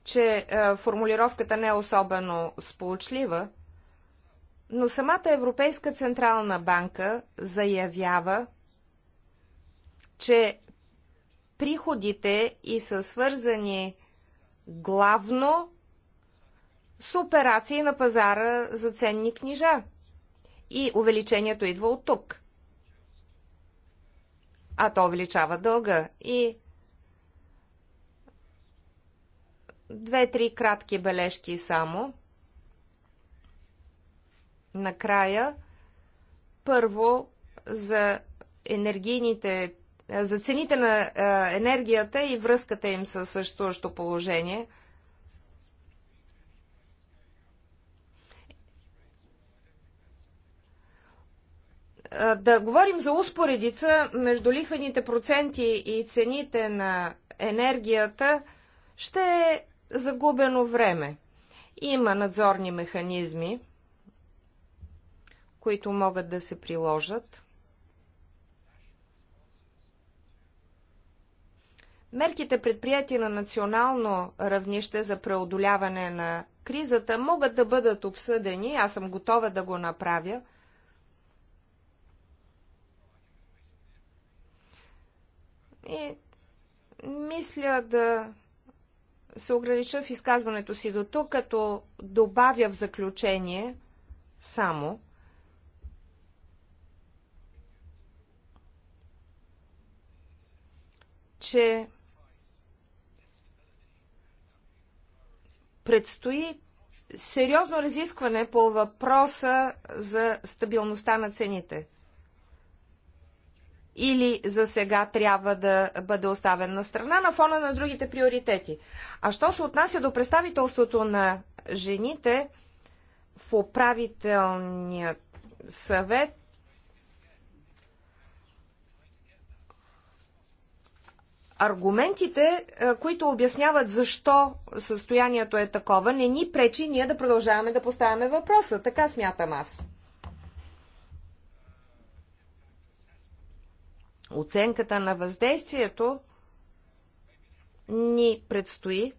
че формулировката не е особено сполучлива. Но самата Европейска Централна банка заявява, че приходите и са свързани главно с операции на пазара за ценни книжа. И увеличението идва от тук. А то увеличава дълга. И две-три кратки бележки само накрая, първо за енергийните, за цените на енергията и връзката им с същото положение. Да говорим за успоредица между лихвените проценти и цените на енергията ще е загубено време. Има надзорни механизми, които могат да се приложат. Мерките предприяти на национално равнище за преодоляване на кризата могат да бъдат обсъдени, аз съм готова да го направя. И мисля да се огранича в изказването си до тук, като добавя в заключение само – че предстои сериозно разискване по въпроса за стабилността на цените. Или за сега трябва да бъде оставен на страна на фона на другите приоритети. А що се отнася до представителството на жените в управителният съвет, аргументите, е, които обясняват защо състоянието е такова, не ни пречи ние да продължаваме да поставяме въпроса. Така смятам аз. Оценката на въздействието ни предстои.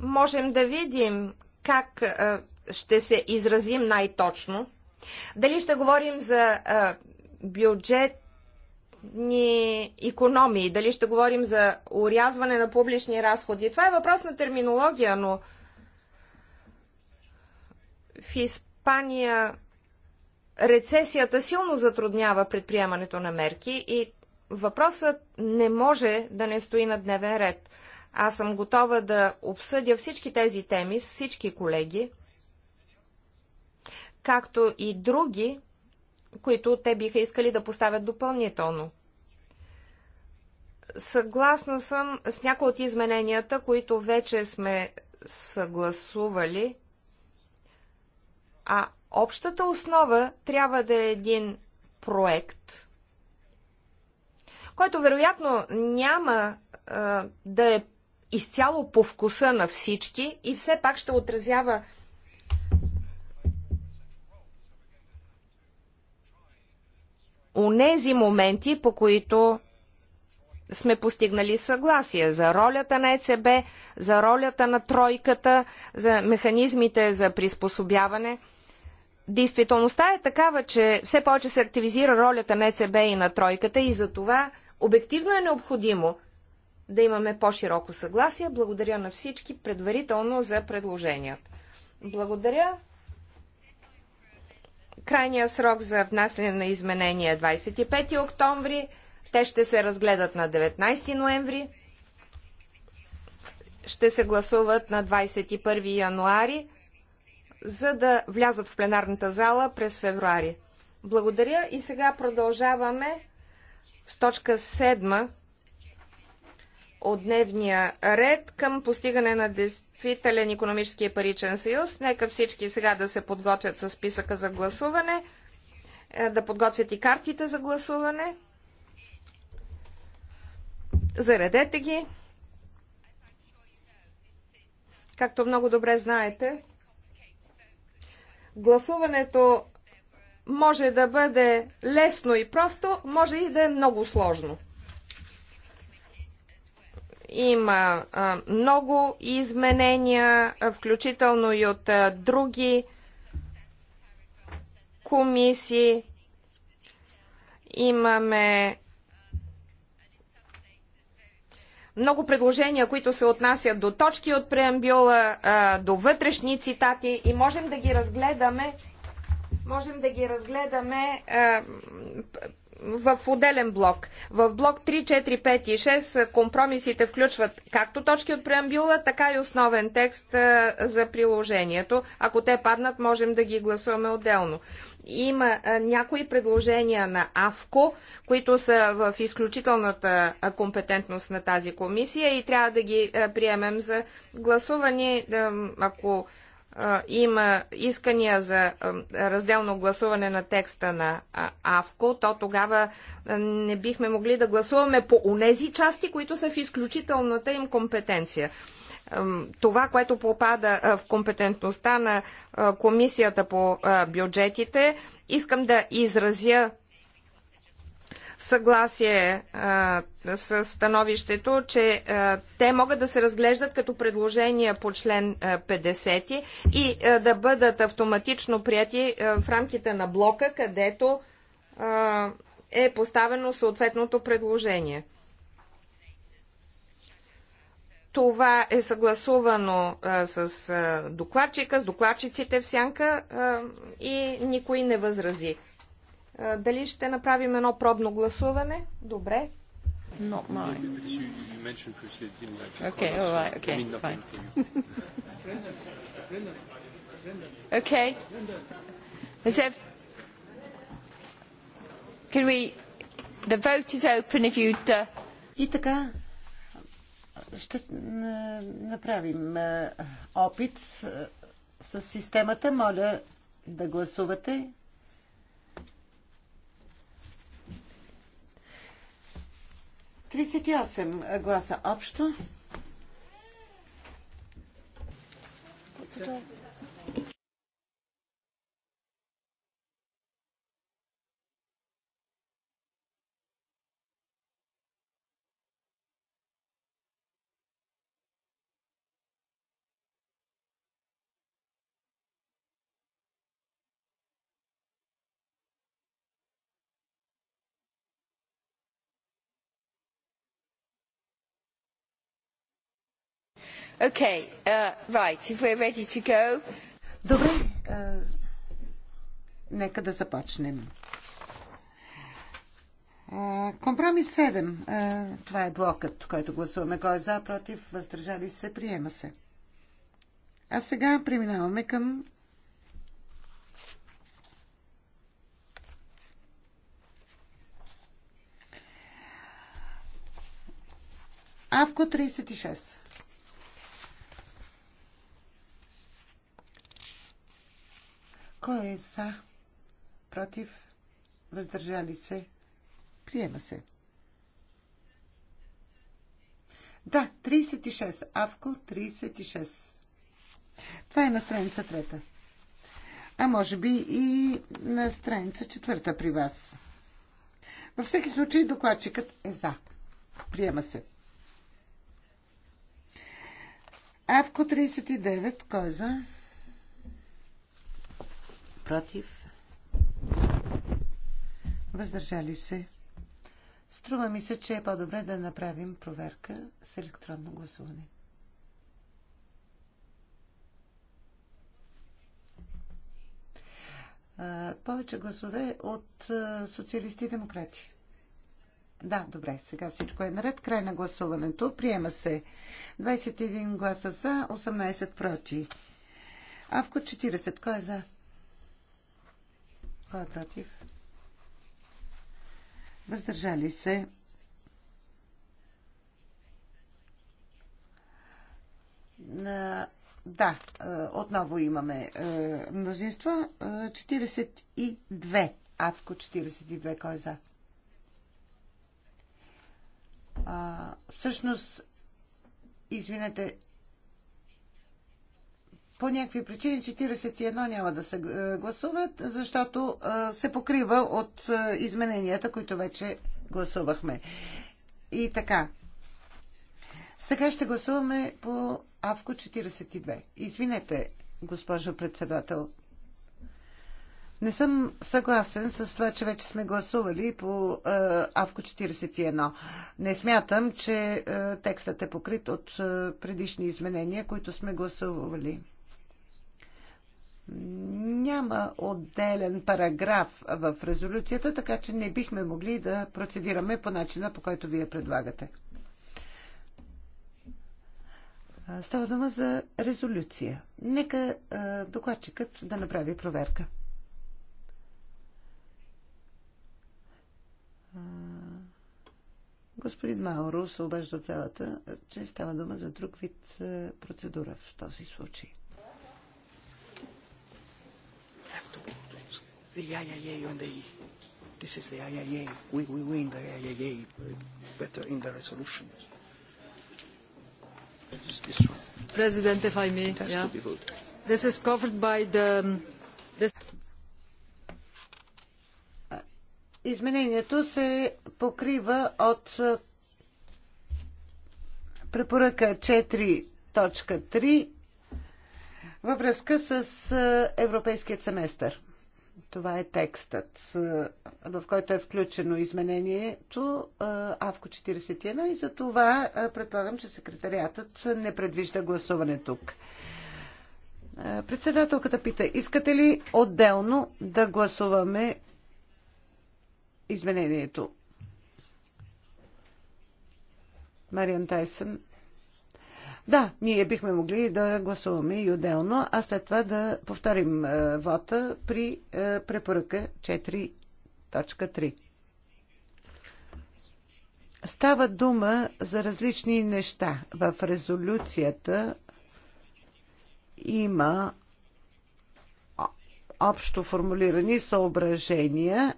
Можем да видим как е, ще се изразим най-точно. Дали ще говорим за е, бюджетни економии, дали ще говорим за урязване на публични разходи. Това е въпрос на терминология, но в Испания рецесията силно затруднява предприемането на мерки и въпросът не може да не стои на дневен ред. Аз съм готова да обсъдя всички тези теми с всички колеги, както и други, които те биха искали да поставят допълнително. Съгласна съм с някои от измененията, които вече сме съгласували, а общата основа трябва да е един проект, който вероятно няма а, да е изцяло по вкуса на всички и все пак ще отразява онези моменти, по които сме постигнали съгласие за ролята на ЕЦБ, за ролята на тройката, за механизмите за приспособяване. Действителността е такава, че все повече се активизира ролята на ЕЦБ и на тройката и за това обективно е необходимо да имаме по-широко съгласие. Благодаря на всички предварително за предложенията. Благодаря. Крайният срок за внасяне на изменения е 25 октомври. Те ще се разгледат на 19 ноември. Ще се гласуват на 21 януари, за да влязат в пленарната зала през февруари. Благодаря и сега продължаваме с точка 7 от дневния ред към постигане на 10 Фитален економически и паричен съюз. Нека всички сега да се подготвят с списъка за гласуване, е, да подготвят и картите за гласуване. Заредете ги. Както много добре знаете, гласуването може да бъде лесно и просто, може и да е много сложно. Има а, много изменения, включително и от а, други комисии. Имаме много предложения, които се отнасят до точки от преамбюла, до вътрешни цитати и можем да ги разгледаме, можем да ги разгледаме в отделен блок. В блок 3, 4, 5 и 6 компромисите включват както точки от преамбюла, така и основен текст за приложението. Ако те паднат, можем да ги гласуваме отделно. Има някои предложения на АВКО, които са в изключителната компетентност на тази комисия и трябва да ги приемем за гласуване, ако има искания за разделно гласуване на текста на АВКО, то тогава не бихме могли да гласуваме по онези части, които са в изключителната им компетенция. Това, което попада в компетентността на Комисията по бюджетите, искам да изразя съгласие а, с становището, че а, те могат да се разглеждат като предложения по член а, 50 и а, да бъдат автоматично прияти а, в рамките на блока, където а, е поставено съответното предложение. Това е съгласувано а, с а, докладчика, с докладчиците в сянка а, и никой не възрази. Е, дали ще направим едно пробно гласуване? Добре. И така, ще направим е, опит е, с системата. Моля да гласувате. 38 гласа общо. Uh, Добре, нека да започнем. компромис 7. това е блокът, който гласуваме. Кой е за, против, въздържали се, приема се. А сега преминаваме към Авко 36. Кой е за? Против? Въздържали се? Приема се. Да, 36. Авко 36. Това е на страница трета. А може би и на страница четвърта при вас. Във всеки случай докладчикът е за. Приема се. Авко 39. Кой е за? против, въздържали се. Струва ми се, че е по-добре да направим проверка с електронно гласуване. повече гласове от социалисти и демократи. Да, добре, сега всичко е наред. Край на гласуването. Приема се 21 гласа за, 18 против. Авко 40. Кой е за? Кой е против? Въздържали се. Да, отново имаме мнозинства. 42. Авко 42. Кой е за? всъщност, извинете, по някакви причини 41 няма да се е, гласуват, защото е, се покрива от е, измененията, които вече гласувахме. И така. Сега ще гласуваме по АВКО 42. Извинете, госпожо председател. Не съм съгласен с това, че вече сме гласували по е, АВКО 41. Не смятам, че е, текстът е покрит от е, предишни изменения, които сме гласували няма отделен параграф в резолюцията, така че не бихме могли да процедираме по начина, по който вие предлагате. Става дума за резолюция. Нека докладчикът да направи проверка. Господин Мауро се обажда от залата, че става дума за друг вид процедура в този случай. the IIA and the this is the IIA. We, we win the IIA better in the resolution. President, if I may, yeah. this is covered by the. This Изменението се покрива от препоръка 4.3 във връзка с европейският семестър. Това е текстът, в който е включено изменението АВКО 41 и за това предполагам, че секретариатът не предвижда гласуване тук. Председателката пита, искате ли отделно да гласуваме изменението? Мариан Тайсън да, ние бихме могли да гласуваме и отделно, а след това да повторим е, вота при е, препоръка 4.3. Става дума за различни неща. В резолюцията има общо формулирани съображения,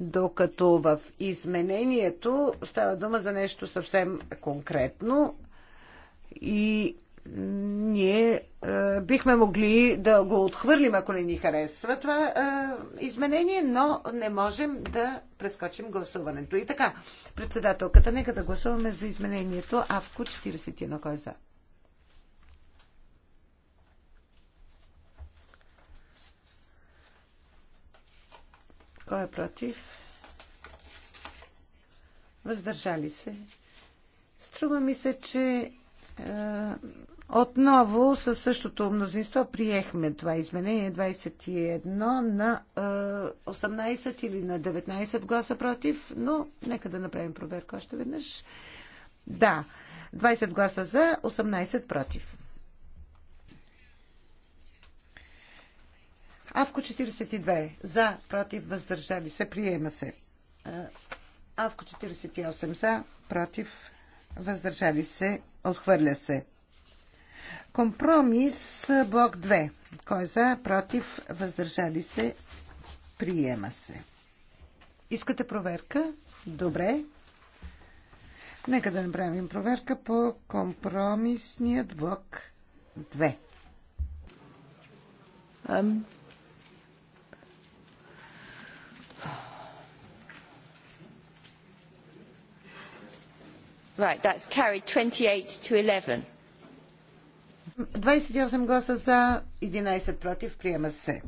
докато в изменението става дума за нещо съвсем конкретно и ние е, бихме могли да го отхвърлим, ако не ни харесва това е, изменение, но не можем да прескочим гласуването. И така, председателката, нека да гласуваме за изменението АВКО 41. Кой е за? Кой е против? Въздържали се. Струва ми се, че е, отново със същото мнозинство приехме това изменение 21 на 18 е, или на 19 гласа против, но нека да направим проверка още веднъж. Да, 20 гласа за, 18 против. Авко 42 за, против, въздържали се, приема се. Е, Авко 48 за, против, въздържали се, отхвърля се. Компромис блок 2. Кой е за, против, въздържали се, приема се. Искате проверка? Добре. Нека да направим проверка по компромисният блок 2. Um. Right, that's carried 28 to 11. 28 гласа за, 11 против, приема се.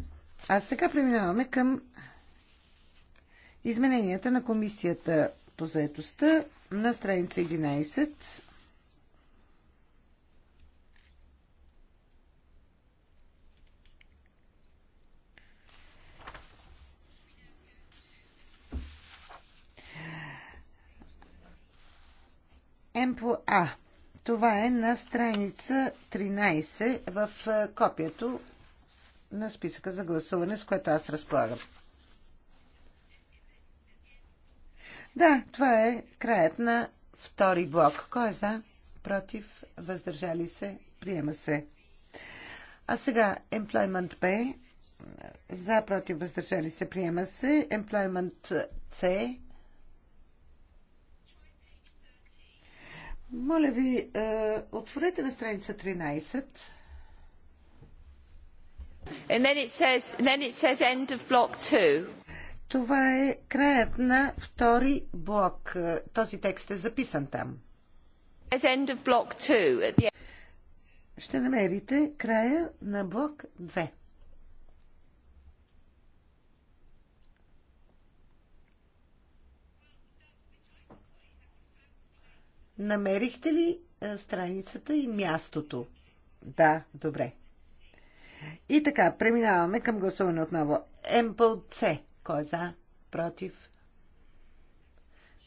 А сега преминаваме към измененията на комисията по заетостта на страница 11. МПА. Това е на страница 13 в е, копието на списъка за гласуване, с което аз разполагам. Да, това е краят на втори блок. Кой е за? Против? Въздържали се? Приема се. А сега Employment B. За, против, въздържали се, приема се. Employment C. Моля ви, е, отворете на страница 13. And then it says, then it says end of block two. Това е краят на втори блок. Е, този текст е записан там. As End of block 2 Ще намерите края на блок 2. Намерихте ли е, страницата и мястото? Да, добре. И така, преминаваме към гласуване отново. Емпъл С. Кой е за? Против?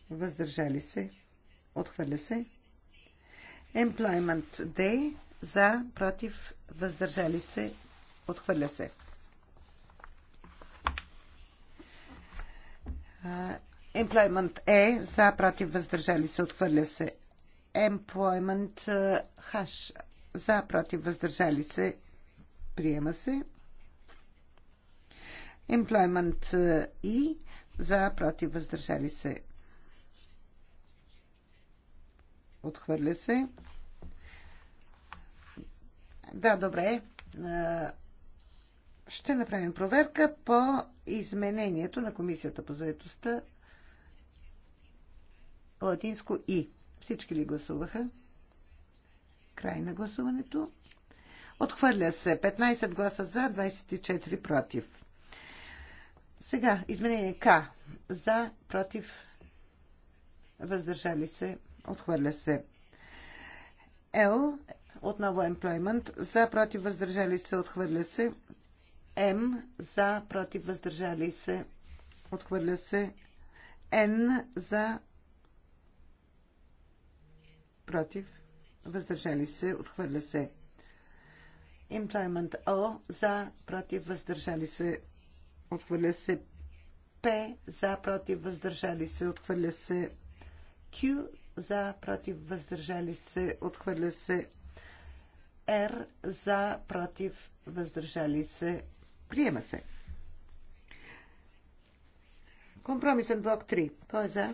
Въздържали се? Отхвърля се? Employment Day. За? Против? Въздържали се? Отхвърля се. Employment E. За? Против? Въздържали се? Отхвърля се. Employment Hash. За, против, въздържали се. Приема се. Employment E. за, против, въздържали се. Отхвърля се. Да, добре. Ще направим проверка по изменението на Комисията по заедостта латинско И. Всички ли гласуваха? Край на гласуването. Отхвърля се 15 гласа за, 24 против. Сега, изменение К. За, против, въздържали се, отхвърля се. Л, отново employment, за, против, въздържали се, отхвърля се. М, за, против, въздържали се, отхвърля се. Н, за, против, въздържали се, отхвърля се. Employment O за, против, въздържали се, отхвърля се. P за, против, въздържали се, отхвърля се. Q за, против, въздържали се, отхвърля се. R за, против, въздържали се, приема се. Компромисен блок 3. Кой е за?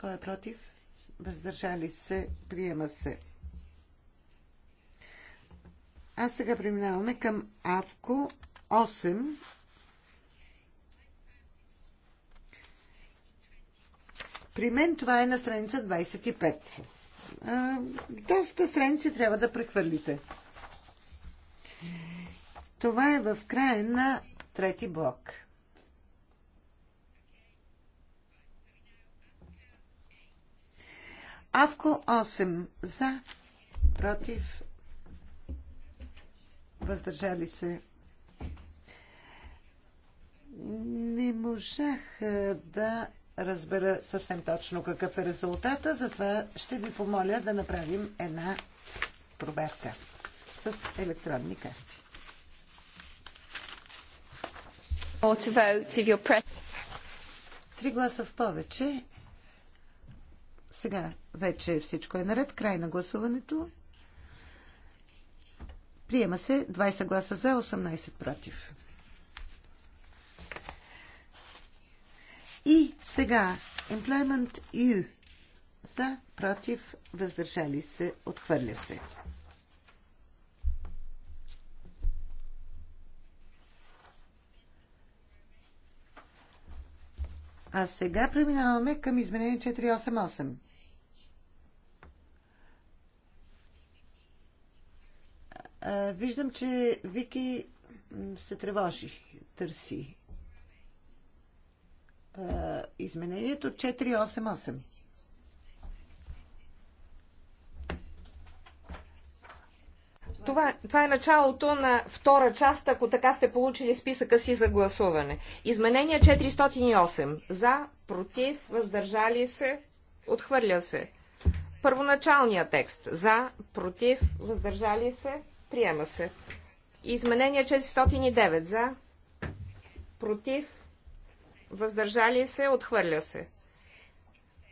Кой е против? въздържали се, приема се. А сега преминаваме към АВКО 8. При мен това е на страница 25. Доста страници трябва да прехвърлите. Това е в края на трети блок. Авко 8 за, против, въздържали се. Не можах е, да разбера съвсем точно какъв е резултата, затова ще ви помоля да направим една проверка с електронни карти. Три гласа в повече сега вече всичко е наред. Край на гласуването. Приема се 20 гласа за, 18 против. И сега Employment U за, против, въздържали се, отхвърля се. А сега преминаваме към изменение 488. Виждам, че Вики се тревожи, търси. Изменението 488. Това, това е началото на втора част, ако така сте получили списъка си за гласуване. Изменение 408. За, против, въздържали се, отхвърля се. Първоначалният текст. За, против, въздържали се, приема се. Изменение 409. За, против, въздържали се, отхвърля се.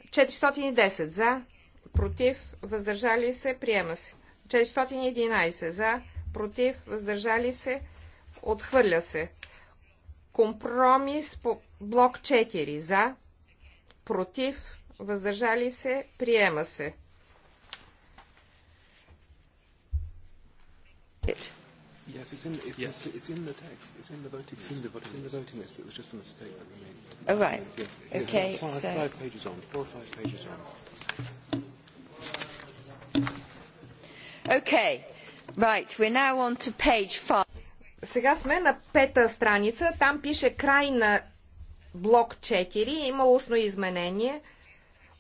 410. За, против, въздържали се, приема се. 411 за, против, въздържали се, отхвърля се. Компромис по блок 4 за, против, въздържали се, приема се. Yes, it's in, it's, yes. It's, it's in the text. It's in the voting. It's in the voting. It's in the voting list. It was just a mistake that we made. Oh right. Yes. Okay. Yeah, five, so five pages on. Four or five pages on. Okay. Right. We're now on to page Сега сме на пета страница. Там пише край на блок 4. Има устно изменение,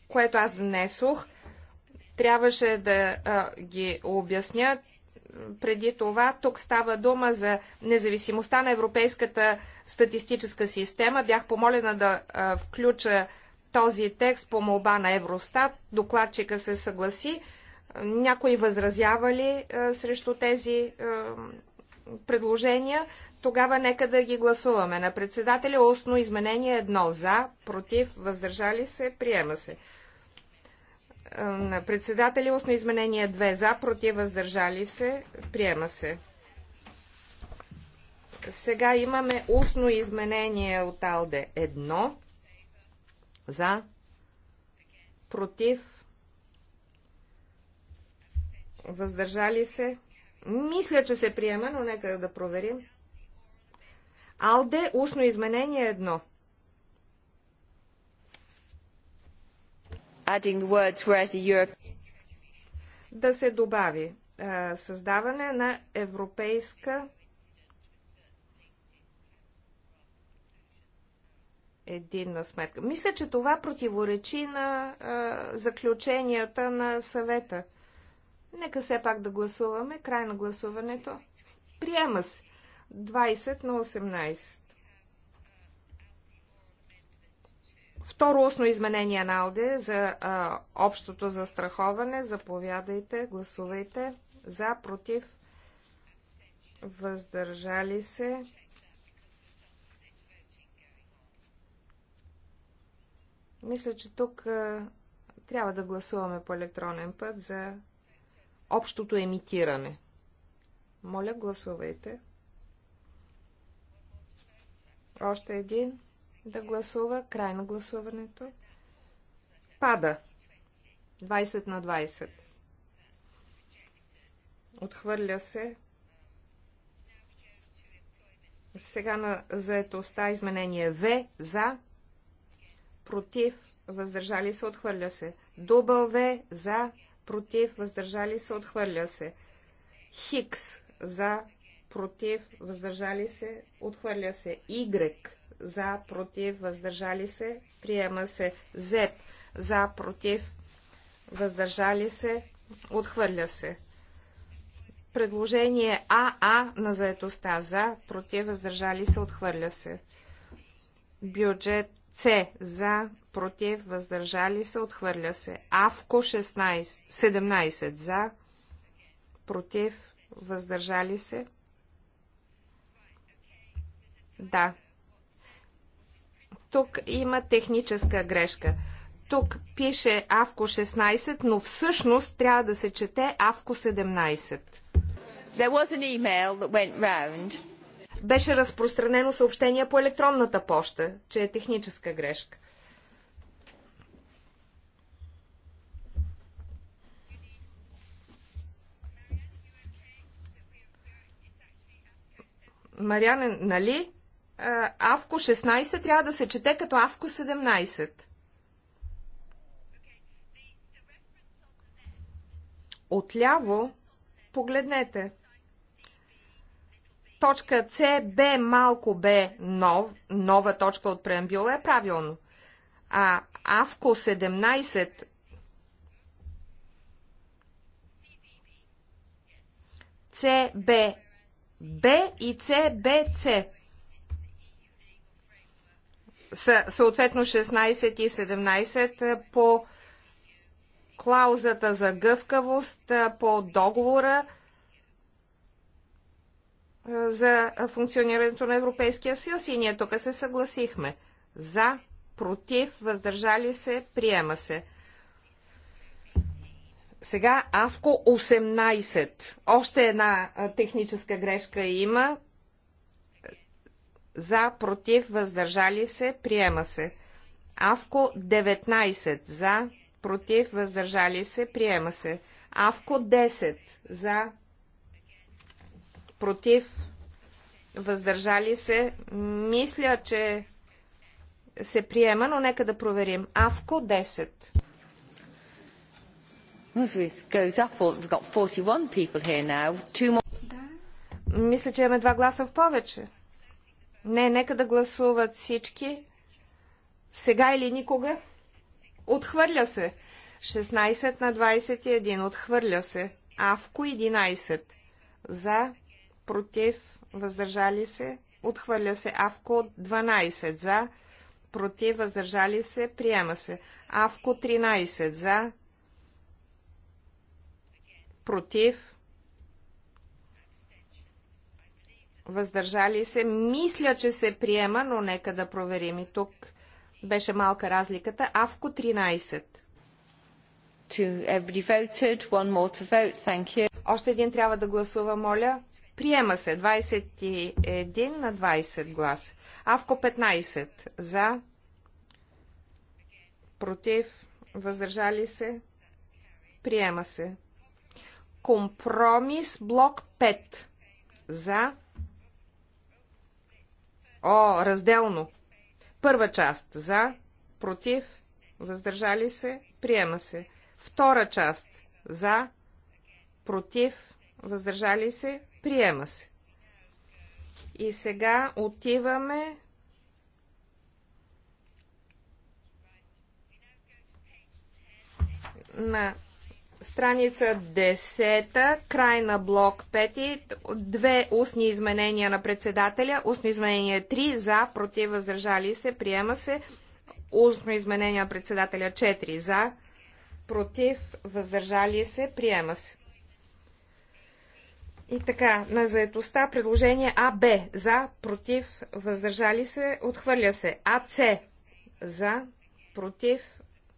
което аз внесох. Трябваше да а, ги обясня. Преди това тук става дума за независимостта на Европейската статистическа система. Бях помолена да а, включа този текст по молба на Евростат. Докладчика се съгласи. Някои възразявали е, срещу тези е, предложения, тогава нека да ги гласуваме. На председателя устно изменение едно за, против, въздържали се, приема се. Е, на председателя устно изменение 2 за, против, въздържали се, приема се. Сега имаме устно изменение от Алде 1 за, против, Въздържали се? Мисля, че се приема, но нека да проверим. Алде, устно изменение едно. Adding words Europe... Да се добави създаване на европейска единна сметка. Мисля, че това противоречи на а, заключенията на съвета. Нека все пак да гласуваме. Край на гласуването. Приема се. 20 на 18. Второ устно изменение на Алде за а, общото застраховане. Заповядайте, гласувайте. За, против, въздържали се. Мисля, че тук а, трябва да гласуваме по електронен път за общото емитиране. Моля, гласувайте. Още един да гласува. Край на гласуването. Пада. 20 на 20. Отхвърля се. Сега на заетостта изменение В за, против, въздържали се, отхвърля се. Дубъл В за, против, въздържали се, отхвърля се. Хикс за, против, въздържали се, отхвърля се. Y за, против, въздържали се, приема се. Z за, против, въздържали се, отхвърля се. Предложение АА на заетостта за, против, въздържали се, отхвърля се. Бюджет с. За, против, въздържали се, отхвърля се. Авко 16, 17. За, против, въздържали се. Да. Тук има техническа грешка. Тук пише Авко 16, но всъщност трябва да се чете Авко 17. There was an email that went round беше разпространено съобщение по електронната поща, че е техническа грешка. Мариане, нали? Авко 16 трябва да се чете като Авко 17. Отляво погледнете точка С, Б малко Б нов, нова точка от преамбюла е правилно. А Авко 17 С, Б, Б и С, Б, С са съответно 16 и 17 по клаузата за гъвкавост по договора за функционирането на Европейския съюз и ние тук се съгласихме. За, против, въздържали се, приема се. Сега Авко 18. Още една техническа грешка има. За, против, въздържали се, приема се. Авко 19. За, против, въздържали се, приема се. Авко 10. За, против, въздържали се. Мисля, че се приема, но нека да проверим. Авко 10. Мисля, че имаме два гласа в повече. Не, нека да гласуват всички. Сега или никога? Отхвърля се. 16 на 21. Отхвърля се. Авко 11. За против, въздържали се, отхвърля се. Авко 12 за, против, въздържали се, приема се. Авко 13 за, против, въздържали се. Мисля, че се приема, но нека да проверим и тук. Беше малка разликата. Авко 13. Още един трябва да гласува, моля. Приема се 21 на 20 глас. Авко 15 за, против, въздържали се. Приема се. Компромис блок 5 за. О, разделно. Първа част за, против, въздържали се, приема се. Втора част за, против, въздържали се, Приема се. И сега отиваме на страница 10, край на блок 5, две устни изменения на председателя, устно изменение 3, за, против, въздържали се, приема се, устно изменение на председателя 4, за, против, въздържали се, приема се. И така, на заедостта предложение А Б. за, против, въздържали се, отхвърля се. А С за, против,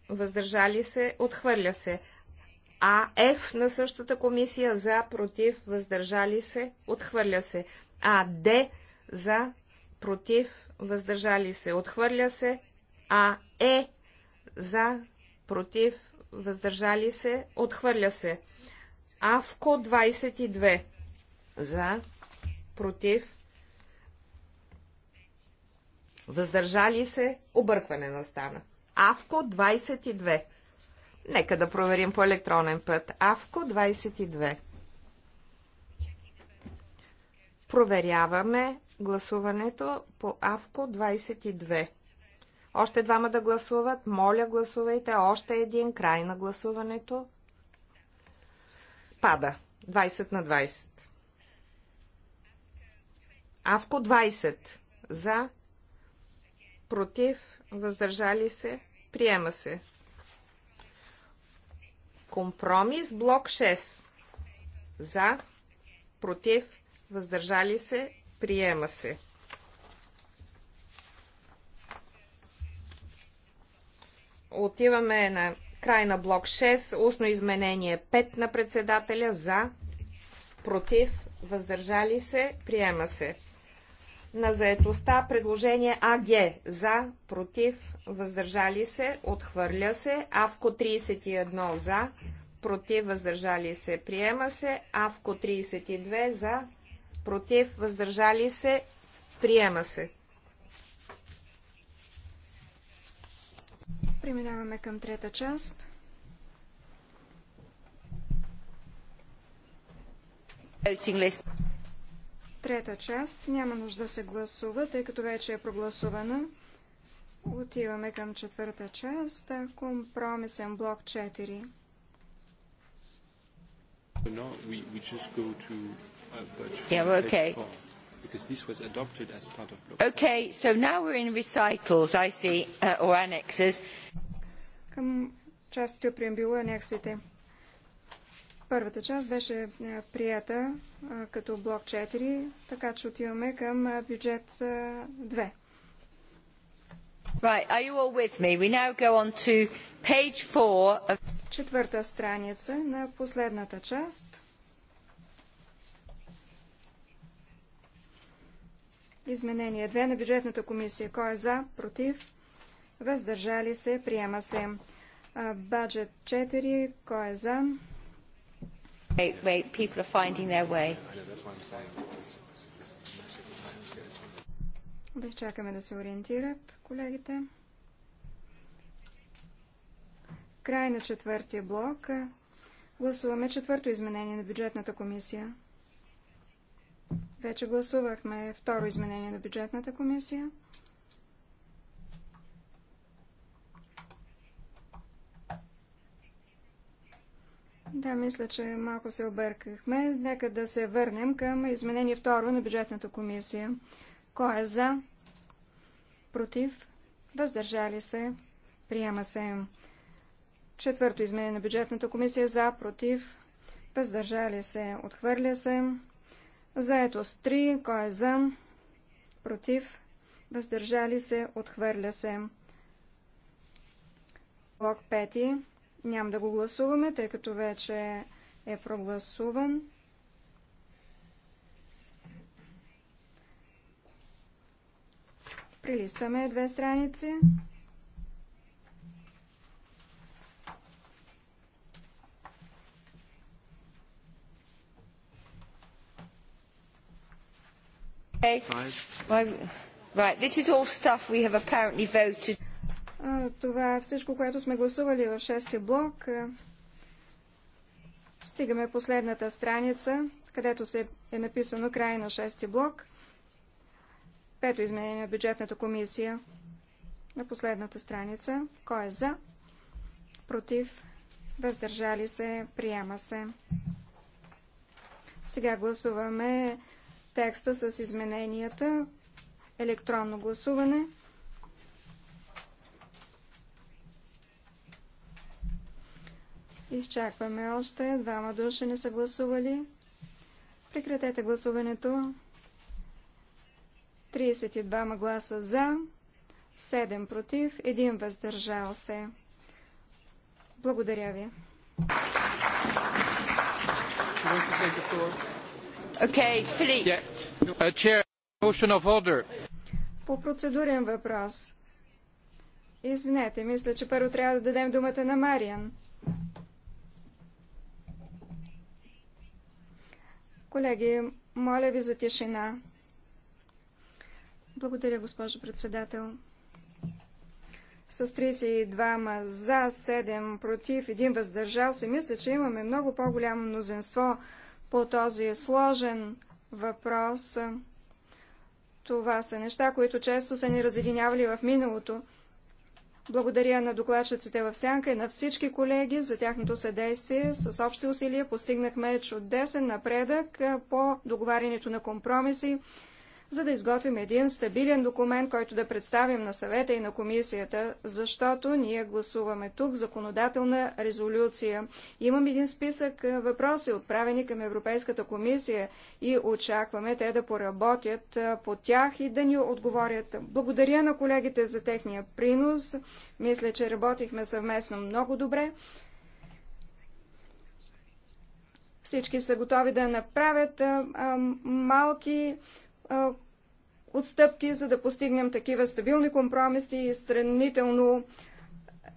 въздържали се, отхвърля се. А Ф на същата комисия за, против, въздържали се, отхвърля се. А Д за, против, въздържали се, отхвърля се. Е, за, против, въздържали се, отхвърля се. АВКО 22 за, против, въздържали се, объркване настана. Авко 22. Нека да проверим по електронен път. Авко 22. Проверяваме гласуването по Авко 22. Още двама да гласуват. Моля, гласувайте. Още един. Край на гласуването. Пада. 20 на 20. Авко 20. За. Против. Въздържали се. Приема се. Компромис. Блок 6. За. Против. Въздържали се. Приема се. Отиваме на край на блок 6. Устно изменение 5 на председателя. За. Против. Въздържали се. Приема се на заетостта предложение АГ за, против, въздържали се, отхвърля се, АВКО 31 за, против, въздържали се, приема се, АВКО 32 за, против, въздържали се, приема се. Преминаваме към трета част. Voting list. Трета част няма нужда да се гласува, тъй като вече е прогласувана. Отиваме към четвърта част. Компромисен блок 4. No, we, we just go to uh, yeah, okay. because this was adopted as part of block. Okay, so now we're in recitals, I see, uh, or annexes. Come, just to преамбюла annexes. Първата част беше е, прията е, като блок 4, така че отиваме към е, бюджет 2. Right, are you all with me? We now go on to page four of... Четвърта страница на последната част. Изменение 2 на бюджетната комисия. Кой е за? Против? Въздържали се? Приема се. Баджет 4. Кой е за? Wait, wait, people are finding their way. Да чакаме да се ориентират колегите. Край на четвъртия блок. Гласуваме четвърто изменение на бюджетната комисия. Вече гласувахме второ изменение на бюджетната комисия. Да, мисля, че малко се объркахме. Нека да се върнем към изменение второ на бюджетната комисия. Кой е за? Против? Въздържали се? Приема се. Четвърто изменение на бюджетната комисия. За? Против? Въздържали се? Отхвърля се. Заето с 3. Кой е за? Против? Въздържали се? Отхвърля се. Блок 5. Няма да го гласуваме, тъй като вече е прогласуван. Прилистаме две страници. Okay. Right, this is all stuff we have apparently voted. Това е всичко, което сме гласували в шести блок. Стигаме последната страница, където се е написано край на шести блок. Пето изменение на бюджетната комисия на последната страница. Кой е за? Против? Въздържали се? Приема се. Сега гласуваме текста с измененията. Електронно гласуване. Изчакваме още. Двама души не са гласували. Прекратете гласуването. 32 гласа за, 7 против, 1 въздържал се. Благодаря ви. Okay, Uh, chair, of order. По процедурен въпрос. Извинете, мисля, че първо трябва да дадем думата на Мариан. Колеги, моля ви за тишина. Благодаря, госпожо председател. С 32 за, 7 против, 1 въздържал се, мисля, че имаме много по-голямо мнозинство по този сложен въпрос. Това са неща, които често са ни разединявали в миналото. Благодаря на докладчиците в Сянка и на всички колеги за тяхното съдействие. С общи усилия постигнахме чудесен напредък по договарянето на компромиси за да изготвим един стабилен документ, който да представим на съвета и на комисията, защото ние гласуваме тук законодателна резолюция. Имам един списък въпроси, отправени към Европейската комисия и очакваме те да поработят по тях и да ни отговорят. Благодаря на колегите за техния принос. Мисля, че работихме съвместно много добре. Всички са готови да направят а, малки а, отстъпки, за да постигнем такива стабилни компромиси и странително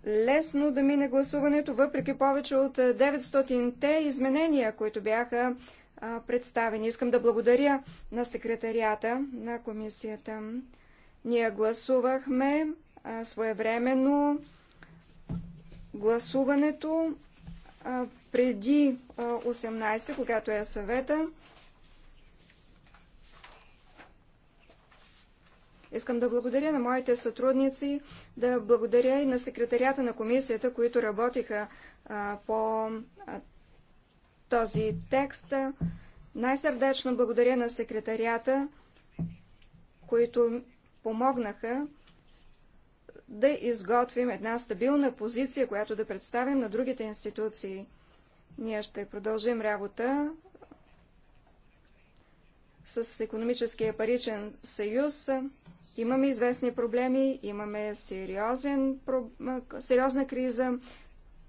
лесно да мине гласуването, въпреки повече от 900-те изменения, които бяха представени. Искам да благодаря на секретарията на комисията. Ние гласувахме своевременно гласуването преди 18 когато е съвета. Искам да благодаря на моите сътрудници, да благодаря и на секретарията на комисията, които работиха а, по а, този текст. Най-сърдечно благодаря на секретарията, които помогнаха да изготвим една стабилна позиция, която да представим на другите институции. Ние ще продължим работа с економическия паричен съюз. Имаме известни проблеми, имаме сериозен, сериозна криза,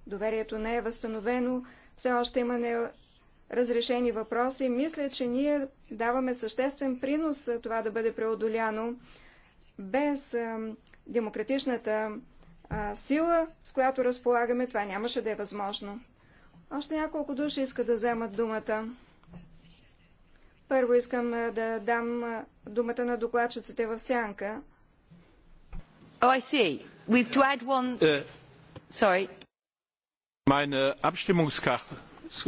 доверието не е възстановено, все още има неразрешени въпроси. Мисля, че ние даваме съществен принос това да бъде преодоляно без демократичната сила, с която разполагаме, това нямаше да е възможно. Още няколко души искат да вземат думата. Първо искам да дам думата на докладчиците в сянка. Oh, I see. We've to add one... Uh, Sorry. Meine Abstimmungskarte.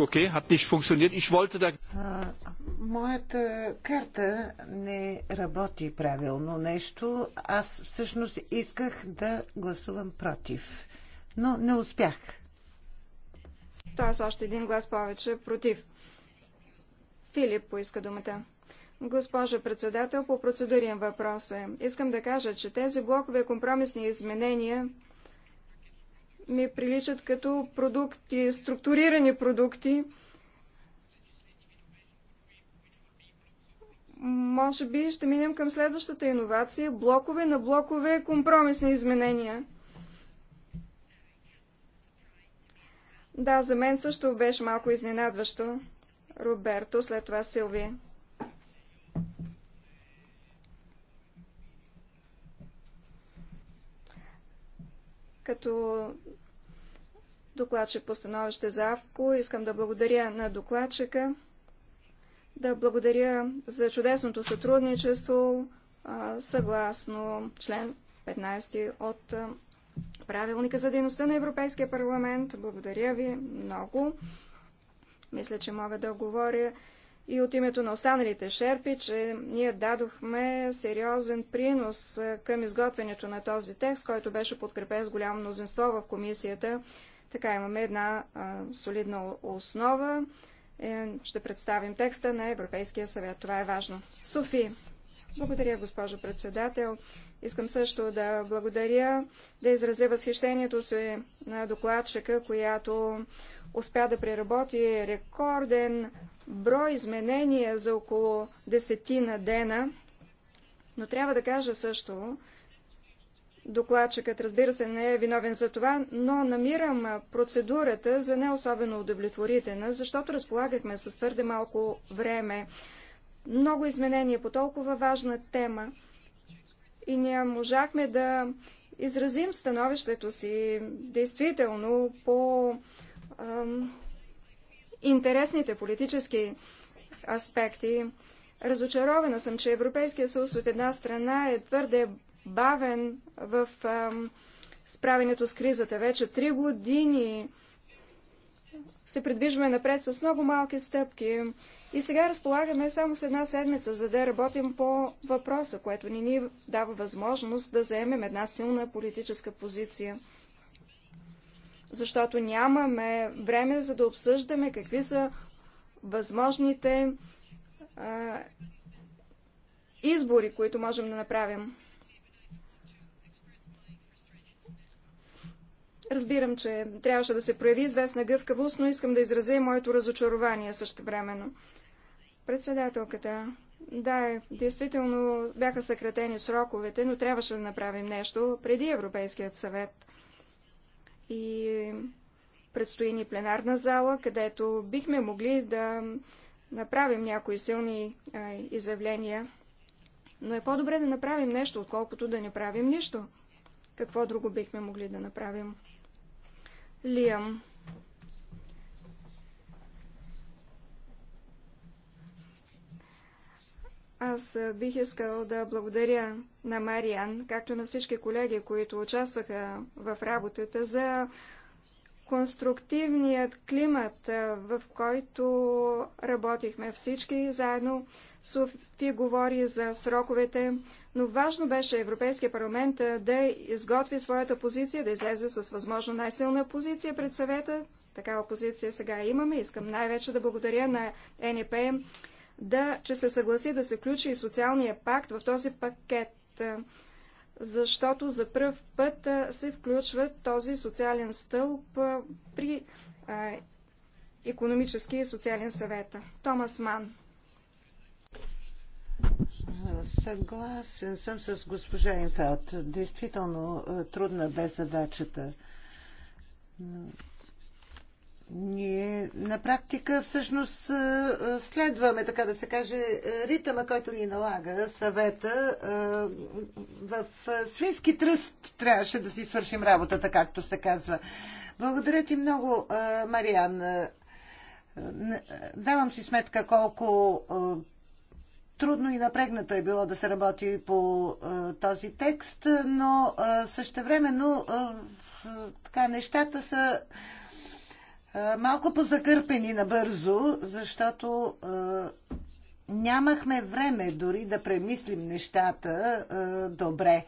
Okay, hat nicht funktioniert. Ich wollte da... Uh, моята карта не работи правилно нещо. Аз всъщност исках да гласувам против, но не успях. Тоест още един глас повече против. Филип поиска думата. Госпожа председател, по процедурен въпрос е. Искам да кажа, че тези блокове компромисни изменения ми приличат като продукти, структурирани продукти. Може би ще минем към следващата иновация. Блокове на блокове компромисни изменения. Да, за мен също беше малко изненадващо. Роберто, след това Силви. Като докладче по становище за АВКО, искам да благодаря на докладчика, да благодаря за чудесното сътрудничество съгласно член 15 от правилника за дейността на Европейския парламент. Благодаря ви много. Мисля, че мога да говоря и от името на останалите шерпи, че ние дадохме сериозен принос към изготвянето на този текст, който беше подкрепен с голямо мнозинство в комисията. Така имаме една а, солидна основа. Е, ще представим текста на Европейския съвет. Това е важно. Софи. Благодаря, госпожо председател. Искам също да благодаря, да изразя възхищението си на докладчика, която успя да преработи рекорден брой изменения за около десетина дена. Но трябва да кажа също, докладчикът разбира се не е виновен за това, но намирам процедурата за не особено удовлетворителна, защото разполагахме с твърде малко време. Много изменения по толкова важна тема и ние можахме да изразим становището си действително по интересните политически аспекти. Разочарована съм, че Европейския съюз от една страна е твърде бавен в ам, справянето с кризата. Вече три години се придвижваме напред с много малки стъпки и сега разполагаме само с една седмица, за да работим по въпроса, което ни ни дава възможност да заемем една силна политическа позиция защото нямаме време за да обсъждаме какви са възможните а, избори, които можем да направим. Разбирам, че трябваше да се прояви известна гъвкавост, но искам да изразя и моето разочарование също времено. Председателката. Да, действително бяха съкратени сроковете, но трябваше да направим нещо преди Европейският съвет – и предстои ни пленарна зала, където бихме могли да направим някои силни а, изявления. Но е по-добре да направим нещо, отколкото да не правим нищо. Какво друго бихме могли да направим? Лиам. Аз бих искал да благодаря на Мариан, както на всички колеги, които участваха в работата, за конструктивният климат, в който работихме всички заедно. Софи говори за сроковете, но важно беше Европейския парламент да изготви своята позиция, да излезе с възможно най-силна позиция пред съвета. Такава позиция сега имаме. Искам най-вече да благодаря на НП да, че се съгласи да се включи и социалния пакт в този пакет, защото за първ път се включва този социален стълб при економически и социален съвет. Томас Ман. Съгласен съм с госпожа Инфелт. Действително трудна бе задачата. Ние на практика всъщност е, е, следваме, така да се каже, е, ритъма, който ни налага съвета. В свински тръст трябваше да си свършим работата, както се казва. Благодаря ти много, Мариан. Давам си сметка колко трудно и напрегнато е било да се работи по този текст, но същевременно така, нещата са малко позакърпени набързо, защото нямахме време дори да премислим нещата добре.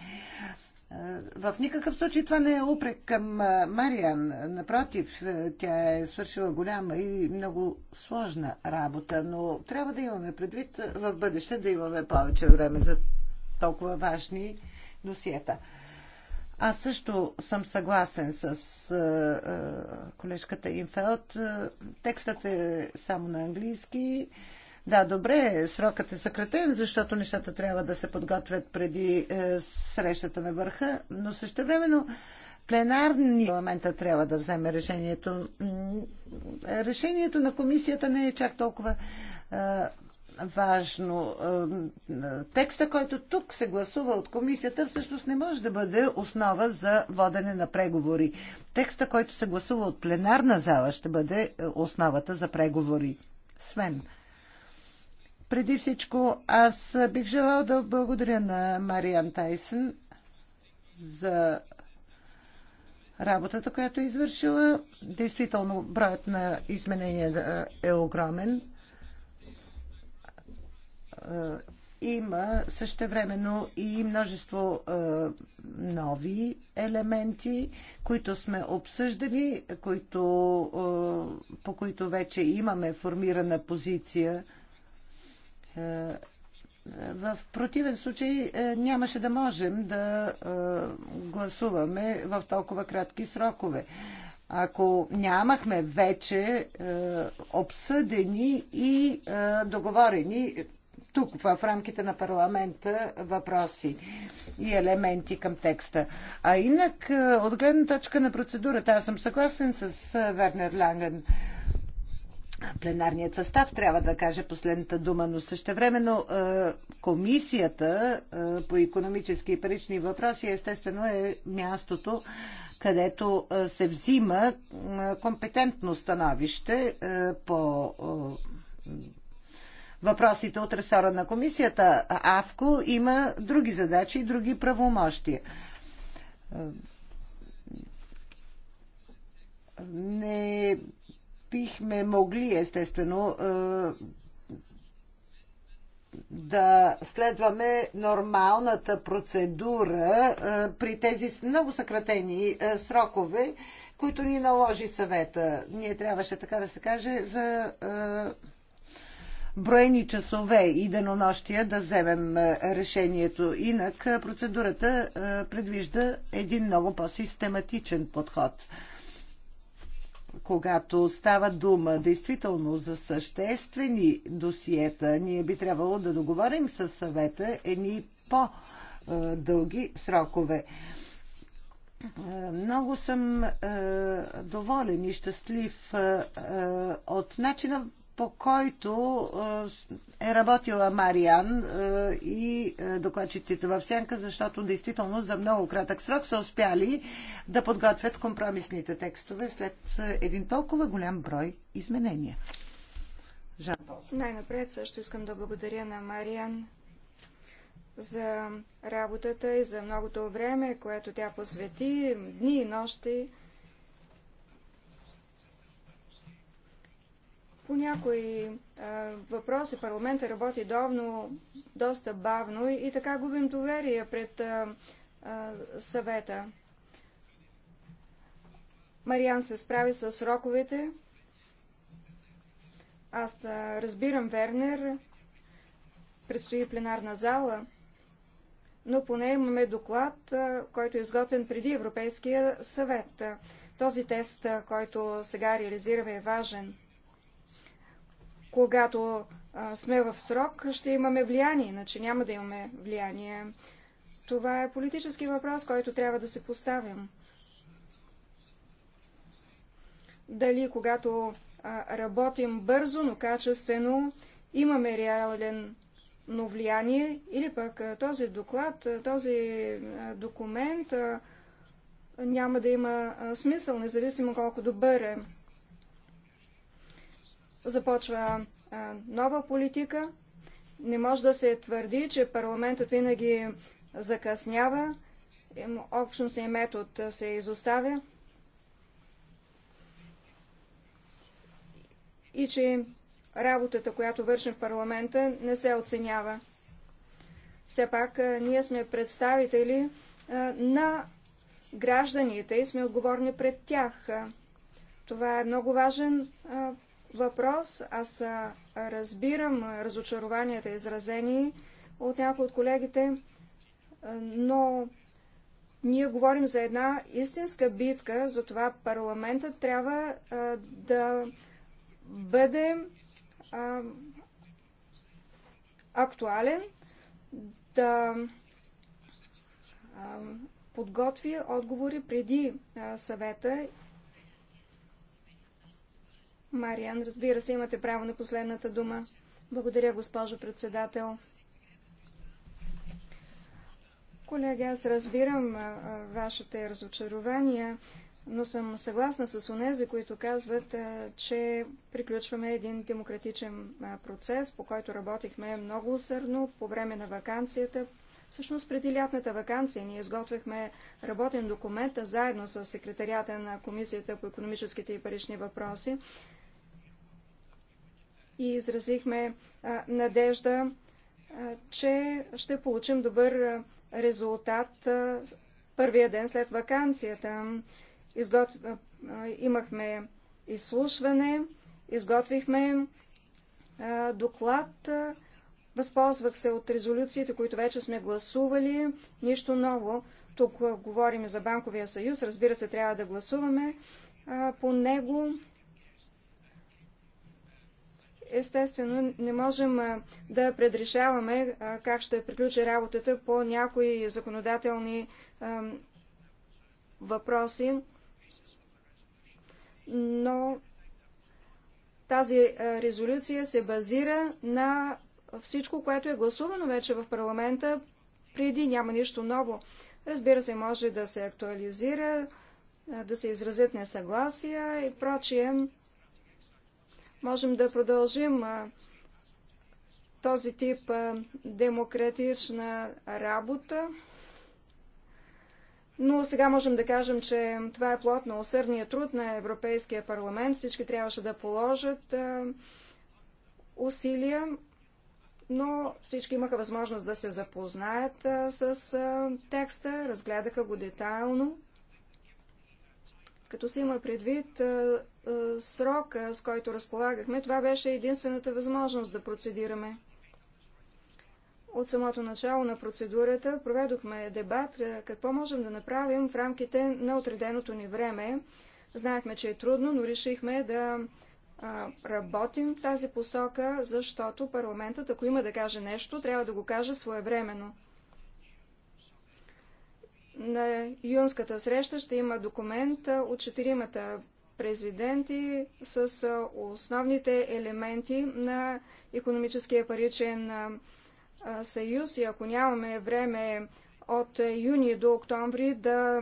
В никакъв случай това не е упрек към Мариан. Напротив, тя е свършила голяма и много сложна работа, но трябва да имаме предвид в бъдеще да имаме повече време за толкова важни досиета. Аз също съм съгласен с колежката Инфелд. Текстът е само на английски. Да, добре, срокът е съкратен, защото нещата трябва да се подготвят преди е, срещата на върха, но също времено пленарни момента трябва да вземе решението. Решението на комисията не е чак толкова важно. Текста, който тук се гласува от комисията, всъщност не може да бъде основа за водене на преговори. Текста, който се гласува от пленарна зала, ще бъде е, основата за преговори. Свен. Преди всичко, аз бих желал да благодаря на Мариан Тайсън за работата, която е извършила. Действително, броят на изменения е огромен. Е, има същевременно и множество е, нови елементи, които сме обсъждали, които, е, по които вече имаме формирана позиция. Е, в противен случай е, нямаше да можем да е, гласуваме в толкова кратки срокове ако нямахме вече е, обсъдени и е, договорени тук, в рамките на парламента, въпроси и елементи към текста. А инак, е, от гледна точка на процедурата, аз съм съгласен с е, Вернер Ланген. Пленарният състав трябва да каже последната дума, но същевременно е, комисията по економически и парични въпроси естествено е мястото, където се взима компетентно становище по въпросите от ресора на комисията. АВКО има други задачи и други правомощия. Не бихме могли, естествено, е, да следваме нормалната процедура е, при тези много съкратени е, срокове, които ни наложи съвета. Ние трябваше, така да се каже, за броени часове и денонощия да вземем е, решението. Инак е, процедурата е, предвижда един много по-систематичен подход. Когато става дума действително за съществени досиета, ние би трябвало да договорим с съвета едни по-дълги срокове. Много съм доволен и щастлив от начина по който е работила Мариан и докладчиците в Сянка, защото действително за много кратък срок са успяли да подготвят компромисните текстове след един толкова голям брой изменения. Жан Най-напред също искам да благодаря на Мариан за работата и за многото време, което тя посвети дни и нощи По някои а, въпроси парламента работи давно, доста бавно и, и така губим доверие пред а, а, съвета. Мариан се справи с роковете. Аз а, разбирам Вернер. Предстои пленарна зала. Но поне имаме доклад, а, който е изготвен преди Европейския съвет. Този тест, който сега реализираме, е важен когато а, сме в срок, ще имаме влияние, иначе няма да имаме влияние. Това е политически въпрос, който трябва да се поставим. Дали когато а, работим бързо, но качествено, имаме реален но влияние, или пък а, този доклад, а, този документ няма да има смисъл, независимо колко добър е започва нова политика. Не може да се твърди, че парламентът винаги закъснява, общностния метод се изоставя и че работата, която вършим в парламента, не се оценява. Все пак ние сме представители на гражданите и сме отговорни пред тях. Това е много важен въпрос. Аз разбирам разочарованията, изразени от някои от колегите, но ние говорим за една истинска битка, за това парламентът трябва да бъде актуален, да подготви отговори преди съвета Мариан, разбира се, имате право на последната дума. Благодаря, госпожо председател. Колеги, аз разбирам вашите разочарования, но съм съгласна с онези, които казват, че приключваме един демократичен процес, по който работихме много усърдно по време на вакансията. Всъщност преди лятната вакансия ние изготвихме работен документ заедно с секретарията на Комисията по економическите и парични въпроси и изразихме надежда, че ще получим добър резултат първия ден след вакансията. Изготв... Имахме изслушване, изготвихме доклад, възползвах се от резолюциите, които вече сме гласували, нищо ново. Тук говорим за Банковия съюз, разбира се, трябва да гласуваме по него. Естествено, не можем да предрешаваме как ще приключи работата по някои законодателни въпроси, но тази резолюция се базира на всичко, което е гласувано вече в парламента преди, няма нищо ново. Разбира се, може да се актуализира, да се изразят несъгласия и прочие можем да продължим този тип демократична работа. Но сега можем да кажем, че това е плод на усърдния труд на Европейския парламент. Всички трябваше да положат усилия, но всички имаха възможност да се запознаят с текста, разгледаха го детайлно. Като се има предвид срока, с който разполагахме, това беше единствената възможност да процедираме. От самото начало на процедурата проведохме дебат какво можем да направим в рамките на отреденото ни време. Знаехме, че е трудно, но решихме да работим в тази посока, защото парламентът, ако има да каже нещо, трябва да го каже своевременно. На юнската среща ще има документ от четиримата президенти с основните елементи на економическия паричен съюз и ако нямаме време от юни до октомври да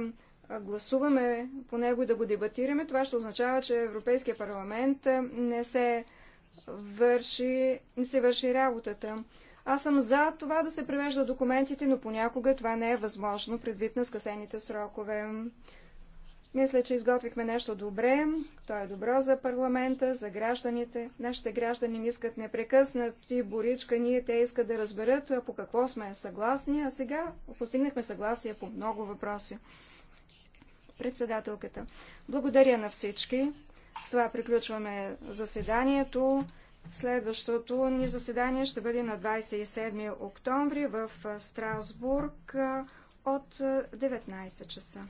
гласуваме по него и да го дебатираме, това ще означава, че Европейския парламент не се върши, не се върши работата. Аз съм за това да се превежда документите, но понякога това не е възможно, предвид на скъсените срокове. Мисля, че изготвихме нещо добре. То е добро за парламента, за гражданите. Нашите граждани не искат непрекъснати боричка. Ние те искат да разберат по какво сме съгласни, а сега постигнахме съгласие по много въпроси. Председателката. Благодаря на всички. С това приключваме заседанието. Следващото ни заседание ще бъде на 27 октомври в Страсбург от 19 часа.